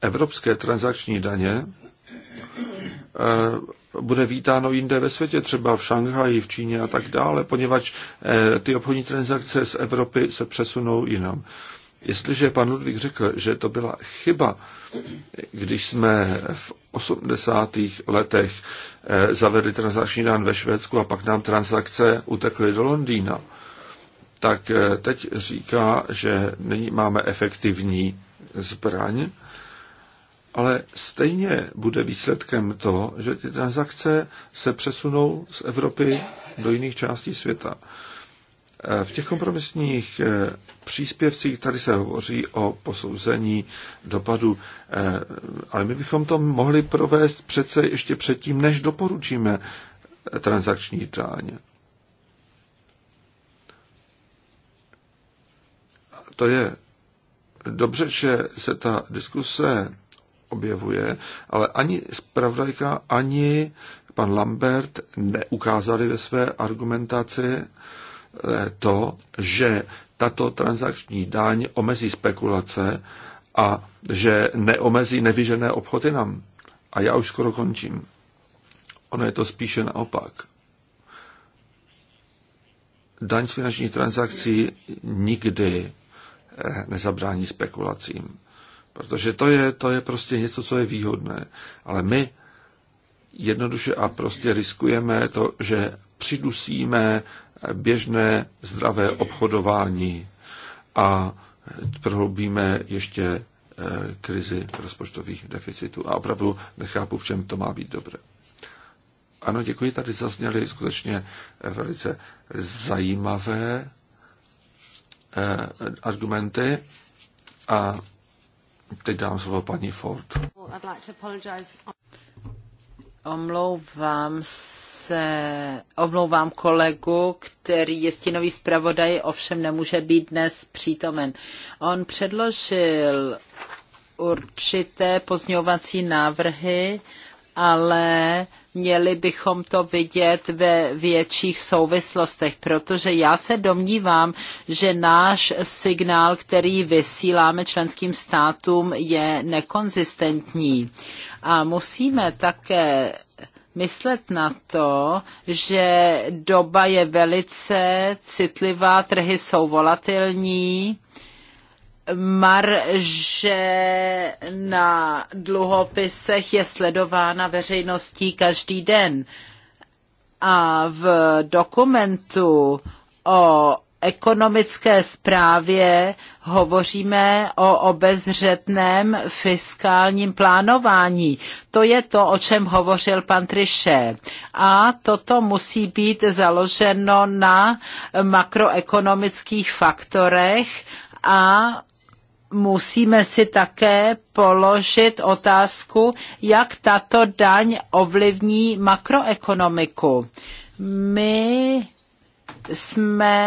Speaker 2: evropské transakční daně eh, bude vítáno jinde ve světě, třeba v Šanghaji, v Číně a tak dále, poněvadž eh, ty obchodní transakce z Evropy se přesunou jinam. Jestliže pan Ludvík řekl, že to byla chyba, když jsme v 80. letech eh, zavedli transakční dan ve Švédsku a pak nám transakce utekly do Londýna, tak eh, teď říká, že nyní máme efektivní zbraň, ale stejně bude výsledkem to, že ty transakce se přesunou z Evropy do jiných částí světa. Eh, v těch kompromisních eh, příspěvcích tady se hovoří o posouzení dopadu, ale my bychom to mohli provést přece ještě předtím, než doporučíme transakční dáně. to je dobře, že se ta diskuse objevuje, ale ani zpravodajka, ani pan Lambert neukázali ve své argumentaci eh, to, že tato transakční daň omezí spekulace a že neomezí nevyžené obchody nám. A já už skoro končím. Ono je to spíše naopak. Daň z finančních transakcí nikdy Eh, nezabrání spekulacím. Protože to je, to je prostě něco, co je výhodné. Ale my jednoduše a prostě riskujeme to, že přidusíme běžné zdravé obchodování a prohloubíme ještě eh, krizi rozpočtových deficitů. A opravdu nechápu, v čem to má být dobré. Ano, děkuji, tady zazněly skutečně velice zajímavé Eh, argumenty a teď dám slovo paní Ford.
Speaker 1: Omlouvám se, omlouvám kolegu, který je stínový zpravodaj, ovšem nemůže být dnes přítomen. On předložil určité pozňovací návrhy, ale Měli bychom to vidět ve větších souvislostech, protože já se domnívám, že náš signál, který vysíláme členským státům, je nekonzistentní. A musíme také myslet na to, že doba je velice citlivá, trhy jsou volatilní marže na dluhopisech je sledována veřejností každý den. A v dokumentu o ekonomické zprávě hovoříme o obezřetném fiskálním plánování. To je to, o čem hovořil pan Triše. A toto musí být založeno na makroekonomických faktorech a musíme si také položit otázku, jak tato daň ovlivní makroekonomiku. My jsme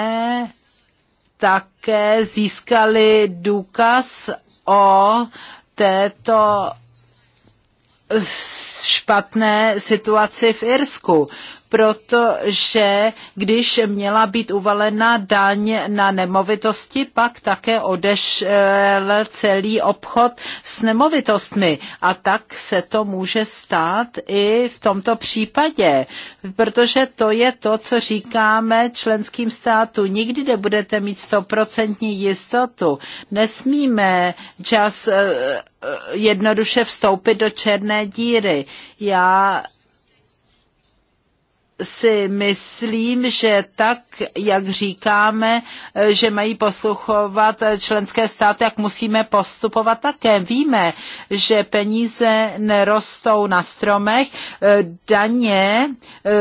Speaker 1: také získali důkaz o této špatné situaci v Irsku protože když měla být uvalena daň na nemovitosti, pak také odešel celý obchod s nemovitostmi. A tak se to může stát i v tomto případě, protože to je to, co říkáme členským státu. Nikdy nebudete mít stoprocentní jistotu. Nesmíme čas eh, jednoduše vstoupit do černé díry. Já si myslím, že tak, jak říkáme, že mají posluchovat členské státy, jak musíme postupovat také. Víme, že peníze nerostou na stromech, daně eh,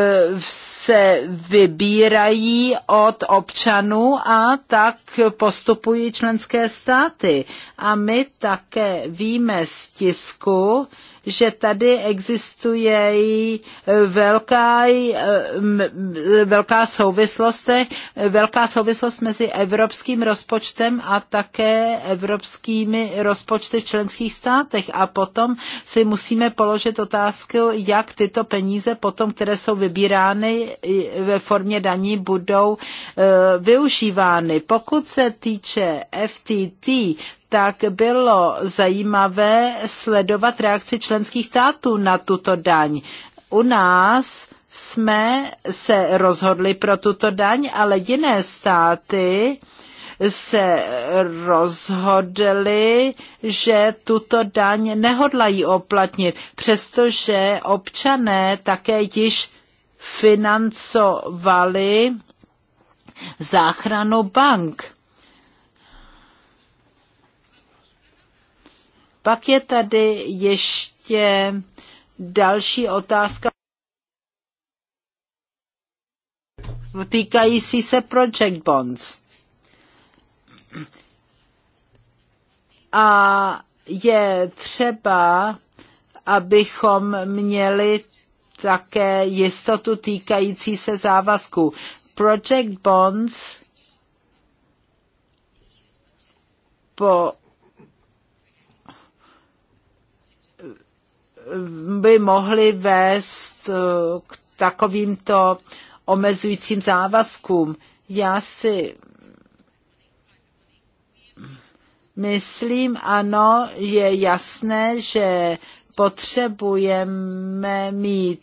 Speaker 1: se vybírají od občanů a tak postupují členské státy. A my také víme z tisku, že tady existuje velká, velká souvislost, velká souvislost mezi evropským rozpočtem a také evropskými rozpočty v členských státech. A potom si musíme položit otázku, jak tyto peníze potom, které jsou vybírány ve formě daní, budou eh, využívány. Pokud se týče FTT, tak bylo zajímavé sledovat reakci členských států na tuto daň. U nás jsme se rozhodli pro tuto daň, ale jiné státy se rozhodli, že tuto daň nehodlají oplatnit, přestože občané také již financovali záchranu bank. Pak je tady ještě další otázka týkající se project bonds. A je třeba, abychom měli také jistotu týkající se závazků. Project bonds po by mohly vést eh, k takovýmto omezujícím závazkům. Já si myslím, ano, je jasné, že potřebujeme mít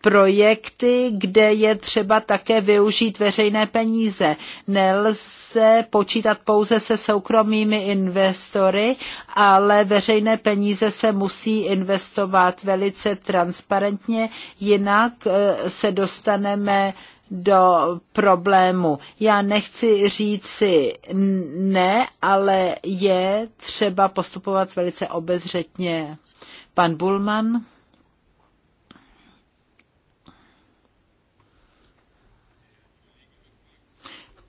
Speaker 1: projekty, kde je třeba také využít veřejné peníze. Nelze se počítat pouze se soukromými investory, ale veřejné peníze se musí investovat velice transparentně, jinak eh, se dostaneme do problému. Já nechci říct si ne, ale je třeba postupovat velice obezřetně. Pan Bulman.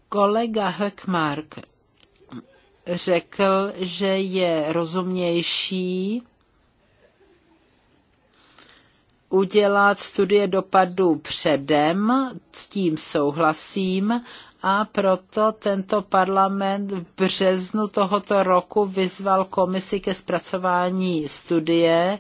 Speaker 1: Kolega Höckmark řekl, že je rozumnější udělat studie dopadu předem, s tím souhlasím, a proto tento parlament v březnu tohoto roku vyzval komisi ke zpracování studie,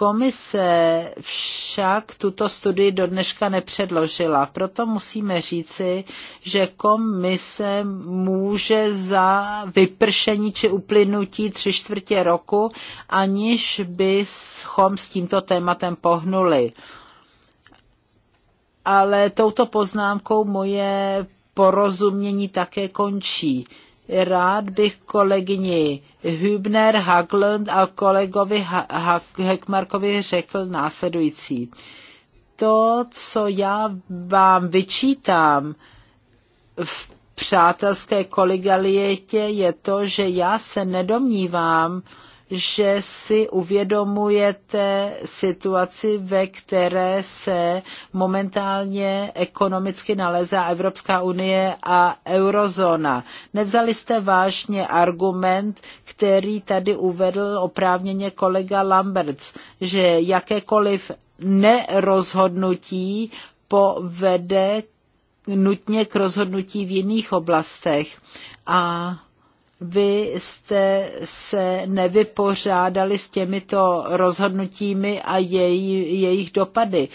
Speaker 1: Komise však tuto studii do dneška nepředložila, proto musíme říci, že komise může za vypršení či uplynutí tři čtvrtě roku, aniž bychom s tímto tématem pohnuli. Ale touto poznámkou moje porozumění také končí. Rád bych kolegyni Hübner, Haglund a kolegovi Hekmarkovi řekl následující. To, co já vám vyčítám v přátelské kolegalietě, je to, že já se nedomnívám, že si uvědomujete situaci, ve které se momentálně ekonomicky nalezá Evropská unie a eurozóna. Nevzali jste vážně argument, který tady uvedl oprávněně kolega Lamberts, že jakékoliv nerozhodnutí povede nutně k rozhodnutí v jiných oblastech. A vy jste se nevypořádali s těmito rozhodnutími a její, jejich dopady.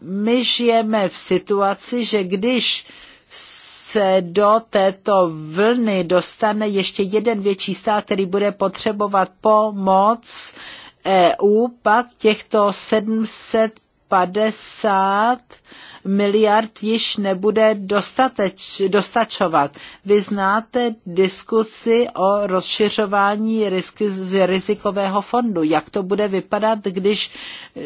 Speaker 1: My žijeme v situaci, že když se do této vlny dostane ještě jeden větší stát, který bude potřebovat pomoc EU, pak těchto 750 miliard již nebude dostateč, dostačovat. Vy znáte diskusi o rozšiřování risky z rizikového fondu. Jak to bude vypadat, když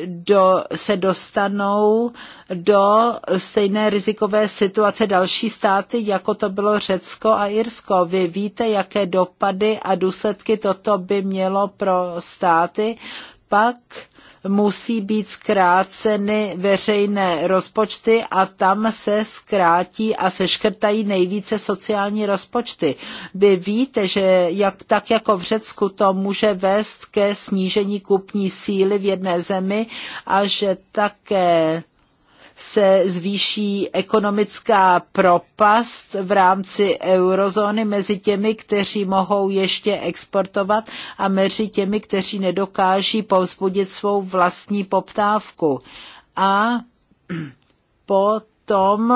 Speaker 1: do, se dostanou do stejné rizikové situace další státy, jako to bylo Řecko a Irsko? Vy víte, jaké dopady a důsledky toto by mělo pro státy? Pak musí být zkráceny veřejné rozpočty a tam se zkrátí a se škrtají nejvíce sociální rozpočty. Vy víte, že jak, tak jako v Řecku to může vést ke snížení kupní síly v jedné zemi a že také se zvýší ekonomická propast v rámci eurozóny mezi těmi, kteří mohou ještě exportovat a mezi těmi, kteří nedokáží povzbudit svou vlastní poptávku. A potom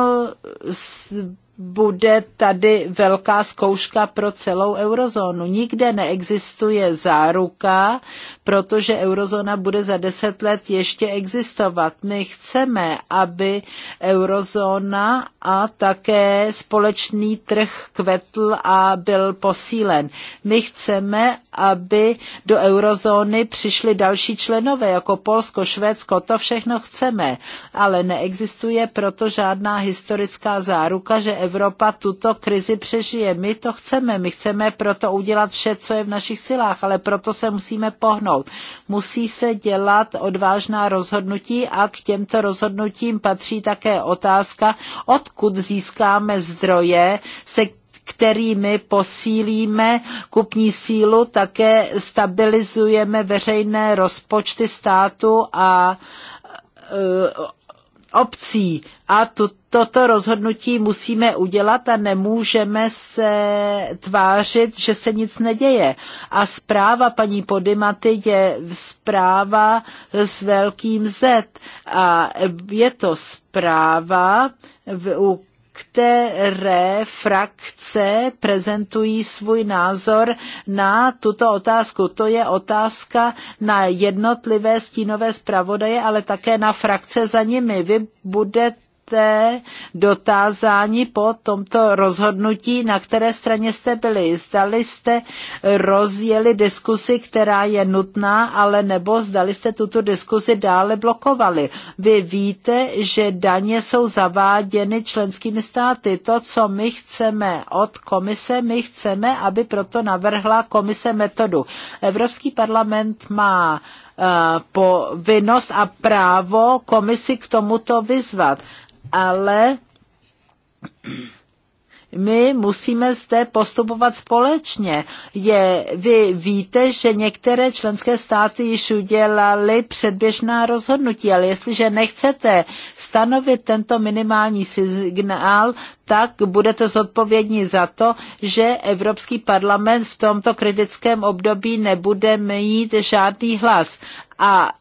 Speaker 1: bude tady velká zkouška pro celou eurozónu. Nikde neexistuje záruka, protože eurozóna bude za deset let ještě existovat. My chceme, aby eurozóna a také společný trh kvetl a byl posílen. My chceme, aby do eurozóny přišli další členové, jako Polsko, Švédsko, to všechno chceme, ale neexistuje proto žádná historická záruka, že Evropa tuto krizi přežije. My to chceme, my chceme proto udělat vše, co je v našich silách, ale proto se musíme pohnout. Musí se dělat odvážná rozhodnutí a k těmto rozhodnutím patří také otázka, odkud získáme zdroje, se kterými posílíme kupní sílu, také stabilizujeme veřejné rozpočty státu a e, obcí a tu toto rozhodnutí musíme udělat a nemůžeme se tvářit, že se nic neděje. A zpráva paní Podimaty je zpráva s velkým Z a je to zpráva, u které frakce prezentují svůj názor na tuto otázku. To je otázka na jednotlivé stínové zpravodaje, ale také na frakce za nimi. Vy budete jste dotázáni po tomto rozhodnutí, na které straně jste byli. Zdali jste rozjeli diskusi, která je nutná, ale nebo zdali jste tuto diskusi dále blokovali. Vy víte, že daně jsou zaváděny členskými státy. To, co my chceme od komise, my chceme, aby proto navrhla komise metodu. Evropský parlament má eh, povinnost a právo komisi k tomuto vyzvat ale my musíme zde postupovat společně. Je, vy víte, že některé členské státy již udělaly předběžná rozhodnutí, ale jestliže nechcete stanovit tento minimální signál, tak budete zodpovědní za to, že Evropský parlament v tomto kritickém období nebude mít žádný hlas. A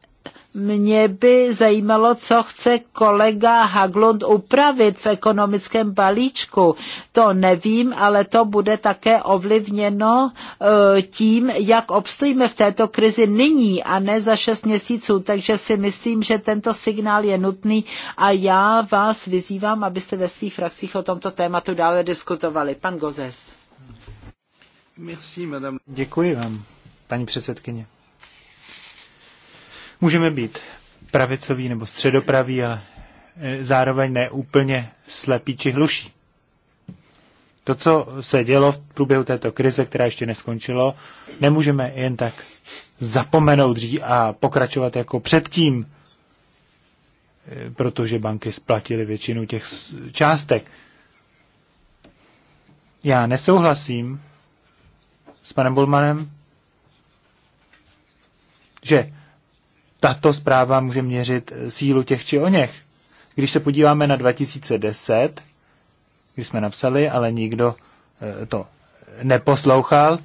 Speaker 1: mě by zajímalo, co chce kolega Haglund upravit v ekonomickém balíčku. To nevím, ale to bude také ovlivněno e, tím, jak obstojíme v této krizi nyní a ne za šest měsíců. Takže si myslím, že tento signál je nutný a já vás vyzývám, abyste ve svých frakcích o tomto tématu dále diskutovali. Pan Gozes.
Speaker 3: Merci, madame. Děkuji vám, paní předsedkyně. Můžeme být pravicoví nebo středopraví, ale e, zároveň ne úplně slepí či hluší. To, co se dělo v průběhu této krize, která ještě neskončilo, nemůžeme jen tak zapomenout a pokračovat jako předtím, e, protože banky splatily většinu těch částek. Já nesouhlasím s panem Bulmanem, že tato zpráva může měřit sílu těch či oněch. Když se podíváme na 2010, kdy jsme napsali, ale nikdo eh, to neposlouchal,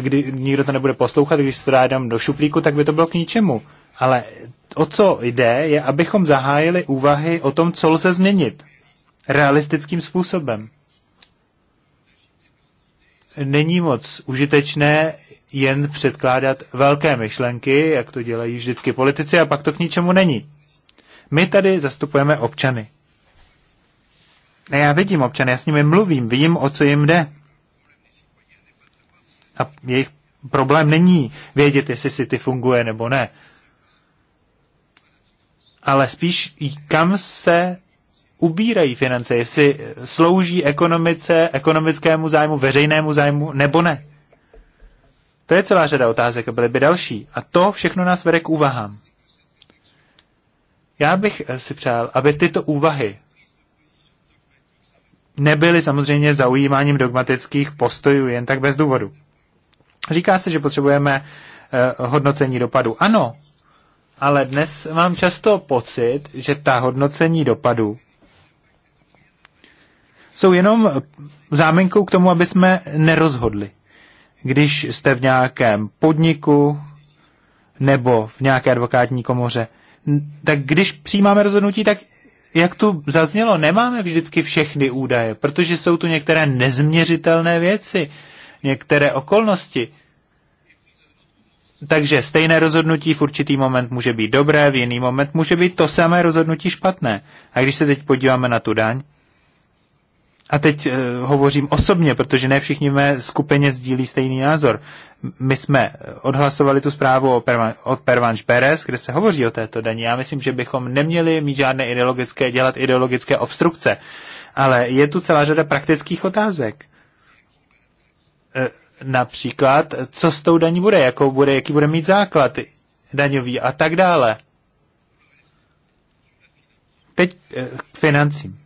Speaker 3: kdy nikdo to nebude poslouchat, když se to dá jenom do šuplíku, tak by to bylo k ničemu. Ale o co jde, je, abychom zahájili úvahy o tom, co lze změnit. Realistickým způsobem. Není moc užitečné jen předkládat velké myšlenky, jak to dělají vždycky politici, a pak to k ničemu není. My tady zastupujeme občany. Ne, já vidím občany, já s nimi mluvím, vím, o co jim jde. A jejich problém není vědět, jestli si ty funguje nebo ne. Ale spíš, kam se ubírají finance, jestli slouží ekonomice, ekonomickému zájmu, veřejnému zájmu nebo ne. To je celá řada otázek a byly by další. A to všechno nás vede k úvahám. Já bych eh, si přál, aby tyto úvahy nebyly samozřejmě zaujímáním dogmatických postojů jen tak bez důvodu. Říká se, že potřebujeme eh, hodnocení dopadu. Ano, ale dnes mám často pocit, že ta hodnocení dopadu jsou jenom záminkou k tomu, aby jsme nerozhodli když jste v nějakém podniku nebo v nějaké advokátní komoře, tak když přijímáme rozhodnutí, tak jak tu zaznělo, nemáme vždycky všechny údaje, protože jsou tu některé nezměřitelné věci, některé okolnosti. Takže stejné rozhodnutí v určitý moment může být dobré, v jiný moment může být to samé rozhodnutí špatné. A když se teď podíváme na tu daň, a teď eh, hovořím osobně, protože ne všichni mé skupině sdílí stejný názor. My jsme odhlasovali tu zprávu Pervan, od Pervanš Perez, kde se hovoří o této daní. Já myslím, že bychom neměli mít žádné ideologické, dělat ideologické obstrukce. Ale je tu celá řada praktických otázek. Eh, například, co s tou daní bude, jakou bude, jaký bude mít základ daňový a tak dále. Teď eh, k financím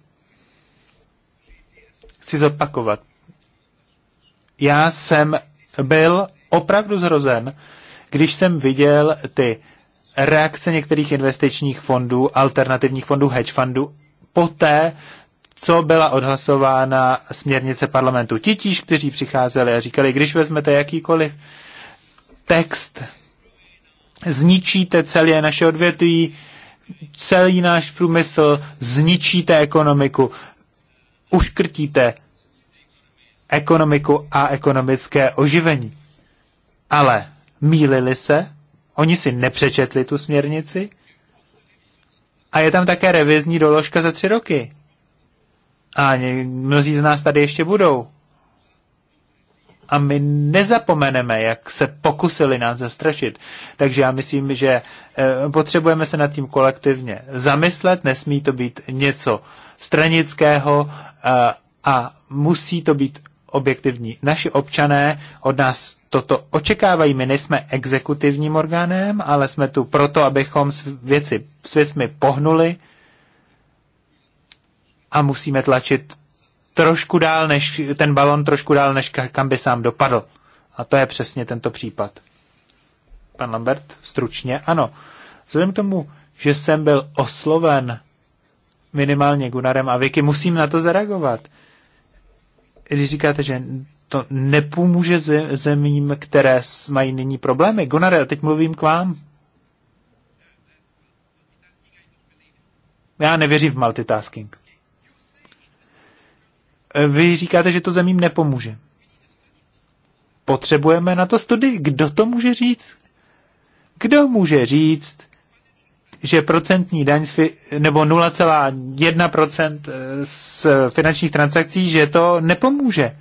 Speaker 3: chci zopakovat. Já jsem byl opravdu zrozen, když jsem viděl ty reakce některých investičních fondů, alternativních fondů, hedge fondů, poté, co byla odhlasována směrnice parlamentu. Titíž, kteří přicházeli a říkali, když vezmete jakýkoliv text, zničíte celé naše odvětví, celý náš průmysl, zničíte ekonomiku uškrtíte ekonomiku a ekonomické oživení. Ale mílili se, oni si nepřečetli tu směrnici a je tam také revizní doložka za tři roky. A mnozí z nás tady ještě budou a my nezapomeneme, jak se pokusili nás zastrašit. Takže já myslím, že eh, potřebujeme se nad tím kolektivně zamyslet, nesmí to být něco stranického eh, a musí to být objektivní. Naši občané od nás toto očekávají. My nejsme exekutivním orgánem, ale jsme tu proto, abychom s, věci, s věcmi pohnuli a musíme tlačit trošku dál než, ten balon trošku dál, než kam by sám dopadl. A to je přesně tento případ. Pan Lambert, stručně, ano. Vzhledem k tomu, že jsem byl osloven minimálně Gunarem a Vicky, musím na to zareagovat. Když říkáte, že to nepomůže zemím, které mají nyní problémy. Gunare, teď mluvím k vám. Já nevěřím v multitasking vy říkáte, že to zemím nepomůže. Potřebujeme na to studii. Kdo to může říct? Kdo může říct, že procentní daň z nebo 0,1% eh, z finančních transakcí, že to nepomůže?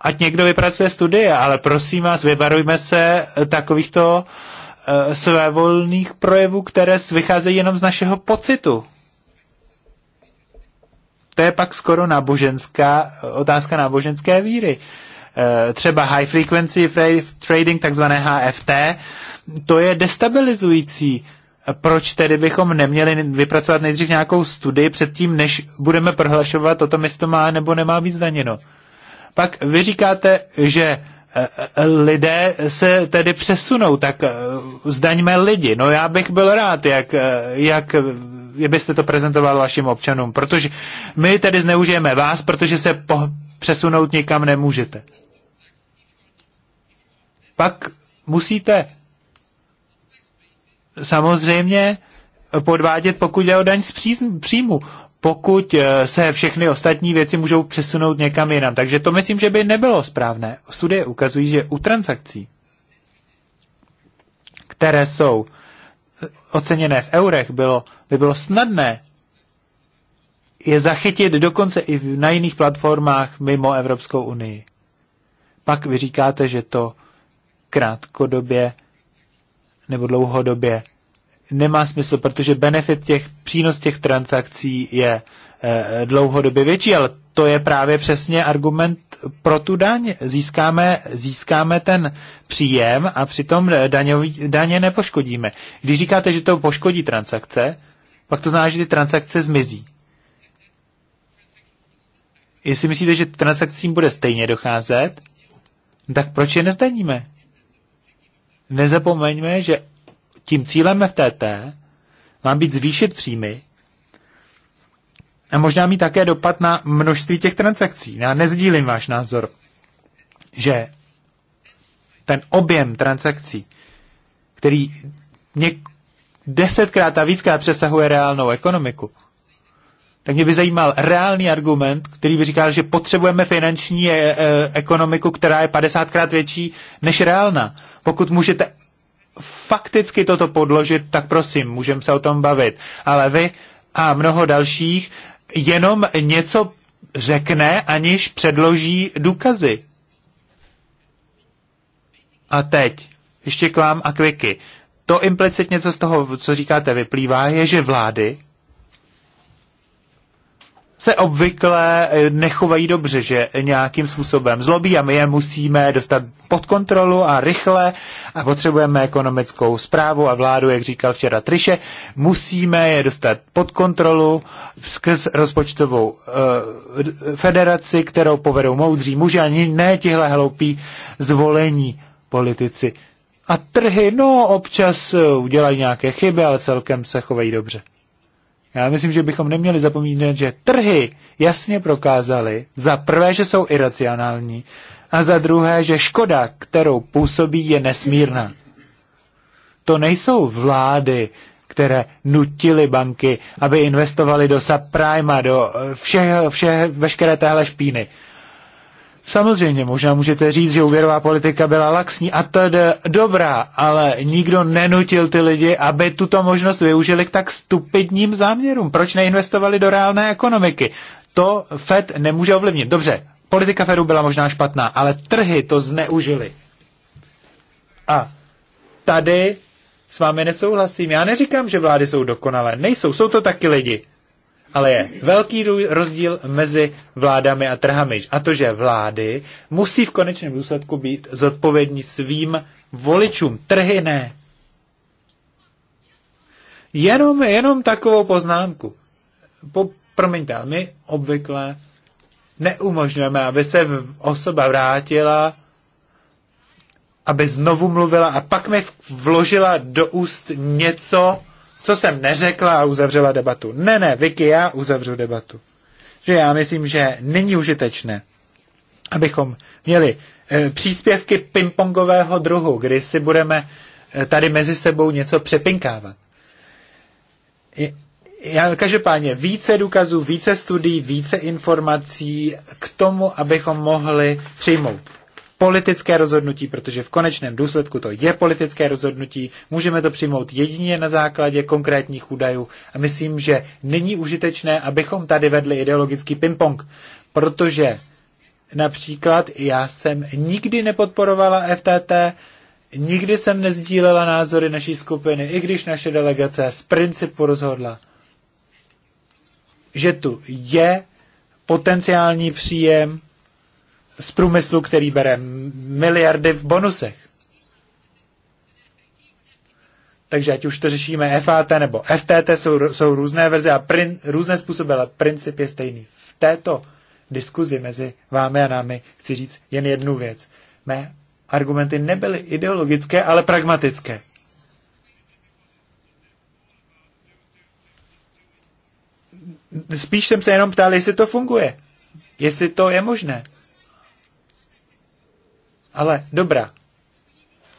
Speaker 3: Ať někdo vypracuje studie, ale prosím vás, vyvarujme se eh, takovýchto eh, svévolných projevů, které vycházejí jenom z našeho pocitu to je pak skoro náboženská, otázka náboženské víry. Eh, třeba high frequency trading, takzvané HFT, to je destabilizující. Proč tedy bychom neměli vypracovat nejdřív nějakou studii předtím, než budeme prohlašovat o tom, jestli to má nebo nemá být zdaněno? Pak vy říkáte, že Eh, eh, lidé se tedy přesunou, tak eh, zdaňme lidi. No já bych byl rád, jak, jak byste to prezentoval vašim občanům, protože my tedy zneužijeme vás, protože se po, přesunout nikam nemůžete. Pak musíte samozřejmě podvádět, pokud je o daň z příjmu pokud eh, se všechny ostatní věci můžou přesunout někam jinam. Takže to myslím, že by nebylo správné. Studie ukazují, že u transakcí, které jsou eh, oceněné v eurech, bylo, by bylo snadné je zachytit dokonce i na jiných platformách mimo Evropskou unii. Pak vy říkáte, že to krátkodobě nebo dlouhodobě nemá smysl, protože benefit těch, přínos těch transakcí je eh, dlouhodobě větší, ale to je právě přesně argument pro tu daň. Získáme, získáme ten příjem a přitom daňový, daně nepoškodíme. Když říkáte, že to poškodí transakce, pak to znamená, že ty transakce zmizí. Jestli myslíte, že transakcím bude stejně docházet, tak proč je nezdaníme? Nezapomeňme, že tím cílem FTT má být zvýšit příjmy a možná mít také dopad na množství těch transakcí. Já nezdílím váš názor, že ten objem transakcí, který něk- desetkrát a víckrát přesahuje reálnou ekonomiku, tak mě by zajímal reálný argument, který by říkal, že potřebujeme finanční e- e- ekonomiku, která je 50krát větší než reálná, Pokud můžete fakticky toto podložit, tak prosím, můžeme se o tom bavit. Ale vy a mnoho dalších jenom něco řekne, aniž předloží důkazy. A teď ještě k vám a kviky. To implicitně, co z toho, co říkáte, vyplývá, je, že vlády se obvykle eh, nechovají dobře, že nějakým způsobem zlobí a my je musíme dostat pod kontrolu a rychle a potřebujeme ekonomickou zprávu a vládu, jak říkal včera Triše, musíme je dostat pod kontrolu skrz rozpočtovou uh, federaci, kterou povedou moudří muži a ne tihle hloupí zvolení politici. A trhy, no občas eh, udělají nějaké chyby, ale celkem se chovají dobře. Já myslím, že bychom neměli zapomínat, že trhy jasně prokázaly za prvé, že jsou iracionální a za druhé, že škoda, kterou působí, je nesmírná. To nejsou vlády, které nutily banky, aby investovali do a do všech, všech, veškeré téhle špíny. Samozřejmě, možná můžete říct, že úvěrová politika byla laxní a je dobrá, ale nikdo nenutil ty lidi, aby tuto možnost využili k tak stupidním záměrům. Proč neinvestovali do reálné ekonomiky? To Fed nemůže ovlivnit. Dobře, politika Fedu byla možná špatná, ale trhy to zneužili. A tady s vámi nesouhlasím. Já neříkám, že vlády jsou dokonalé. Nejsou, jsou to taky lidi ale je velký rozdíl mezi vládami a trhami. A to, že vlády musí v konečném důsledku být zodpovědní svým voličům. Trhy ne. Jenom, jenom takovou poznámku. Po, promiňte, my obvykle neumožňujeme, aby se osoba vrátila, aby znovu mluvila a pak mi vložila do úst něco, co jsem neřekla a uzavřela debatu. Ne, ne, Vicky, já uzavřu debatu. Že já myslím, že není užitečné, abychom měli e, příspěvky pingpongového druhu, kdy si budeme e, tady mezi sebou něco přepinkávat. Je, já, každopádně více důkazů, více studií, více informací k tomu, abychom mohli přijmout politické rozhodnutí, protože v konečném důsledku to je politické rozhodnutí. Můžeme to přijmout jedině na základě konkrétních údajů a myslím, že není užitečné, abychom tady vedli ideologický ping-pong, protože například já jsem nikdy nepodporovala FTT, nikdy jsem nezdílela názory naší skupiny, i když naše delegace z principu rozhodla, že tu je potenciální příjem z průmyslu, který bere miliardy v bonusech. Takže ať už to řešíme FAT nebo FTT, jsou, jsou různé verze a prin, různé způsoby, ale princip je stejný. V této diskuzi mezi vámi a námi chci říct jen jednu věc. Mé argumenty nebyly ideologické, ale pragmatické. Spíš jsem se jenom ptal, jestli to funguje. Jestli to je možné. Ale dobrá.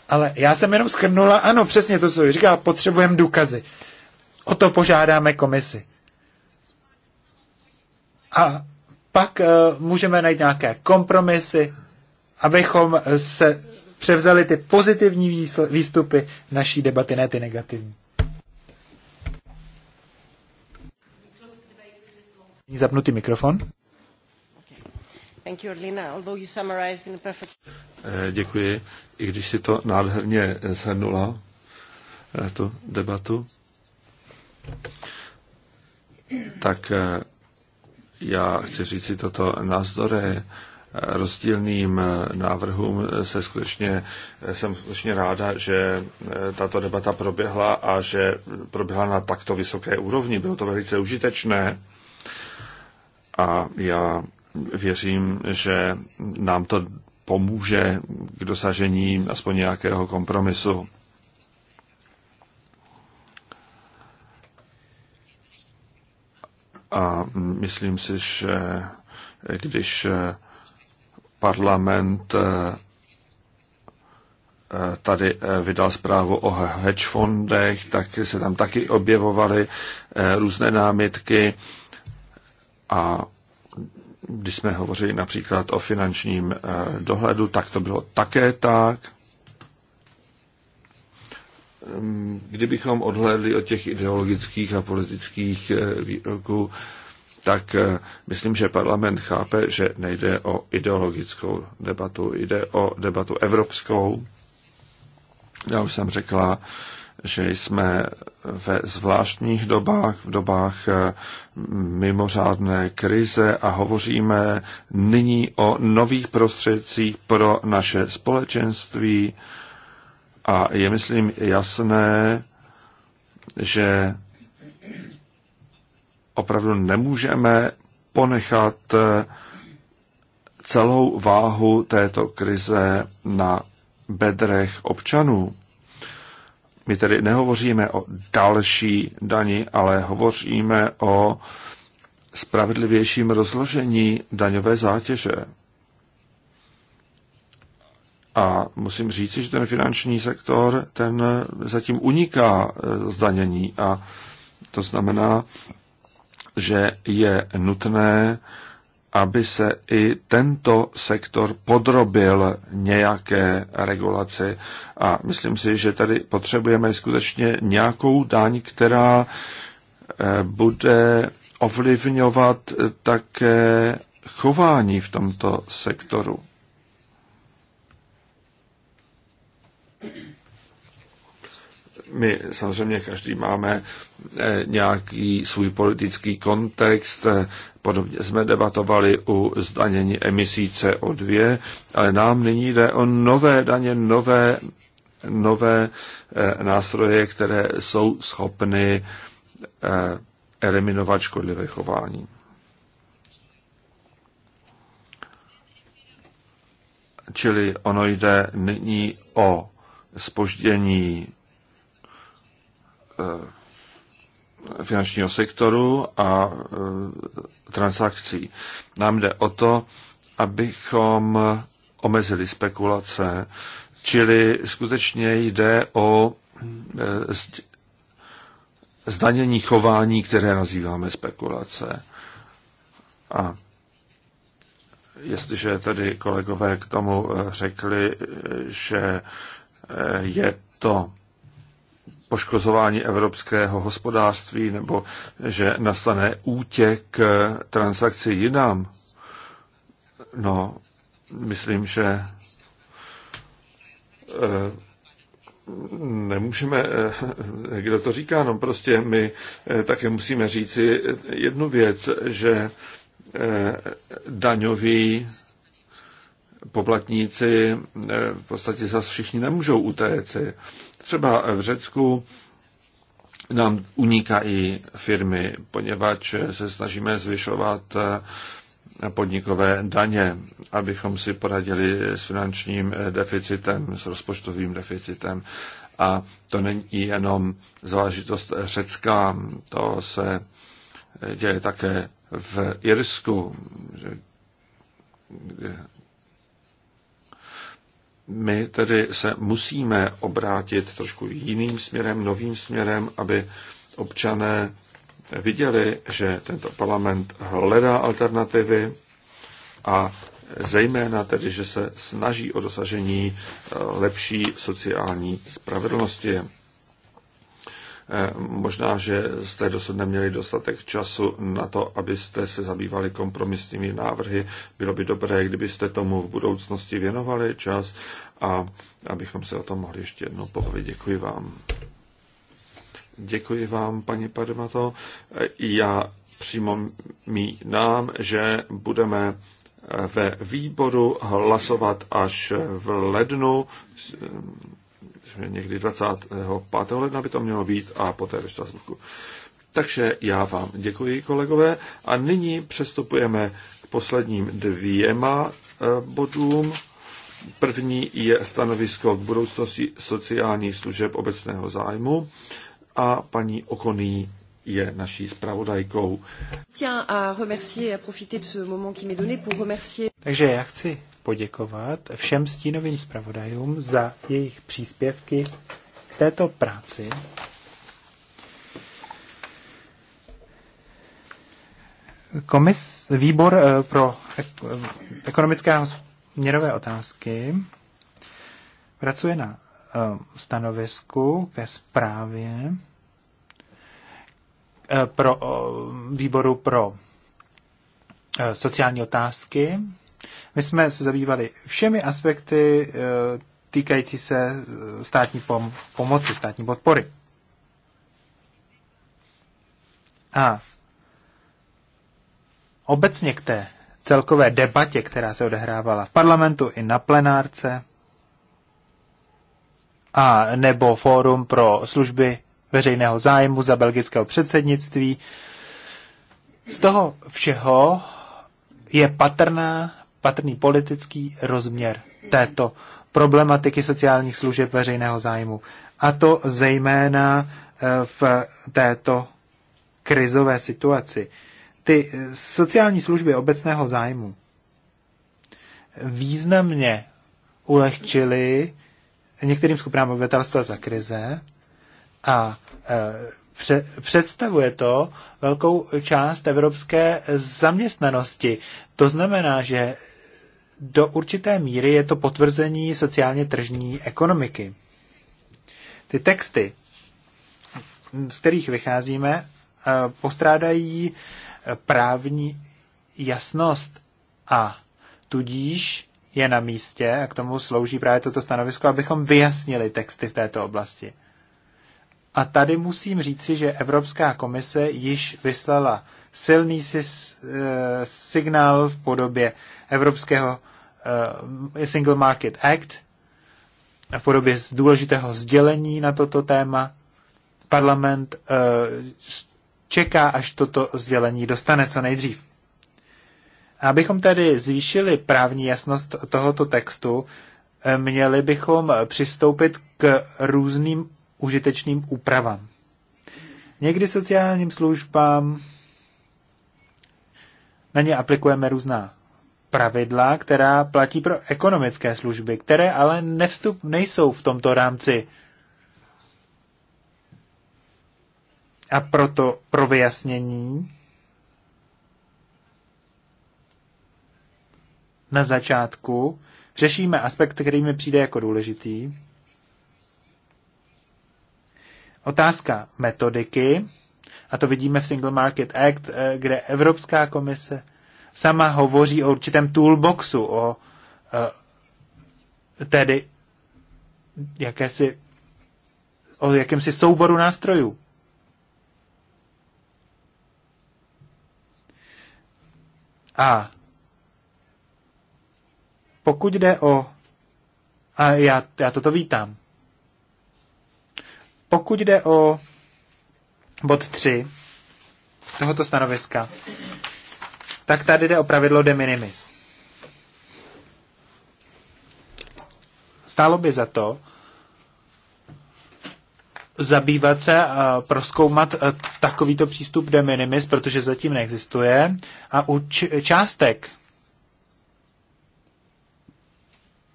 Speaker 3: Ale já jsem jenom schrnula, ano, přesně to, jsou. říká, potřebujeme důkazy. O to požádáme komisi. A pak uh, můžeme najít nějaké kompromisy, abychom eh, se převzali ty pozitivní výstupy naší debaty, ne ty negativní. Zapnutý mikrofon.
Speaker 1: Eh,
Speaker 2: děkuji. I když si to nádherně zhrnula, eh, tu debatu, tak eh, já chci říct si toto názdory rozdílným návrhům se skutečně, jsem skutečně ráda, že tato debata proběhla a že proběhla na takto vysoké úrovni. Bylo to velice užitečné a já věřím, že nám to pomůže k dosažení aspoň nějakého kompromisu. A myslím si, že když parlament eh, tady eh, vydal zprávu o hedge fondech, tak se tam taky objevovaly eh, různé námitky a když jsme hovořili například o finančním eh, dohledu, tak to bylo také tak. Ehm, kdybychom odhledli od těch ideologických a politických eh, výroků, tak eh, myslím, že parlament chápe, že nejde o ideologickou debatu, jde o debatu evropskou. Já už jsem řekla, že jsme ve zvláštních dobách, v dobách eh, mimořádné krize a hovoříme nyní o nových prostředcích pro naše společenství a je, myslím, jasné, že opravdu nemůžeme ponechat eh, celou váhu této krize na bedrech občanů. My tedy nehovoříme o další dani, ale hovoříme o spravedlivějším rozložení daňové zátěže. A musím říct, že ten finanční sektor, ten zatím uniká e, zdanění a to znamená, že je nutné aby se i tento sektor podrobil nějaké regulaci. A myslím si, že tady potřebujeme skutečně nějakou daň, která eh, bude ovlivňovat také chování v tomto sektoru. my samozřejmě každý máme eh, nějaký svůj politický kontext, eh, podobně jsme debatovali u zdanění emisí CO2, ale nám nyní jde o nové daně, nové, nové eh, nástroje, které jsou schopny eliminovat škodlivé chování. Čili ono jde nyní o spoždění Eh, finančního sektoru a eh, transakcí. Nám jde o to, abychom omezili spekulace, čili skutečně jde o eh, zdanění chování, které nazýváme spekulace. A jestliže tedy kolegové k tomu řekli, že je to poškozování evropského hospodářství nebo že nastane útěk eh, transakcí jinam. No, myslím, že eh, nemůžeme, eh, kdo to říká, no prostě my také musíme říci jednu věc, že daňoví poplatníci v podstatě zase všichni nemůžou utéct. Třeba v Řecku nám unikají firmy, poněvadž se snažíme zvyšovat eh, podnikové daně, abychom si poradili s finančním eh, deficitem, s rozpočtovým deficitem. A to není jenom záležitost Řecka, to se eh, děje také v Irsku, my tedy se musíme obrátit trošku jiným směrem, novým směrem, aby občané viděli, že tento parlament hledá alternativy a zejména tedy, že se snaží o dosažení eh, lepší sociální spravedlnosti. Eh, možná, že jste dosud neměli dostatek času na to, abyste se zabývali kompromisními návrhy. Bylo by dobré, kdybyste tomu v budoucnosti věnovali čas a abychom se o tom mohli ještě jednou pobavit. Děkuji vám. Děkuji vám, paní Padmato. Eh, já přímo nám, že budeme eh, ve výboru hlasovat až v lednu že někdy 25. ledna by to mělo být a poté ve Štrasburku. Takže já vám děkuji, kolegové, a nyní přestupujeme k posledním dvěma eh, bodům. První je stanovisko k budoucnosti sociálních služeb obecného zájmu a paní Okoný je naší zpravodajkou. Takže já chci
Speaker 3: poděkovat všem stínovým zpravodajům za jejich příspěvky k této práci. Komis, výbor eh, pro eh, ekonomické a měrové otázky pracuje na eh, stanovisku ke zprávě Eh, pro, výboru pro eh, sociální otázky. My jsme se zabývali všemi aspekty eh, týkající se státní pom- pomoci, státní podpory. A obecně k té celkové debatě, která se odehrávala v parlamentu i na plenárce, a nebo fórum pro služby veřejného zájmu za belgického předsednictví. Z toho všeho je patrná, patrný politický rozměr této problematiky sociálních služeb veřejného zájmu. A to zejména eh, v této krizové situaci. Ty eh, sociální služby obecného zájmu významně ulehčily některým skupinám obyvatelstva za krize a Eh, představuje to velkou část evropské zaměstnanosti. To znamená, že do určité míry je to potvrzení sociálně tržní ekonomiky. Ty texty, z kterých vycházíme, eh, postrádají právní jasnost a tudíž je na místě, a k tomu slouží právě toto stanovisko, abychom vyjasnili texty v této oblasti. A tady musím říci, že Evropská komise již vyslala silný eh, signál v podobě Evropského eh, Single Market Act, v podobě důležitého sdělení na toto téma. Parlament eh, čeká, až toto sdělení dostane co nejdřív. Abychom tedy zvýšili právní jasnost tohoto textu, měli bychom přistoupit k různým užitečným úpravám. Někdy sociálním službám na ně aplikujeme různá pravidla, která platí pro ekonomické služby, které ale nevstup, nejsou v tomto rámci. A proto pro vyjasnění na začátku řešíme aspekt, který mi přijde jako důležitý, Otázka metodiky, a to vidíme v Single Market Act, eh, kde Evropská komise sama hovoří o určitém toolboxu, o eh, tedy jakési, o jakémsi souboru nástrojů. A pokud jde o... A já, já toto vítám. Pokud jde o bod 3 tohoto stanoviska, tak tady jde o pravidlo de minimis. Stálo by za to zabývat se a eh, proskoumat eh, takovýto přístup de minimis, protože zatím neexistuje, a u částek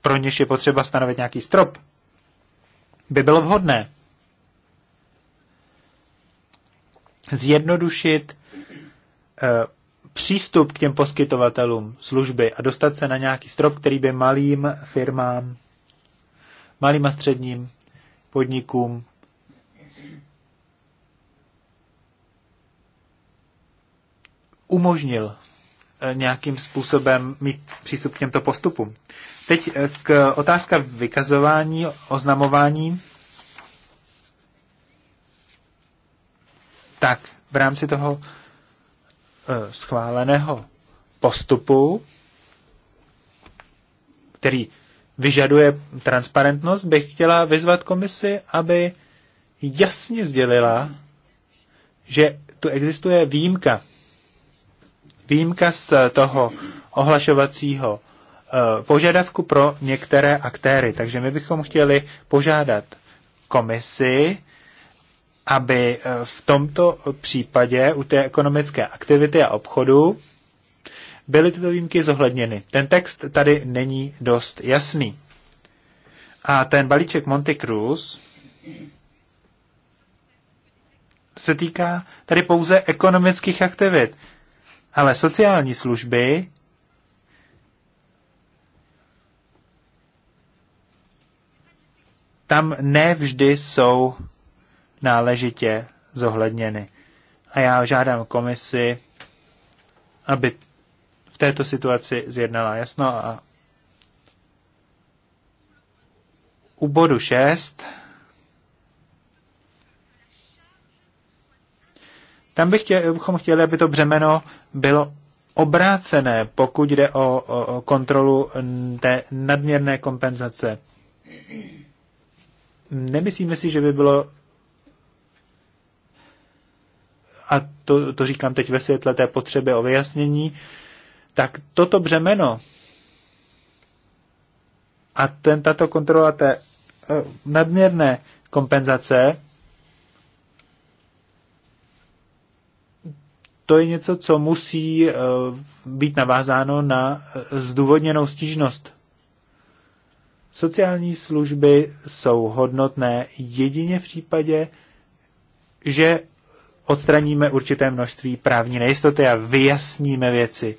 Speaker 3: pro něž je potřeba stanovit nějaký strop, by bylo vhodné zjednodušit eh, přístup k těm poskytovatelům služby a dostat se na nějaký strop, který by malým firmám, malým a středním podnikům umožnil eh, nějakým způsobem mít přístup k těmto postupům. Teď eh, k otázka vykazování, oznamování. tak v rámci toho eh, schváleného postupu, který vyžaduje transparentnost, bych chtěla vyzvat komisi, aby jasně sdělila, že tu existuje výjimka. Výjimka z toho ohlašovacího eh, požadavku pro některé aktéry. Takže my bychom chtěli požádat komisi, aby eh, v tomto případě u té ekonomické aktivity a obchodu byly tyto výjimky zohledněny. Ten text tady není dost jasný. A ten balíček Monte Cruz se týká tady pouze ekonomických aktivit, ale sociální služby tam nevždy jsou náležitě zohledněny. A já žádám komisi, aby v této situaci zjednala jasno a u bodu 6 tam bych chtěl, bychom chtěli, aby to břemeno bylo obrácené, pokud jde o, o, o kontrolu té nadměrné kompenzace. Nemyslíme si, že by bylo a to, to říkám teď ve světle té potřeby o vyjasnění, tak toto břemeno a ten, tato kontrola té eh, nadměrné kompenzace, to je něco, co musí eh, být navázáno na eh, zdůvodněnou stížnost. Sociální služby jsou hodnotné jedině v případě, že odstraníme určité množství právní nejistoty a vyjasníme věci.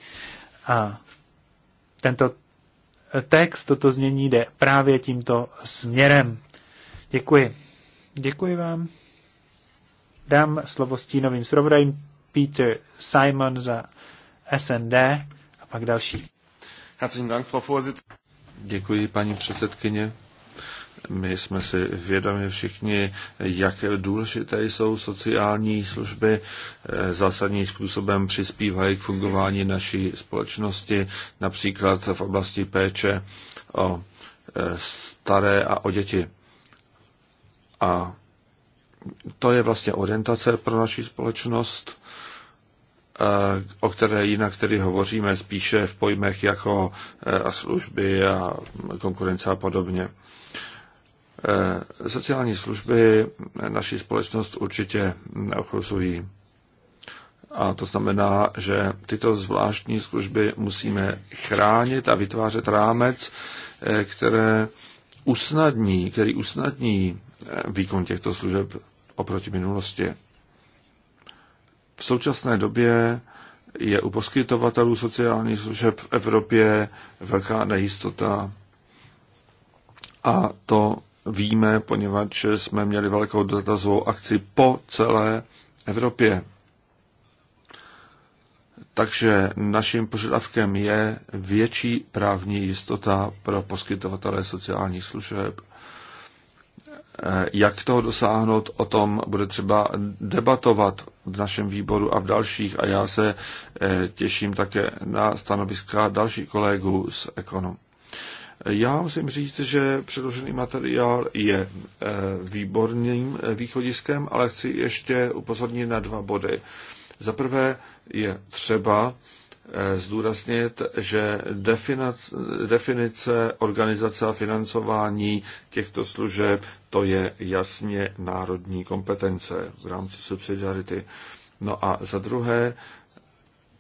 Speaker 3: A tento text, toto znění jde právě tímto směrem. Děkuji. Děkuji vám. Dám slovo stínovým srovnajím Peter Simon za SND a pak další.
Speaker 2: Herzlichen Dank, Frau Děkuji, paní předsedkyně. My jsme si vědomi všichni, jak důležité jsou sociální služby, eh, zásadním způsobem přispívají k fungování naší společnosti, například v oblasti péče o eh, staré a o děti. A to je vlastně orientace pro naši společnost, eh, o které jinak tedy hovoříme spíše v pojmech jako služby a konkurence a podobně. Eh, sociální služby eh, naší společnost určitě ochrozují. A to znamená, že tyto zvláštní služby musíme chránit a vytvářet rámec, eh, které usnadní, který usnadní výkon těchto služeb oproti minulosti. V současné době je u poskytovatelů sociálních služeb v Evropě velká nejistota a to víme, poněvadž jsme měli velkou dotazovou akci po celé Evropě. Takže naším požadavkem je větší právní jistota pro poskytovatele sociálních služeb. Eh, jak toho dosáhnout, o tom bude třeba debatovat v našem výboru a v dalších. A já se eh, těším také na stanoviska dalších kolegů z ekonom. Já musím říct, že předložený materiál je eh, výborným eh, východiskem, ale chci ještě upozornit na dva body. Za prvé je třeba eh, zdůraznit, že definice organizace a financování těchto služeb to je jasně národní kompetence v rámci subsidiarity. No a za druhé,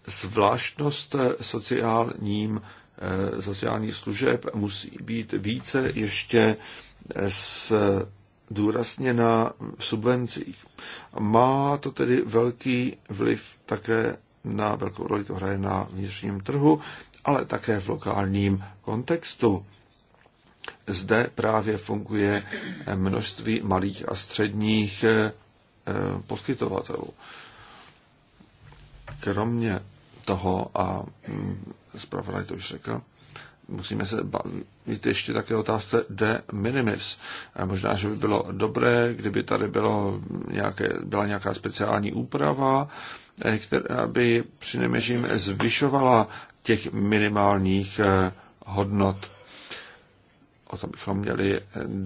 Speaker 2: zvláštnost sociálním Eh, sociálních služeb musí být více ještě s důrazně na subvencích. Má to tedy velký vliv také na velkou roli to hraje na vnitřním trhu, ale také v lokálním kontextu. Zde právě funguje množství malých a středních eh, poskytovatelů. Kromě toho, a mm, zpravodaj to už řekl, musíme se bavit ještě také otázce de minimis. A možná, že by bylo dobré, kdyby tady bylo nějaké, byla nějaká speciální úprava, eh, která by přinejmenším zvyšovala těch minimálních eh, hodnot. O tom bychom měli eh,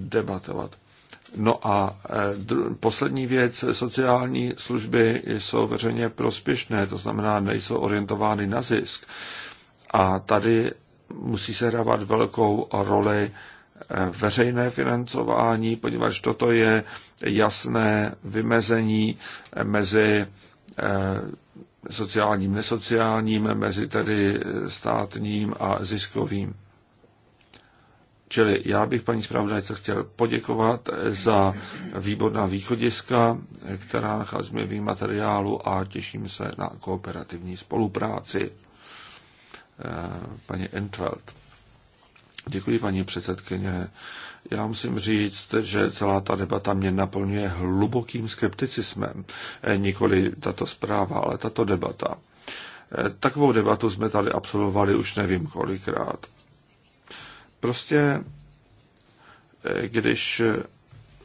Speaker 2: debatovat. No a poslední věc, sociální služby jsou veřejně prospěšné, to znamená, nejsou orientovány na zisk. A tady musí se hrávat velkou roli eh, veřejné financování, poněvadž toto je jasné vymezení mezi eh, sociálním, nesociálním, mezi tedy státním a ziskovým. Čili já bych paní zpravodajce chtěl poděkovat eh, za výborná východiska, která nacházíme v materiálu a těším se na kooperativní spolupráci. Eh, paní Entwald. Děkuji, paní předsedkyně. Já musím říct, že celá ta debata mě naplňuje hlubokým skepticismem. Eh, nikoli tato zpráva, ale tato debata. Eh, takovou debatu jsme tady absolvovali už nevím kolikrát. Prostě, když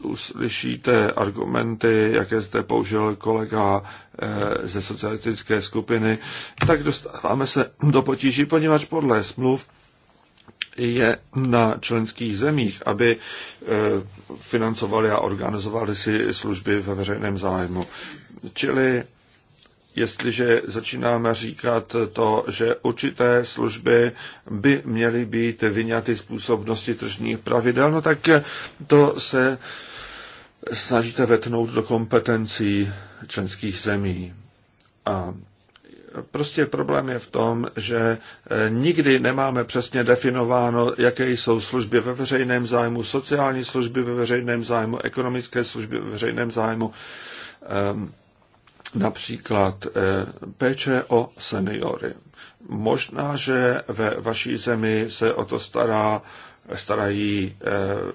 Speaker 2: uslyšíte argumenty, jaké zde použil kolega eh, ze socialistické skupiny, tak dostáváme se do potíží, poněvadž podle smluv je na členských zemích, aby eh, financovali a organizovali si služby ve veřejném zájmu. Čili jestliže začínáme říkat to, že určité služby by měly být vyňaty z působnosti tržních pravidel, no tak to se snažíte vetnout do kompetencí členských zemí. A prostě problém je v tom, že eh, nikdy nemáme přesně definováno, jaké jsou služby ve veřejném zájmu, sociální služby ve veřejném zájmu, ekonomické služby ve veřejném zájmu, ehm, například eh, péče o seniory. Možná, že ve vaší zemi se o to stará, starají eh,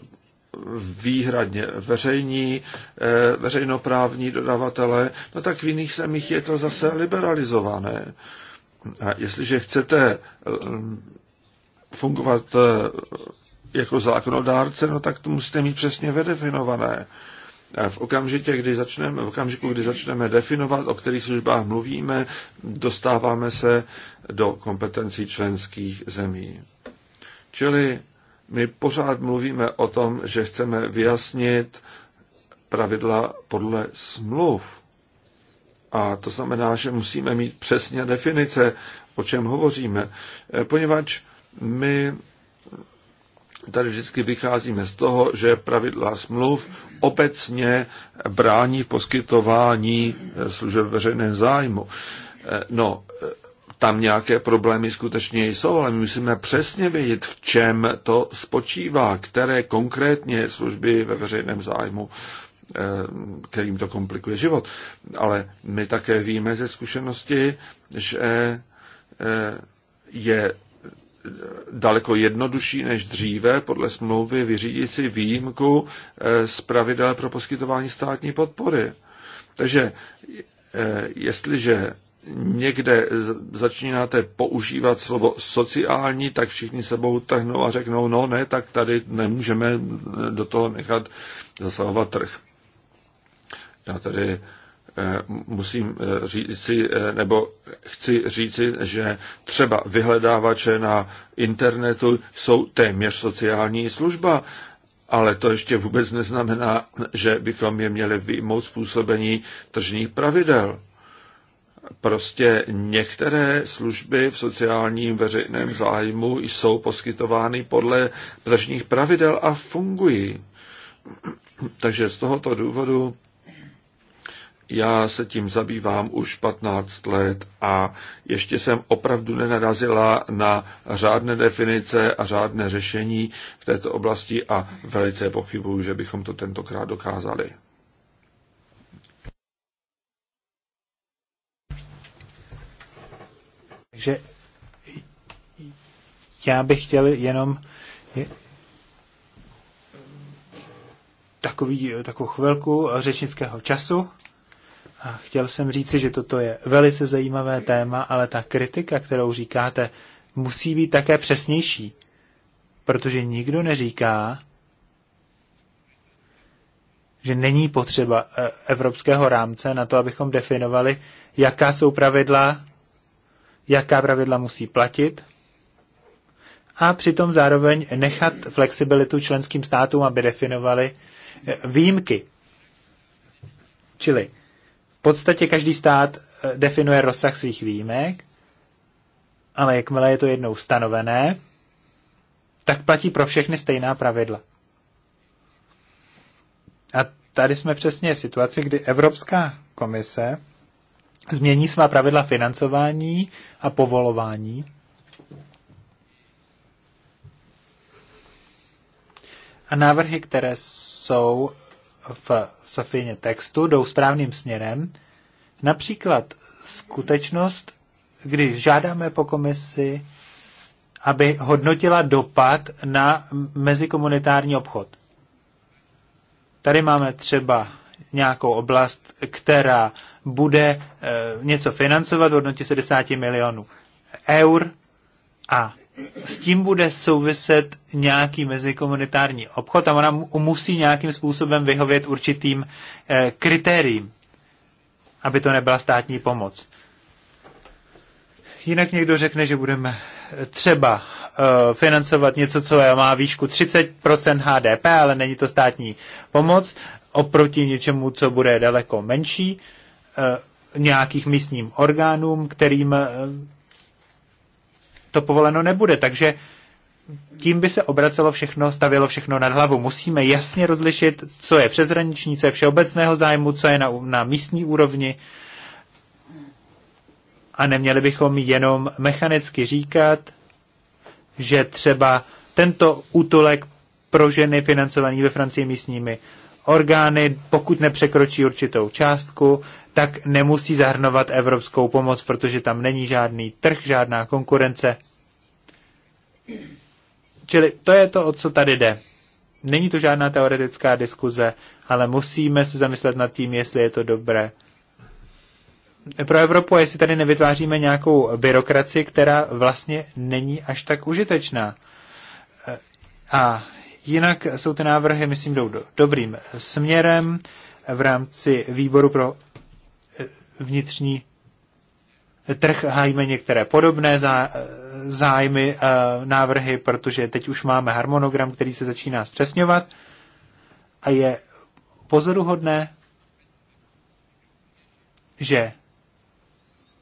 Speaker 2: výhradně veřejní, eh, veřejnoprávní dodavatele, no tak v jiných zemích je to zase liberalizované. A jestliže chcete eh, fungovat eh, jako zákonodárce, no tak to musíte mít přesně vedefinované. V, okamžitě, kdy začneme, v okamžiku, kdy začneme definovat, o kterých službách mluvíme, dostáváme se do kompetencí členských zemí. Čili my pořád mluvíme o tom, že chceme vyjasnit pravidla podle smluv. A to znamená, že musíme mít přesně definice, o čem hovoříme, eh, poněvadž my tady vždycky vycházíme z toho, že pravidla smluv obecně brání v poskytování eh, služeb veřejného zájmu. Eh, no, tam nějaké problémy skutečně jsou, ale my musíme přesně vědět, v čem to spočívá, které konkrétně služby ve veřejném zájmu eh, kterým to komplikuje život. Ale my také víme ze zkušenosti, že eh, je daleko jednodušší než dříve podle smlouvy vyřídit si výjimku eh, z pravidel pro poskytování státní podpory. Takže jestliže někde začínáte používat slovo sociální, tak všichni sebou trhnou a řeknou, no ne, tak tady nemůžeme eh, do toho nechat zasahovat trh. Já tady eh, musím eh, říci, nebo chci říci, že třeba vyhledávače na internetu jsou téměř sociální služba, ale to ještě vůbec neznamená, že bychom je měli vyjmout způsobení tržních pravidel. Prostě některé služby v sociálním veřejném zájmu jsou poskytovány podle tržních pravidel a fungují. Takže z tohoto důvodu já se tím zabývám už 15 let a ještě jsem opravdu nenarazila na řádné definice a řádné řešení v této oblasti a velice pochybuju, že bychom to tentokrát dokázali.
Speaker 3: Takže já bych chtěl jenom takový, takovou chvilku řečnického času. A chtěl jsem říci, že toto je velice zajímavé téma, ale ta kritika, kterou říkáte, musí být také přesnější, protože nikdo neříká, že není potřeba eh, evropského rámce na to, abychom definovali, jaká jsou pravidla jaká pravidla musí platit a přitom zároveň nechat flexibilitu členským státům, aby definovali eh, výjimky. Čili v podstatě každý stát eh, definuje rozsah svých výjimek, ale jakmile je to jednou stanovené, tak platí pro všechny stejná pravidla. A tady jsme přesně v situaci, kdy Evropská komise změní svá pravidla financování a povolování. A návrhy, které jsou v Safině textu, jdou správným směrem. Například skutečnost, kdy žádáme po komisi, aby hodnotila dopad na mezikomunitární obchod. Tady máme třeba nějakou oblast, která bude eh, něco financovat v hodnotě 70 milionů eur a s tím bude souviset nějaký mezikomunitární obchod a ona musí nějakým způsobem vyhovět určitým eh, kritériím, aby to nebyla státní pomoc. Jinak někdo řekne, že budeme eh, třeba financovat něco, co má výšku 30% HDP, ale není to státní pomoc, oproti něčemu, co bude daleko menší. Eh, nějakých místním orgánům, kterým eh, to povoleno nebude. Takže tím by se obracelo všechno, stavělo všechno nad hlavu. Musíme jasně rozlišit, co je přeshraniční, co je všeobecného zájmu, co je na, na místní úrovni. A neměli bychom jenom mechanicky říkat, že třeba tento útulek pro ženy financovaný ve Francii místními orgány, pokud nepřekročí určitou částku, tak nemusí zahrnovat evropskou pomoc, protože tam není žádný trh, žádná konkurence. Čili to je to, o co tady jde. Není to žádná teoretická diskuze, ale musíme se zamyslet nad tím, jestli je to dobré pro Evropu, jestli tady nevytváříme nějakou byrokracii, která vlastně není až tak užitečná. A Jinak jsou ty návrhy, myslím, jdou do, dobrým směrem v rámci výboru pro eh, vnitřní trh hájíme některé podobné zá, eh, zájmy, eh, návrhy, protože teď už máme harmonogram, který se začíná zpřesňovat a je pozoruhodné, že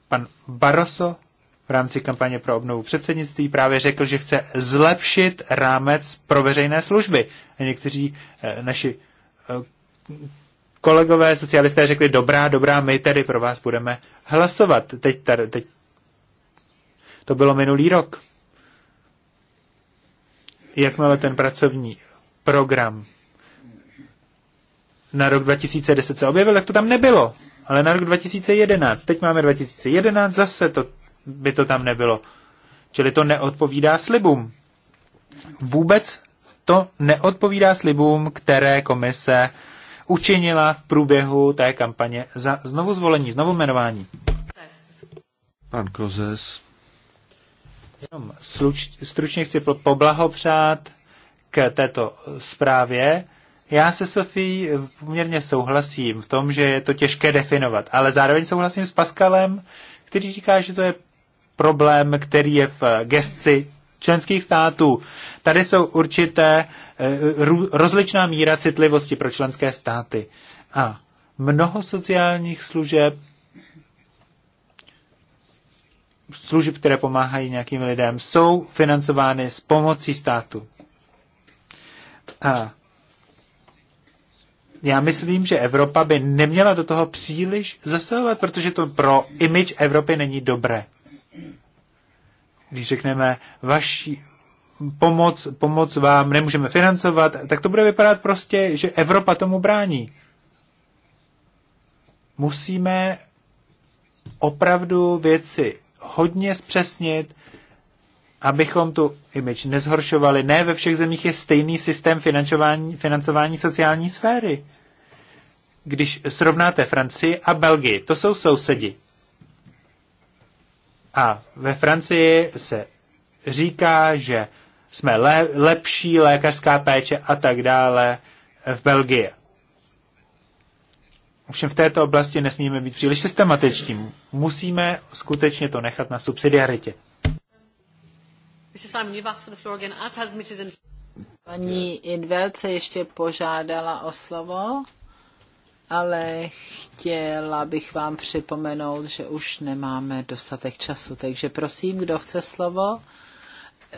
Speaker 3: pan Barroso v rámci kampaně pro obnovu předsednictví právě řekl, že chce zlepšit rámec pro veřejné služby. A někteří eh, naši eh, kolegové socialisté řekli, dobrá, dobrá, my tedy pro vás budeme hlasovat. Teď, tady, teď to bylo minulý rok. Jakmile ten pracovní program na rok 2010 se objevil, tak to tam nebylo. Ale na rok 2011, teď máme 2011, zase to by to tam nebylo. Čili to neodpovídá slibům. Vůbec to neodpovídá slibům, které komise učinila v průběhu té kampaně za znovu zvolení, znovu jmenování. Pan Kozes. Jenom sluč, stručně chci poblahopřát k této zprávě. Já se Sofí poměrně souhlasím v tom, že je to těžké definovat, ale zároveň souhlasím s Paskalem, který říká, že to je problém, který je v gestci členských států. Tady jsou určité eh, rozličná míra citlivosti pro členské státy. A mnoho sociálních služeb, služeb, které pomáhají nějakým lidem, jsou financovány s pomocí státu. A já myslím, že Evropa by neměla do toho příliš zasahovat, protože to pro image Evropy není dobré když řekneme vaši pomoc, pomoc vám nemůžeme financovat, tak to bude vypadat prostě, že Evropa tomu brání. Musíme opravdu věci hodně zpřesnit, abychom tu image nezhoršovali. Ne ve všech zemích je stejný systém financování, financování sociální sféry. Když srovnáte Francii a Belgii, to jsou sousedi. A ve Francii se říká, že jsme le, lepší lékařská péče a tak dále v Belgii. Ovšem v této oblasti nesmíme být příliš systematičtí. Musíme skutečně to nechat na subsidiaritě.
Speaker 1: Paní invelce ještě požádala o slovo ale chtěla bych vám připomenout, že už nemáme dostatek času, takže prosím, kdo chce slovo.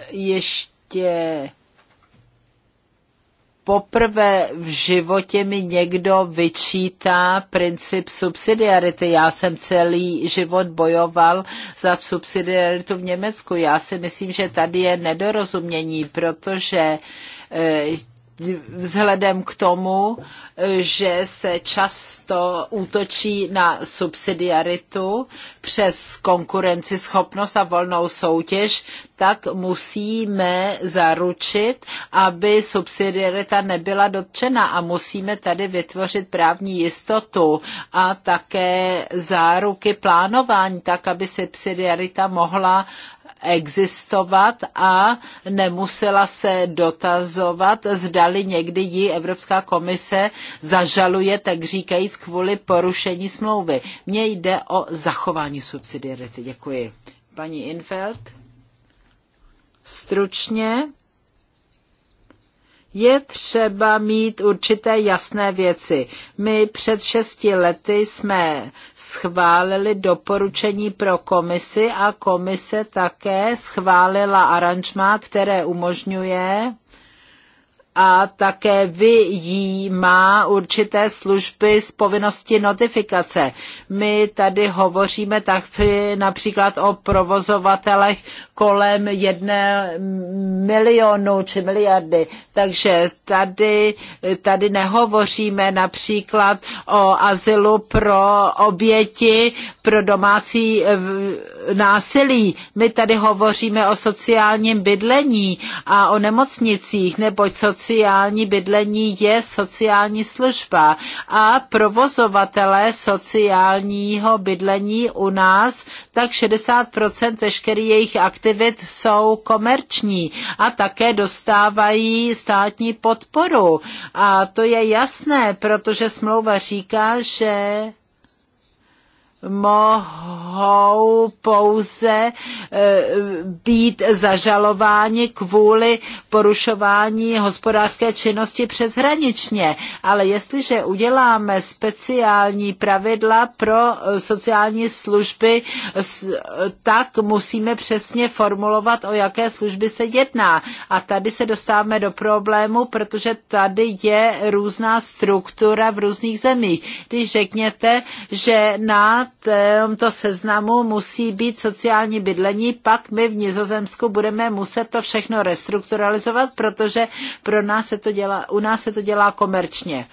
Speaker 1: Ještě poprvé v životě mi někdo vyčítá princip subsidiarity. Já jsem celý život bojoval za subsidiaritu v Německu. Já si myslím, že tady je nedorozumění, protože eh, vzhledem k tomu, že se často útočí na subsidiaritu přes konkurenceschopnost a volnou soutěž, tak musíme zaručit, aby subsidiarita nebyla dotčena a musíme tady vytvořit právní jistotu a také záruky plánování, tak aby subsidiarita mohla existovat a nemusela se dotazovat, zdali někdy ji Evropská komise zažaluje, tak říkajíc, kvůli porušení smlouvy. Mně jde o zachování subsidiarity. Děkuji. Paní Infeld? Stručně je třeba mít určité jasné věci. My před šesti lety jsme schválili doporučení pro komisi a komise také schválila aranžma, které umožňuje a také vyjímá určité služby z povinnosti notifikace. My tady hovoříme tak například o provozovatelech kolem jedné milionu či miliardy. Takže tady, tady nehovoříme například o azylu pro oběti, pro domácí eh, násilí. My tady hovoříme o sociálním bydlení a o nemocnicích, neboť sociální bydlení je sociální služba a provozovatelé sociálního bydlení u nás, tak 60% veškerých jejich aktivit aktivit jsou komerční a také dostávají státní podporu. A to je jasné, protože smlouva říká, že mohou pouze e, být zažalováni kvůli porušování hospodářské činnosti přeshraničně. Ale jestliže uděláme speciální pravidla pro sociální služby, tak musíme přesně formulovat, o jaké služby se jedná. A tady se dostáváme do problému, protože tady je různá struktura v různých zemích. Když řekněte, že na tomto seznamu musí být sociální bydlení, pak my v Nizozemsku budeme muset to všechno restrukturalizovat, protože pro nás se to dělá, u nás se to dělá komerčně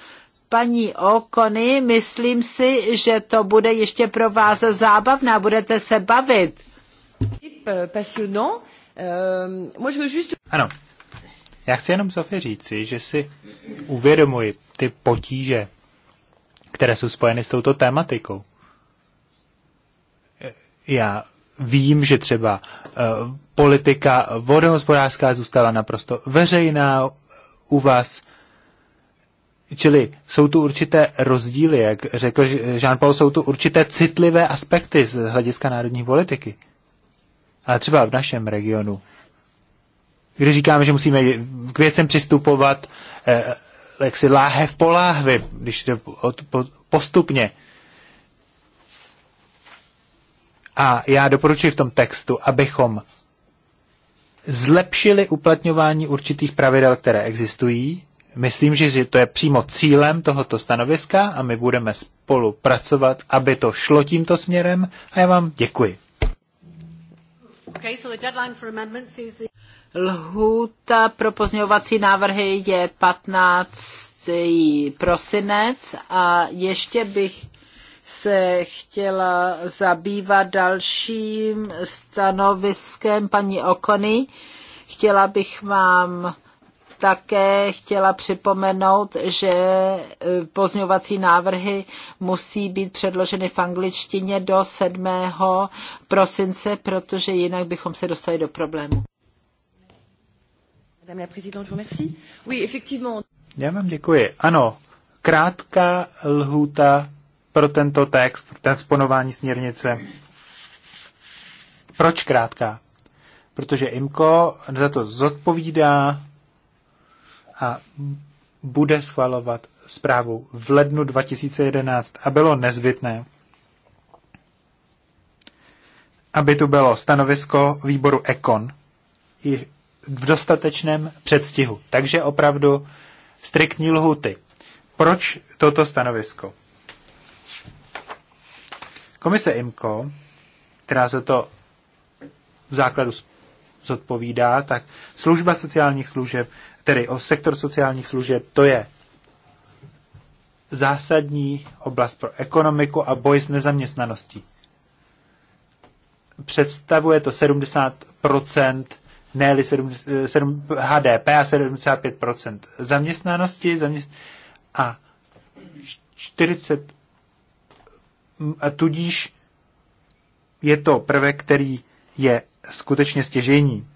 Speaker 1: paní Okony, myslím si, že to bude ještě pro vás zábavná, budete se bavit.
Speaker 3: Ano. Já chci jenom Sofie říci, že si uvědomuji ty potíže, které jsou spojeny s touto tématikou já vím, že třeba eh, politika vodohospodářská zůstala naprosto veřejná u vás. Čili jsou tu určité rozdíly, jak řekl Jean-Paul, jsou tu určité citlivé aspekty z hlediska národní politiky. Ale třeba v našem regionu, když říkáme, že musíme k věcem přistupovat eh, jaksi si láhev po láhvi, když to postupně, A já doporučuji v tom textu, abychom zlepšili uplatňování určitých pravidel, které existují. Myslím, že to je přímo cílem tohoto stanoviska a my budeme spolupracovat, aby to šlo tímto směrem a já vám děkuji. Okay, so is...
Speaker 1: Lhůta pro pozměňovací návrhy je 15. prosinec a ještě bych se chtěla zabývat dalším stanoviskem paní Okony. Chtěla bych vám také chtěla připomenout, že e, pozňovací návrhy musí být předloženy v angličtině do 7. prosince, protože jinak bychom se dostali do problému.
Speaker 3: Já vám děkuji. Ano, krátká lhůta pro tento text, pro transponování směrnice. Proč krátká? Protože IMCO za to zodpovídá a bude schvalovat zprávu v lednu 2011 a bylo nezbytné, aby tu bylo stanovisko výboru Ekon i v dostatečném předstihu. Takže opravdu striktní lhuty. Proč toto stanovisko? Komise IMCO, která se to v základu zodpovídá, tak služba sociálních služeb, tedy o sektor sociálních služeb, to je zásadní oblast pro ekonomiku a boj s nezaměstnaností. Představuje to 70 ne-li 7, 7, HDP a 75 zaměstnanosti zaměst... a 40 a tudíž je to prvek, který je skutečně stěžení.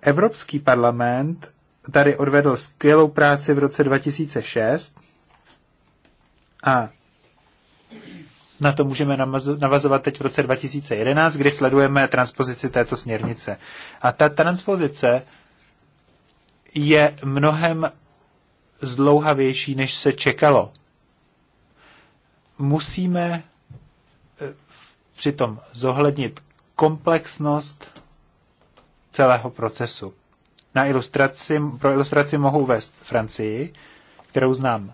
Speaker 3: Evropský parlament tady odvedl skvělou práci v roce 2006 a na to můžeme navazovat teď v roce 2011, kdy sledujeme transpozici této směrnice. A ta transpozice je mnohem zdlouhavější, než se čekalo musíme eh, přitom zohlednit komplexnost celého procesu. Na ilustraci, pro ilustraci mohu vést Francii, kterou znám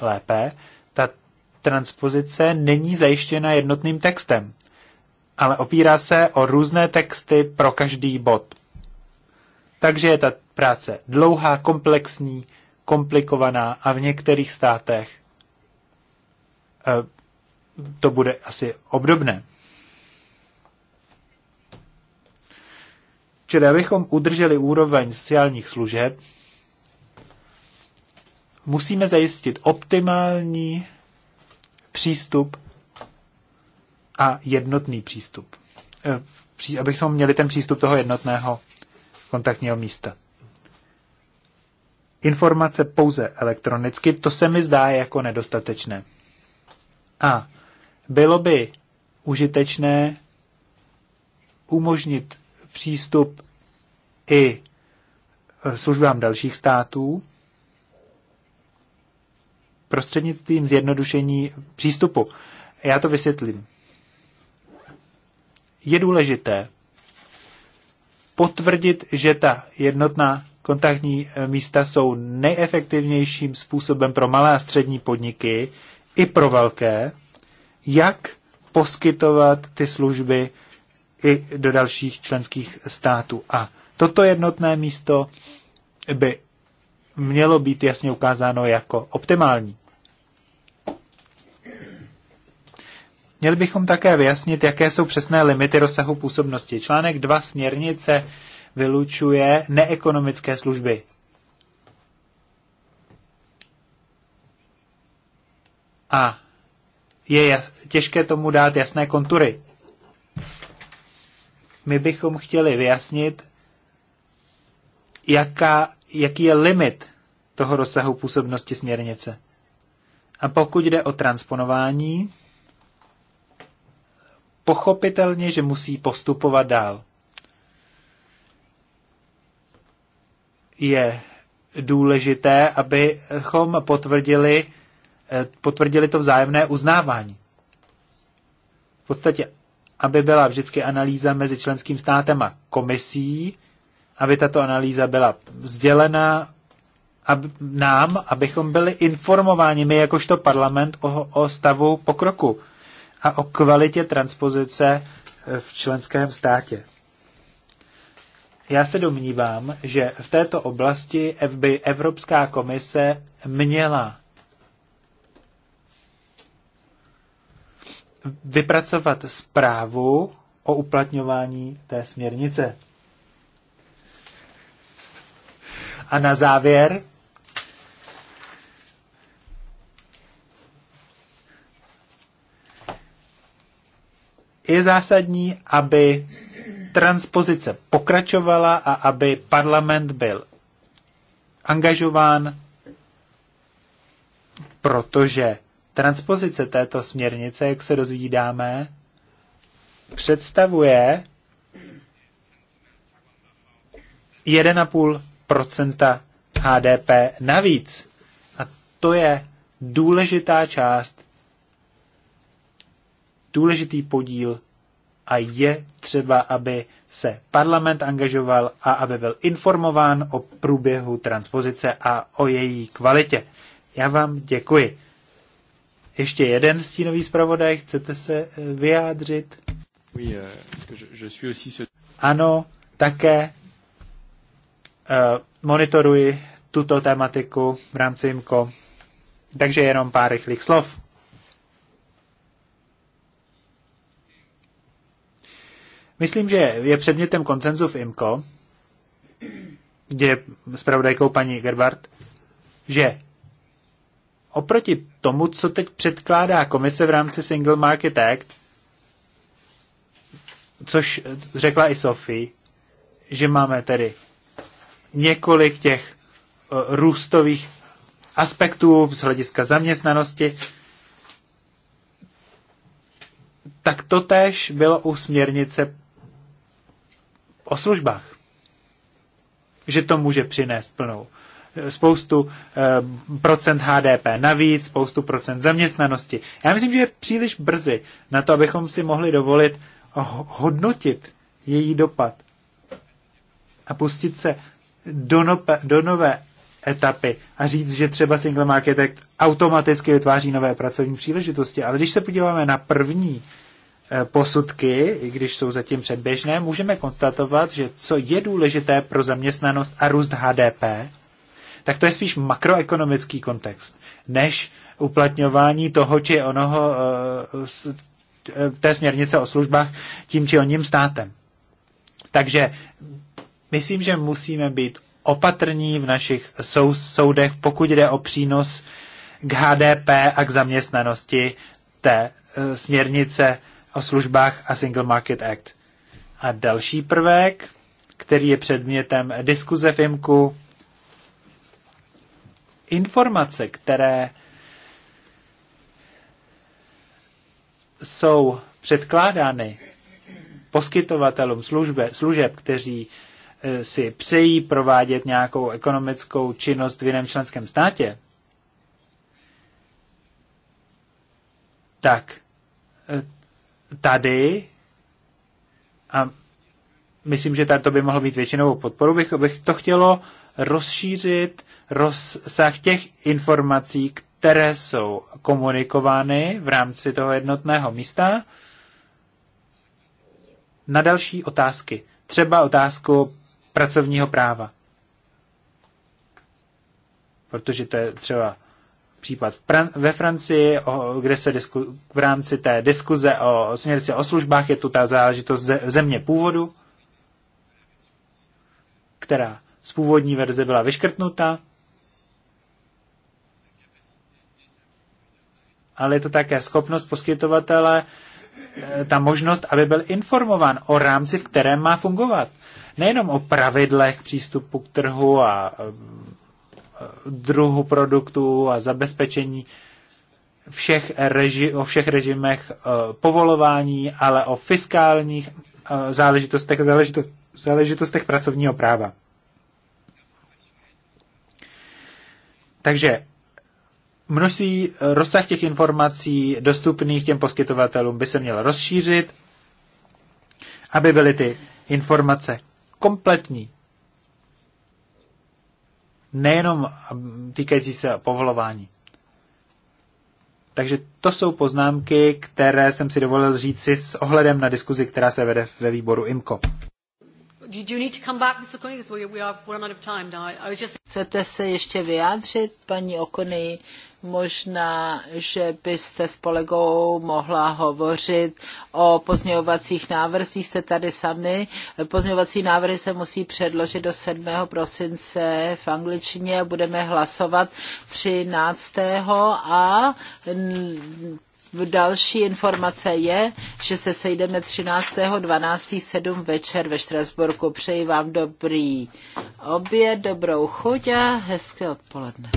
Speaker 3: lépe. Ta transpozice není zajištěna jednotným textem, ale opírá se o různé texty pro každý bod. Takže je ta práce dlouhá, komplexní, komplikovaná a v některých státech to bude asi obdobné. Čili abychom udrželi úroveň sociálních služeb, musíme zajistit optimální přístup a jednotný přístup. Eh, abychom měli ten přístup toho jednotného kontaktního místa. Informace pouze elektronicky, to se mi zdá jako nedostatečné. A bylo by užitečné umožnit přístup i službám dalších států prostřednictvím zjednodušení přístupu. Já to vysvětlím. Je důležité potvrdit, že ta jednotná kontaktní místa jsou nejefektivnějším způsobem pro malé a střední podniky, i pro velké, jak poskytovat ty služby i do dalších členských států. A toto jednotné místo by mělo být jasně ukázáno jako optimální. Měli bychom také vyjasnit, jaké jsou přesné limity rozsahu působnosti. Článek 2 směrnice vylučuje neekonomické služby, A je těžké tomu dát jasné kontury. My bychom chtěli vyjasnit, jaká, jaký je limit toho rozsahu působnosti směrnice. A pokud jde o transponování, pochopitelně, že musí postupovat dál. Je důležité, abychom potvrdili Eh, potvrdili to vzájemné uznávání. V podstatě, aby byla vždycky analýza mezi členským státem a komisí, aby tato analýza byla vzdělena ab nám, abychom byli informováni, my jakožto parlament, o, o stavu pokroku a o kvalitě transpozice eh, v členském státě. Já se domnívám, že v této oblasti FB, Evropská komise měla vypracovat zprávu o uplatňování té směrnice. A na závěr je zásadní, aby transpozice pokračovala a aby parlament byl angažován, protože Transpozice této směrnice, jak se dozvídáme, představuje 1,5 HDP navíc. A to je důležitá část, důležitý podíl a je třeba, aby se parlament angažoval a aby byl informován o průběhu transpozice a o její kvalitě. Já vám děkuji ještě jeden stínový zpravodaj, chcete se eh, vyjádřit? Euh, ano, také eh, monitoruji tuto tématiku v rámci IMCO, takže jenom pár rychlých slov. Myslím, že je předmětem koncenzu v IMCO, kde je zpravodajkou paní Gerbart, že Oproti tomu, co teď předkládá komise v rámci Single Market Act, což řekla i Sophie, že máme tedy několik těch eh, růstových aspektů z hlediska zaměstnanosti, tak to tež bylo u směrnice o službách. Že to může přinést plnou spoustu eh, procent HDP navíc, spoustu procent zaměstnanosti. Já myslím, že je příliš brzy na to, abychom si mohli dovolit hodnotit její dopad a pustit se do, nope, do nové etapy a říct, že třeba single market act automaticky vytváří nové pracovní příležitosti. Ale když se podíváme na první eh, posudky, i když jsou zatím předběžné, můžeme konstatovat, že co je důležité pro zaměstnanost a růst HDP, tak to je spíš makroekonomický kontext, než uplatňování toho či onoho eh, eh, té směrnice o službách tím či oním státem. Takže myslím, že musíme být opatrní v našich soudech, pokud jde o přínos k HDP a k zaměstnanosti té eh, směrnice o službách a Single Market Act. A další prvek, který je předmětem diskuze v IMKU, informace, které jsou předkládány poskytovatelům službe, služeb, kteří eh, si přejí provádět nějakou ekonomickou činnost v jiném členském státě, tak eh, tady a myslím, že tady to by mohlo být většinou podporu, bych, bych to chtělo rozšířit rozsah těch informací, které jsou komunikovány v rámci toho jednotného místa, na další otázky. Třeba otázku pracovního práva. Protože to je třeba případ ve Francii, kde se disku, v rámci té diskuze o směrci o službách je tu ta záležitost země původu, která z původní verze byla vyškrtnuta ale je to také schopnost poskytovatele, eh, ta možnost, aby byl informován o rámci, v kterém má fungovat. Nejenom o pravidlech přístupu k trhu a eh, druhu produktů a zabezpečení všech reži- o všech režimech eh, povolování, ale o fiskálních záležitostech, záležito- záležitostech pracovního práva. Takže množství, eh, rozsah těch informací dostupných těm poskytovatelům by se měl rozšířit, aby byly ty informace kompletní. Nejenom eh, týkající se povolování. Takže to jsou poznámky, které jsem si dovolil říct si s ohledem na diskuzi, která se vede ve výboru
Speaker 1: IMCO.
Speaker 2: Do you need to come back, Mr. We, we are, out of time now. I was just...
Speaker 1: Chcete se ještě vyjádřit, paní Okony? Možná, že byste s kolegou mohla hovořit o pozměňovacích návrzích. Jste tady sami. Pozměňovací návrhy se musí předložit do 7. prosince v angličtině. Budeme hlasovat 13. a v další informace je, že se sejdeme 13.12.7 večer ve Štrasburku. Přeji vám dobrý oběd, dobrou chuť a hezké odpoledne.